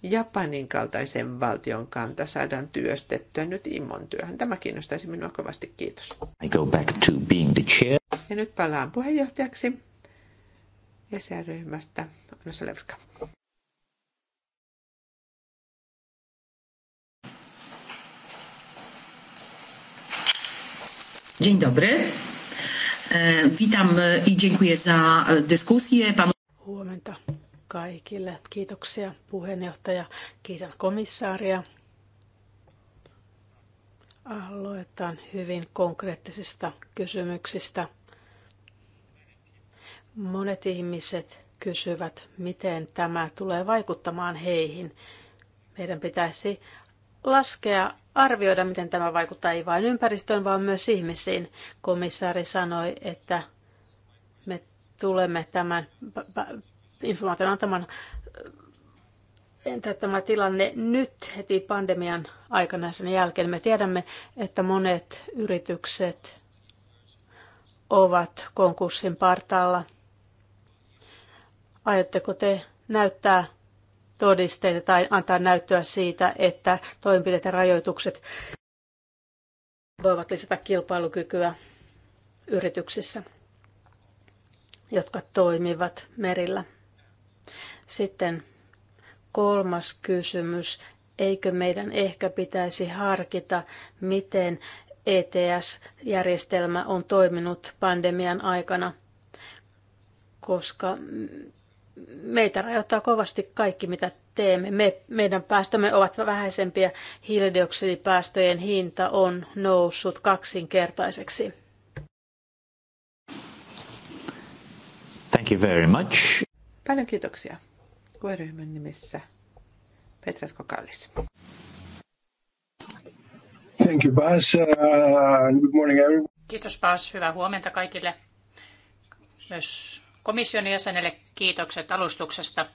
Japanin kaltaisen valtion kanta saadaan työstettyä nyt Immon työhön? Tämä kiinnostaisi minua kovasti. Kiitos. I go back to being the chair. Ja nyt palaan puheenjohtajaksi ESR-ryhmästä Anna Selevska. Dzień dobry. E, witam e, i dziękuję za e, dyskusję. Huomenta kaikille. Kiitoksia puheenjohtaja. Kiitän komissaaria. Aloitan hyvin konkreettisista kysymyksistä. Monet ihmiset kysyvät, miten tämä tulee vaikuttamaan heihin. Meidän pitäisi laskea, arvioida, miten tämä vaikuttaa ei vain ympäristöön, vaan myös ihmisiin. Komissaari sanoi, että me tulemme tämän informaation antamaan Entä tämä tilanne nyt heti pandemian aikana sen jälkeen? Me tiedämme, että monet yritykset ovat konkurssin partaalla. Aiotteko te näyttää todisteita tai antaa näyttöä siitä, että toimenpiteet ja rajoitukset voivat lisätä kilpailukykyä yrityksissä, jotka toimivat merillä. Sitten kolmas kysymys. Eikö meidän ehkä pitäisi harkita, miten ETS-järjestelmä on toiminut pandemian aikana, koska meitä rajoittaa kovasti kaikki, mitä teemme. Me, meidän päästömme ovat vähäisempiä. Hiilidioksidipäästöjen hinta on noussut kaksinkertaiseksi. Thank you very much. Paljon kiitoksia. Koeryhmän nimissä Petras Kokallis. Thank you, Bas. Uh, good morning, everyone. Kiitos, Bas. Hyvää huomenta kaikille. Myös Komission jäsenelle kiitokset alustuksesta.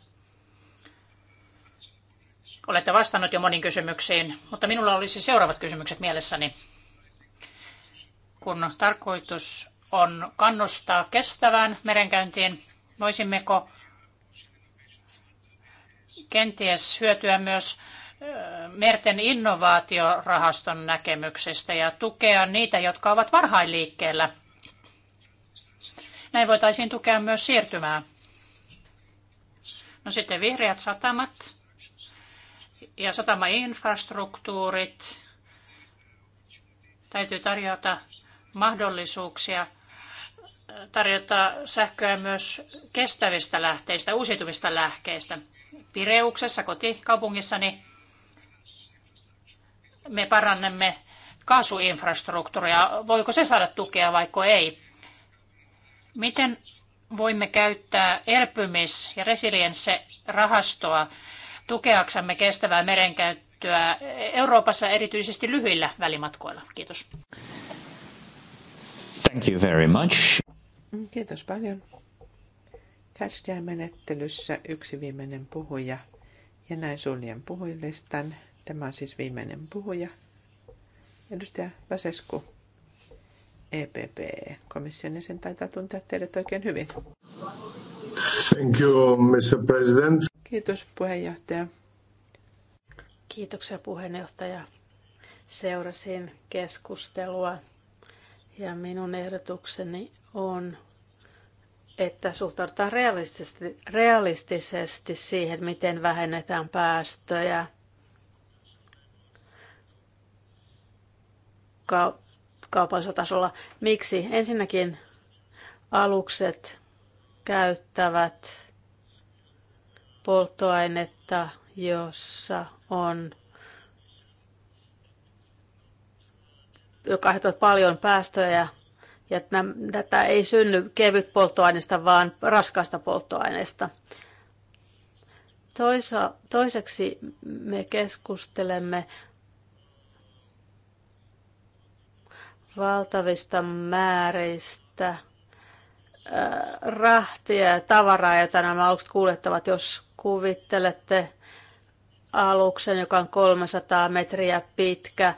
Olette vastannut jo moniin kysymyksiin, mutta minulla olisi seuraavat kysymykset mielessäni. Kun tarkoitus on kannustaa kestävään merenkäyntiin, voisimmeko kenties hyötyä myös merten innovaatiorahaston näkemyksestä ja tukea niitä, jotka ovat varhain liikkeellä – näin voitaisiin tukea myös siirtymää. No sitten vihreät satamat ja satamainfrastruktuurit. Täytyy tarjota mahdollisuuksia tarjota sähköä myös kestävistä lähteistä, uusiutuvista lähteistä. Pireuksessa kotikaupungissani me parannemme kaasuinfrastruktuuria. Voiko se saada tukea vaikka ei? Miten voimme käyttää elpymis- ja resilienssirahastoa tukeaksamme kestävää merenkäyttöä Euroopassa erityisesti lyhyillä välimatkoilla? Kiitos. Thank you very much. Kiitos paljon. Catch menettelyssä yksi viimeinen puhuja. Ja näin suljen puhujilistan. Tämä on siis viimeinen puhuja. Edustaja Vasesku, EPP. Komission jäsen taitaa tuntea teidät oikein hyvin. Thank you, Mr. President. Kiitos puheenjohtaja. Kiitoksia puheenjohtaja. Seurasin keskustelua ja minun ehdotukseni on, että suhtaudutaan realistisesti, realistisesti siihen, miten vähennetään päästöjä – kaupallisella tasolla. Miksi? Ensinnäkin alukset käyttävät polttoainetta, jossa on joka aiheuttaa paljon päästöjä ja tätä ei synny kevyt polttoaineesta, vaan raskaasta polttoaineesta. Toisa, toiseksi me keskustelemme valtavista määreistä äh, rahtia ja tavaraa, jota nämä alukset kuljettavat. Jos kuvittelette aluksen, joka on 300 metriä pitkä,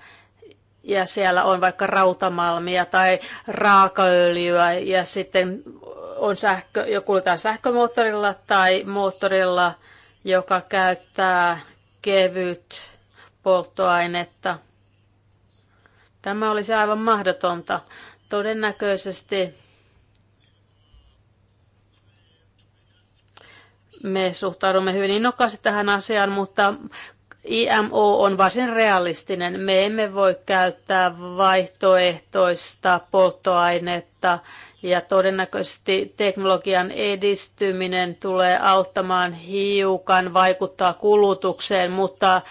ja siellä on vaikka rautamalmia tai raakaöljyä ja sitten on sähkö, jo kuljetaan sähkömoottorilla tai moottorilla, joka käyttää kevyt polttoainetta – Tämä olisi aivan mahdotonta. Todennäköisesti me suhtaudumme hyvin innokkaasti tähän asiaan, mutta IMO on varsin realistinen. Me emme voi käyttää vaihtoehtoista polttoainetta ja todennäköisesti teknologian edistyminen tulee auttamaan hiukan vaikuttaa kulutukseen, mutta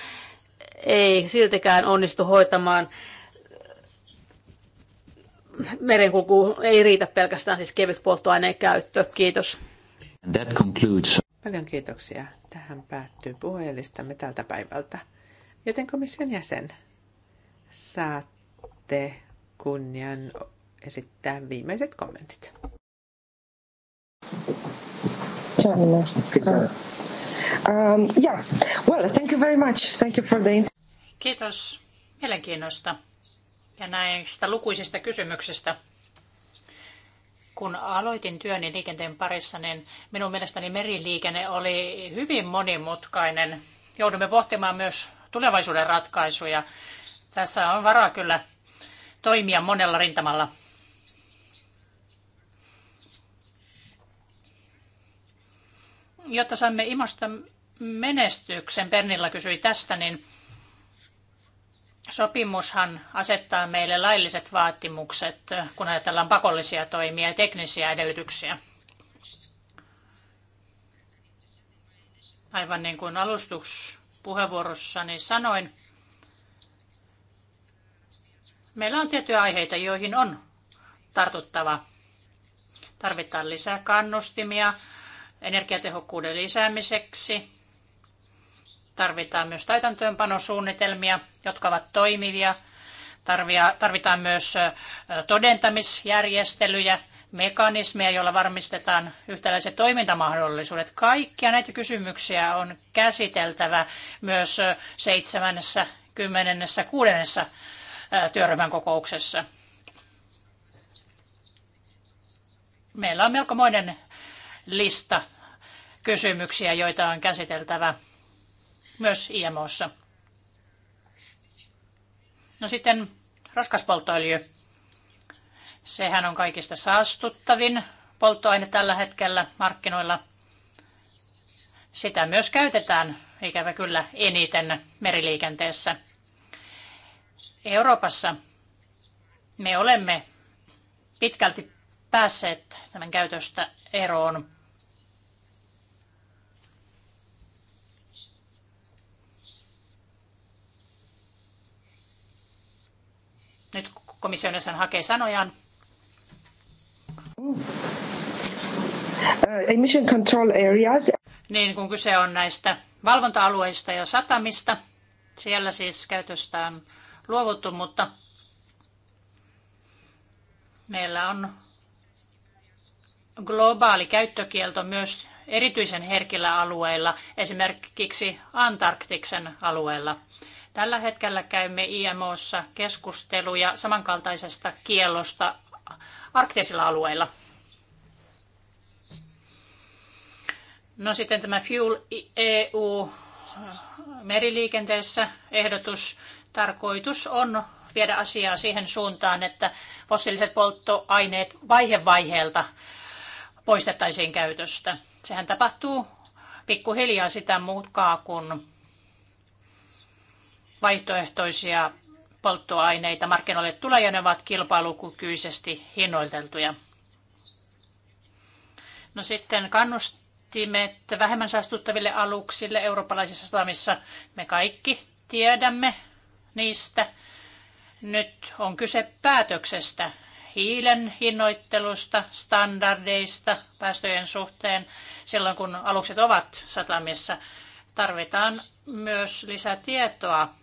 ei siltikään onnistu hoitamaan merenkulku ei riitä pelkästään siis kevyt polttoaineen käyttö. Kiitos. That concludes. Paljon kiitoksia. Tähän päättyy puhelistamme tältä päivältä. Joten komission jäsen, saatte kunnian esittää viimeiset kommentit. Um, Kiitos mielenkiinnosta ja näistä lukuisista kysymyksistä. Kun aloitin työni liikenteen parissa, niin minun mielestäni meriliikenne oli hyvin monimutkainen. Joudumme pohtimaan myös tulevaisuuden ratkaisuja. Tässä on varaa kyllä toimia monella rintamalla. Jotta saamme imosta menestyksen, Pernilla kysyi tästä, niin sopimushan asettaa meille lailliset vaatimukset, kun ajatellaan pakollisia toimia ja teknisiä edellytyksiä. Aivan niin kuin alustuspuheenvuorossani sanoin, meillä on tiettyjä aiheita, joihin on tartuttava. Tarvitaan lisää kannustimia energiatehokkuuden lisäämiseksi, Tarvitaan myös täytäntöönpanosuunnitelmia, jotka ovat toimivia. Tarvitaan myös todentamisjärjestelyjä, mekanismeja, joilla varmistetaan yhtäläiset toimintamahdollisuudet. Kaikkia näitä kysymyksiä on käsiteltävä myös seitsemännessä, kymmenennessä, kuudennessa työryhmän kokouksessa. Meillä on melkomoinen lista kysymyksiä, joita on käsiteltävä myös IMOssa. No sitten raskas polttoöljy. Sehän on kaikista saastuttavin polttoaine tällä hetkellä markkinoilla. Sitä myös käytetään ikävä kyllä eniten meriliikenteessä. Euroopassa me olemme pitkälti päässeet tämän käytöstä eroon. Nyt komission jäsen hakee sanojaan. Uh, emission control areas. Niin, kun kyse on näistä valvonta-alueista ja satamista, siellä siis käytöstä on luovuttu, mutta meillä on globaali käyttökielto myös erityisen herkillä alueilla, esimerkiksi Antarktiksen alueella. Tällä hetkellä käymme IMOssa keskusteluja samankaltaisesta kiellosta arktisilla alueilla. No sitten tämä Fuel EU meriliikenteessä ehdotus. Tarkoitus on viedä asiaa siihen suuntaan, että fossiiliset polttoaineet vaihe vaiheelta poistettaisiin käytöstä. Sehän tapahtuu pikkuhiljaa sitä mukaan, kun vaihtoehtoisia polttoaineita markkinoille tulee ja ne ovat kilpailukykyisesti hinnoiteltuja. No sitten kannustimet vähemmän saastuttaville aluksille eurooppalaisissa satamissa. Me kaikki tiedämme niistä. Nyt on kyse päätöksestä, hiilen hinnoittelusta, standardeista päästöjen suhteen silloin, kun alukset ovat satamissa. Tarvitaan myös lisätietoa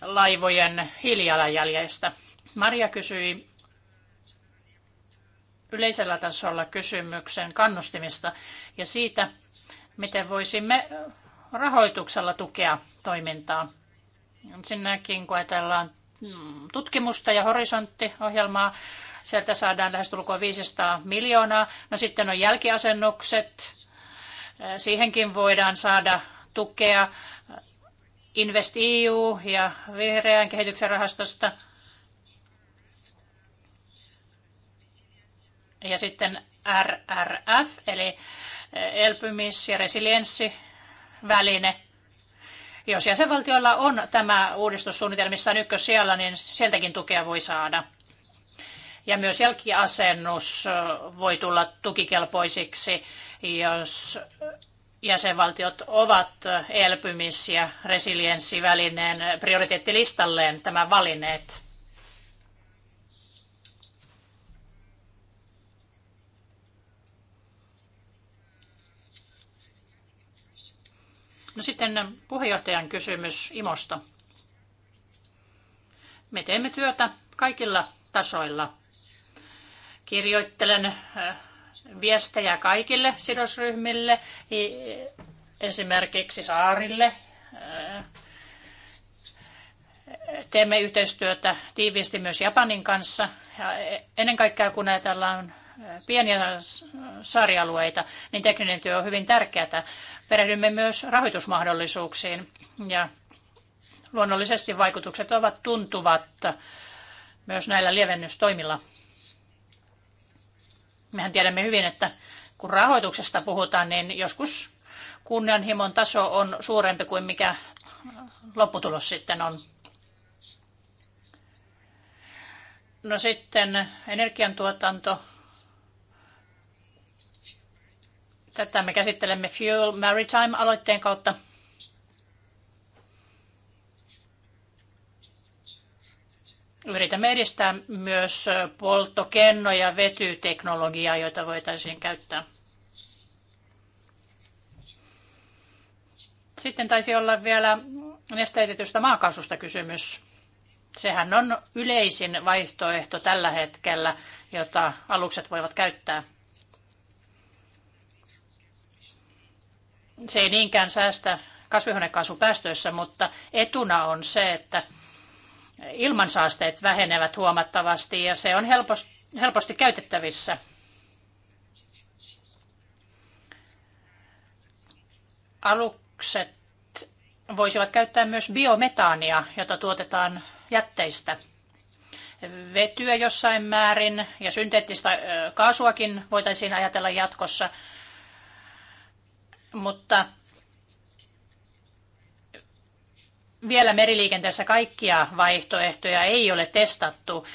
laivojen hiilijalanjäljestä. Maria kysyi yleisellä tasolla kysymyksen kannustimista ja siitä, miten voisimme rahoituksella tukea toimintaa. Sinnekin kun ajatellaan tutkimusta ja horisonttiohjelmaa, sieltä saadaan lähestulkoon 500 miljoonaa. No sitten on jälkiasennukset, siihenkin voidaan saada tukea. Invest EU ja vihreän kehityksen rahastosta. Ja sitten RRF, eli elpymis- ja resilienssiväline. Jos jäsenvaltioilla on tämä uudistussuunnitelmissa ykkös siellä, niin sieltäkin tukea voi saada. Ja myös jälkiasennus voi tulla tukikelpoisiksi, jos jäsenvaltiot ovat elpymis- ja resilienssivälineen prioriteettilistalleen tämän valinneet. No sitten puheenjohtajan kysymys Imosta. Me teemme työtä kaikilla tasoilla. Kirjoittelen viestejä kaikille sidosryhmille, esimerkiksi saarille. Teemme yhteistyötä tiiviisti myös Japanin kanssa. Ja ennen kaikkea kun ajatellaan pieniä saarialueita, niin tekninen työ on hyvin tärkeää. Perehdymme myös rahoitusmahdollisuuksiin ja luonnollisesti vaikutukset ovat tuntuvat myös näillä lievennystoimilla. Mehän tiedämme hyvin, että kun rahoituksesta puhutaan, niin joskus kunnianhimon taso on suurempi kuin mikä lopputulos sitten on. No sitten energiantuotanto. Tätä me käsittelemme Fuel Maritime-aloitteen kautta – Yritämme edistää myös polttokenno- ja vetyteknologiaa, joita voitaisiin käyttää. Sitten taisi olla vielä nesteytetystä maakaasusta kysymys. Sehän on yleisin vaihtoehto tällä hetkellä, jota alukset voivat käyttää. Se ei niinkään säästä kasvihuonekaasupäästöissä, mutta etuna on se, että ilmansaasteet vähenevät huomattavasti ja se on helposti käytettävissä. Alukset voisivat käyttää myös biometaania, jota tuotetaan jätteistä. Vetyä jossain määrin ja synteettistä kaasuakin voitaisiin ajatella jatkossa. Mutta vielä meriliikenteessä kaikkia vaihtoehtoja ei ole testattu.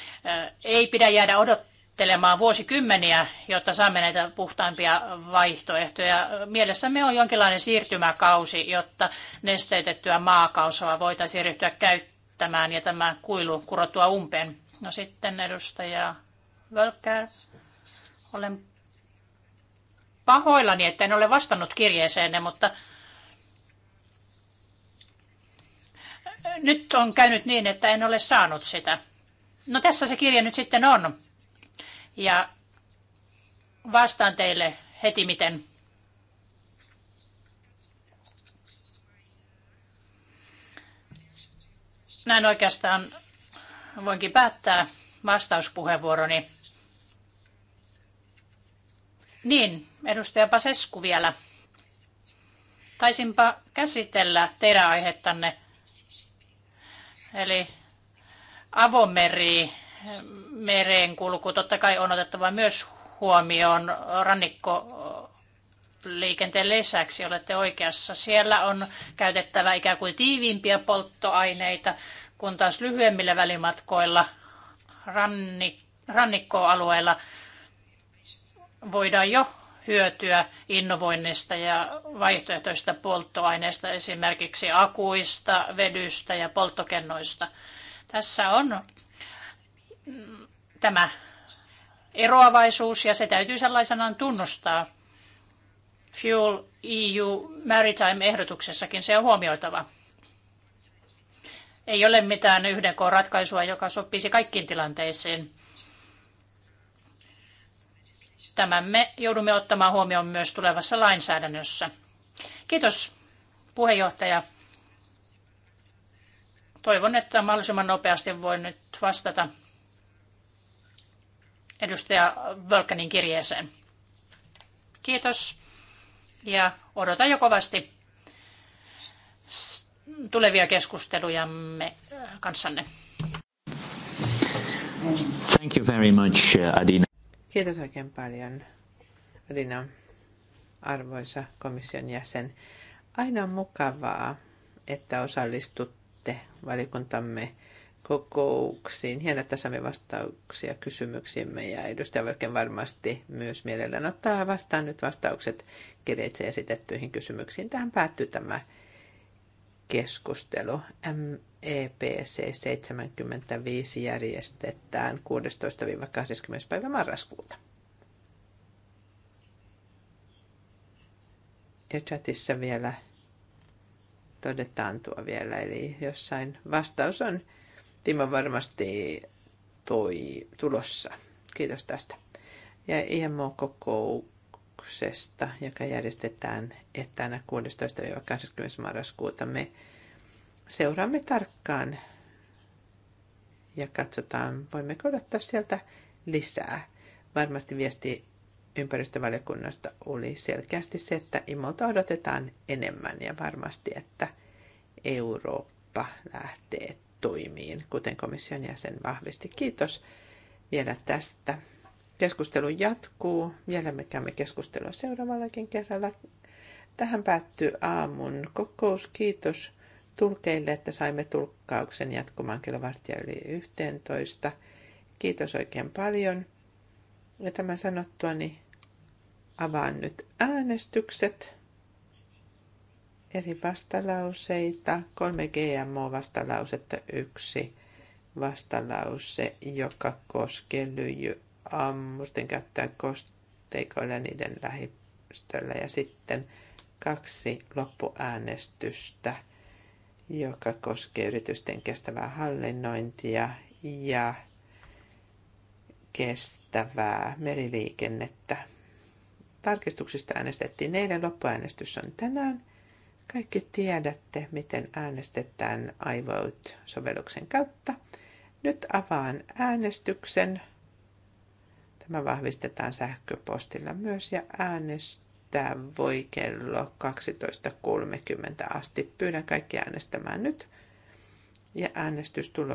Ei pidä jäädä odottelemaan vuosikymmeniä, jotta saamme näitä puhtaampia vaihtoehtoja. Mielessämme on jonkinlainen siirtymäkausi, jotta nesteytettyä maakausoa voitaisiin ryhtyä käyttämään ja tämä kuilu kurottua umpeen. No sitten edustaja Völkkär, olen pahoillani, että en ole vastannut kirjeeseenne, mutta nyt on käynyt niin, että en ole saanut sitä. No tässä se kirja nyt sitten on. Ja vastaan teille heti miten. Näin oikeastaan voinkin päättää vastauspuheenvuoroni. Niin, edustaja Pasesku vielä. Taisinpa käsitellä teidän aihettanne eli avomeri, merenkulku totta kai on otettava myös huomioon rannikko liikenteen lisäksi olette oikeassa. Siellä on käytettävä ikään kuin tiiviimpiä polttoaineita, kun taas lyhyemmillä välimatkoilla rannik- rannikkoalueilla voidaan jo hyötyä innovoinnista ja vaihtoehtoisista polttoaineista, esimerkiksi akuista, vedystä ja polttokennoista. Tässä on mm, tämä eroavaisuus ja se täytyy sellaisenaan tunnustaa. Fuel EU Maritime-ehdotuksessakin se on huomioitava. Ei ole mitään yhden ratkaisua, joka sopisi kaikkiin tilanteisiin. Tämän me joudumme ottamaan huomioon myös tulevassa lainsäädännössä. Kiitos puheenjohtaja. Toivon, että mahdollisimman nopeasti voin nyt vastata edustaja Völkänin kirjeeseen. Kiitos ja odotan jo kovasti tulevia keskustelujamme kanssanne. Thank you very much, Adina. Kiitos oikein paljon, Rina, arvoisa komission jäsen. Aina on mukavaa, että osallistutte valikuntamme kokouksiin. Hienoa, että saamme vastauksia kysymyksiimme ja edustaja Velken varmasti myös mielellään ottaa vastaan nyt vastaukset kirjeitse esitettyihin kysymyksiin. Tähän päättyy tämä keskustelu. EPC 75 järjestetään 16-20. päivä marraskuuta. Ja chatissa vielä todetaan tuo vielä, eli jossain vastaus on Timo varmasti toi tulossa. Kiitos tästä. Ja IMO-kokouksesta, joka järjestetään etänä 16-20. marraskuuta, me seuraamme tarkkaan ja katsotaan, voimme odottaa sieltä lisää. Varmasti viesti ympäristövaliokunnasta oli selkeästi se, että imolta odotetaan enemmän ja varmasti, että Eurooppa lähtee toimiin, kuten komission jäsen vahvisti. Kiitos vielä tästä. Keskustelu jatkuu. Vielä me käymme keskustelua seuraavallakin kerralla. Tähän päättyy aamun kokous. Kiitos tulkeille, että saimme tulkkauksen jatkumaan kilovarttia yli 11. Kiitos oikein paljon. Ja tämän sanottuani avaan nyt äänestykset. Eri vastalauseita, kolme GMO-vastalausetta, yksi vastalause, joka koskee lyijyammusten käyttöä kosteikoilla niiden lähistöllä. Ja sitten kaksi loppuäänestystä joka koskee yritysten kestävää hallinnointia ja kestävää meriliikennettä. Tarkistuksista äänestettiin eilen, loppuäänestys on tänään. Kaikki tiedätte, miten äänestetään iVote-sovelluksen kautta. Nyt avaan äänestyksen. Tämä vahvistetaan sähköpostilla myös ja äänestys äänestää voi kello 12.30 asti. Pyydän kaikki äänestämään nyt. Ja äänestystulos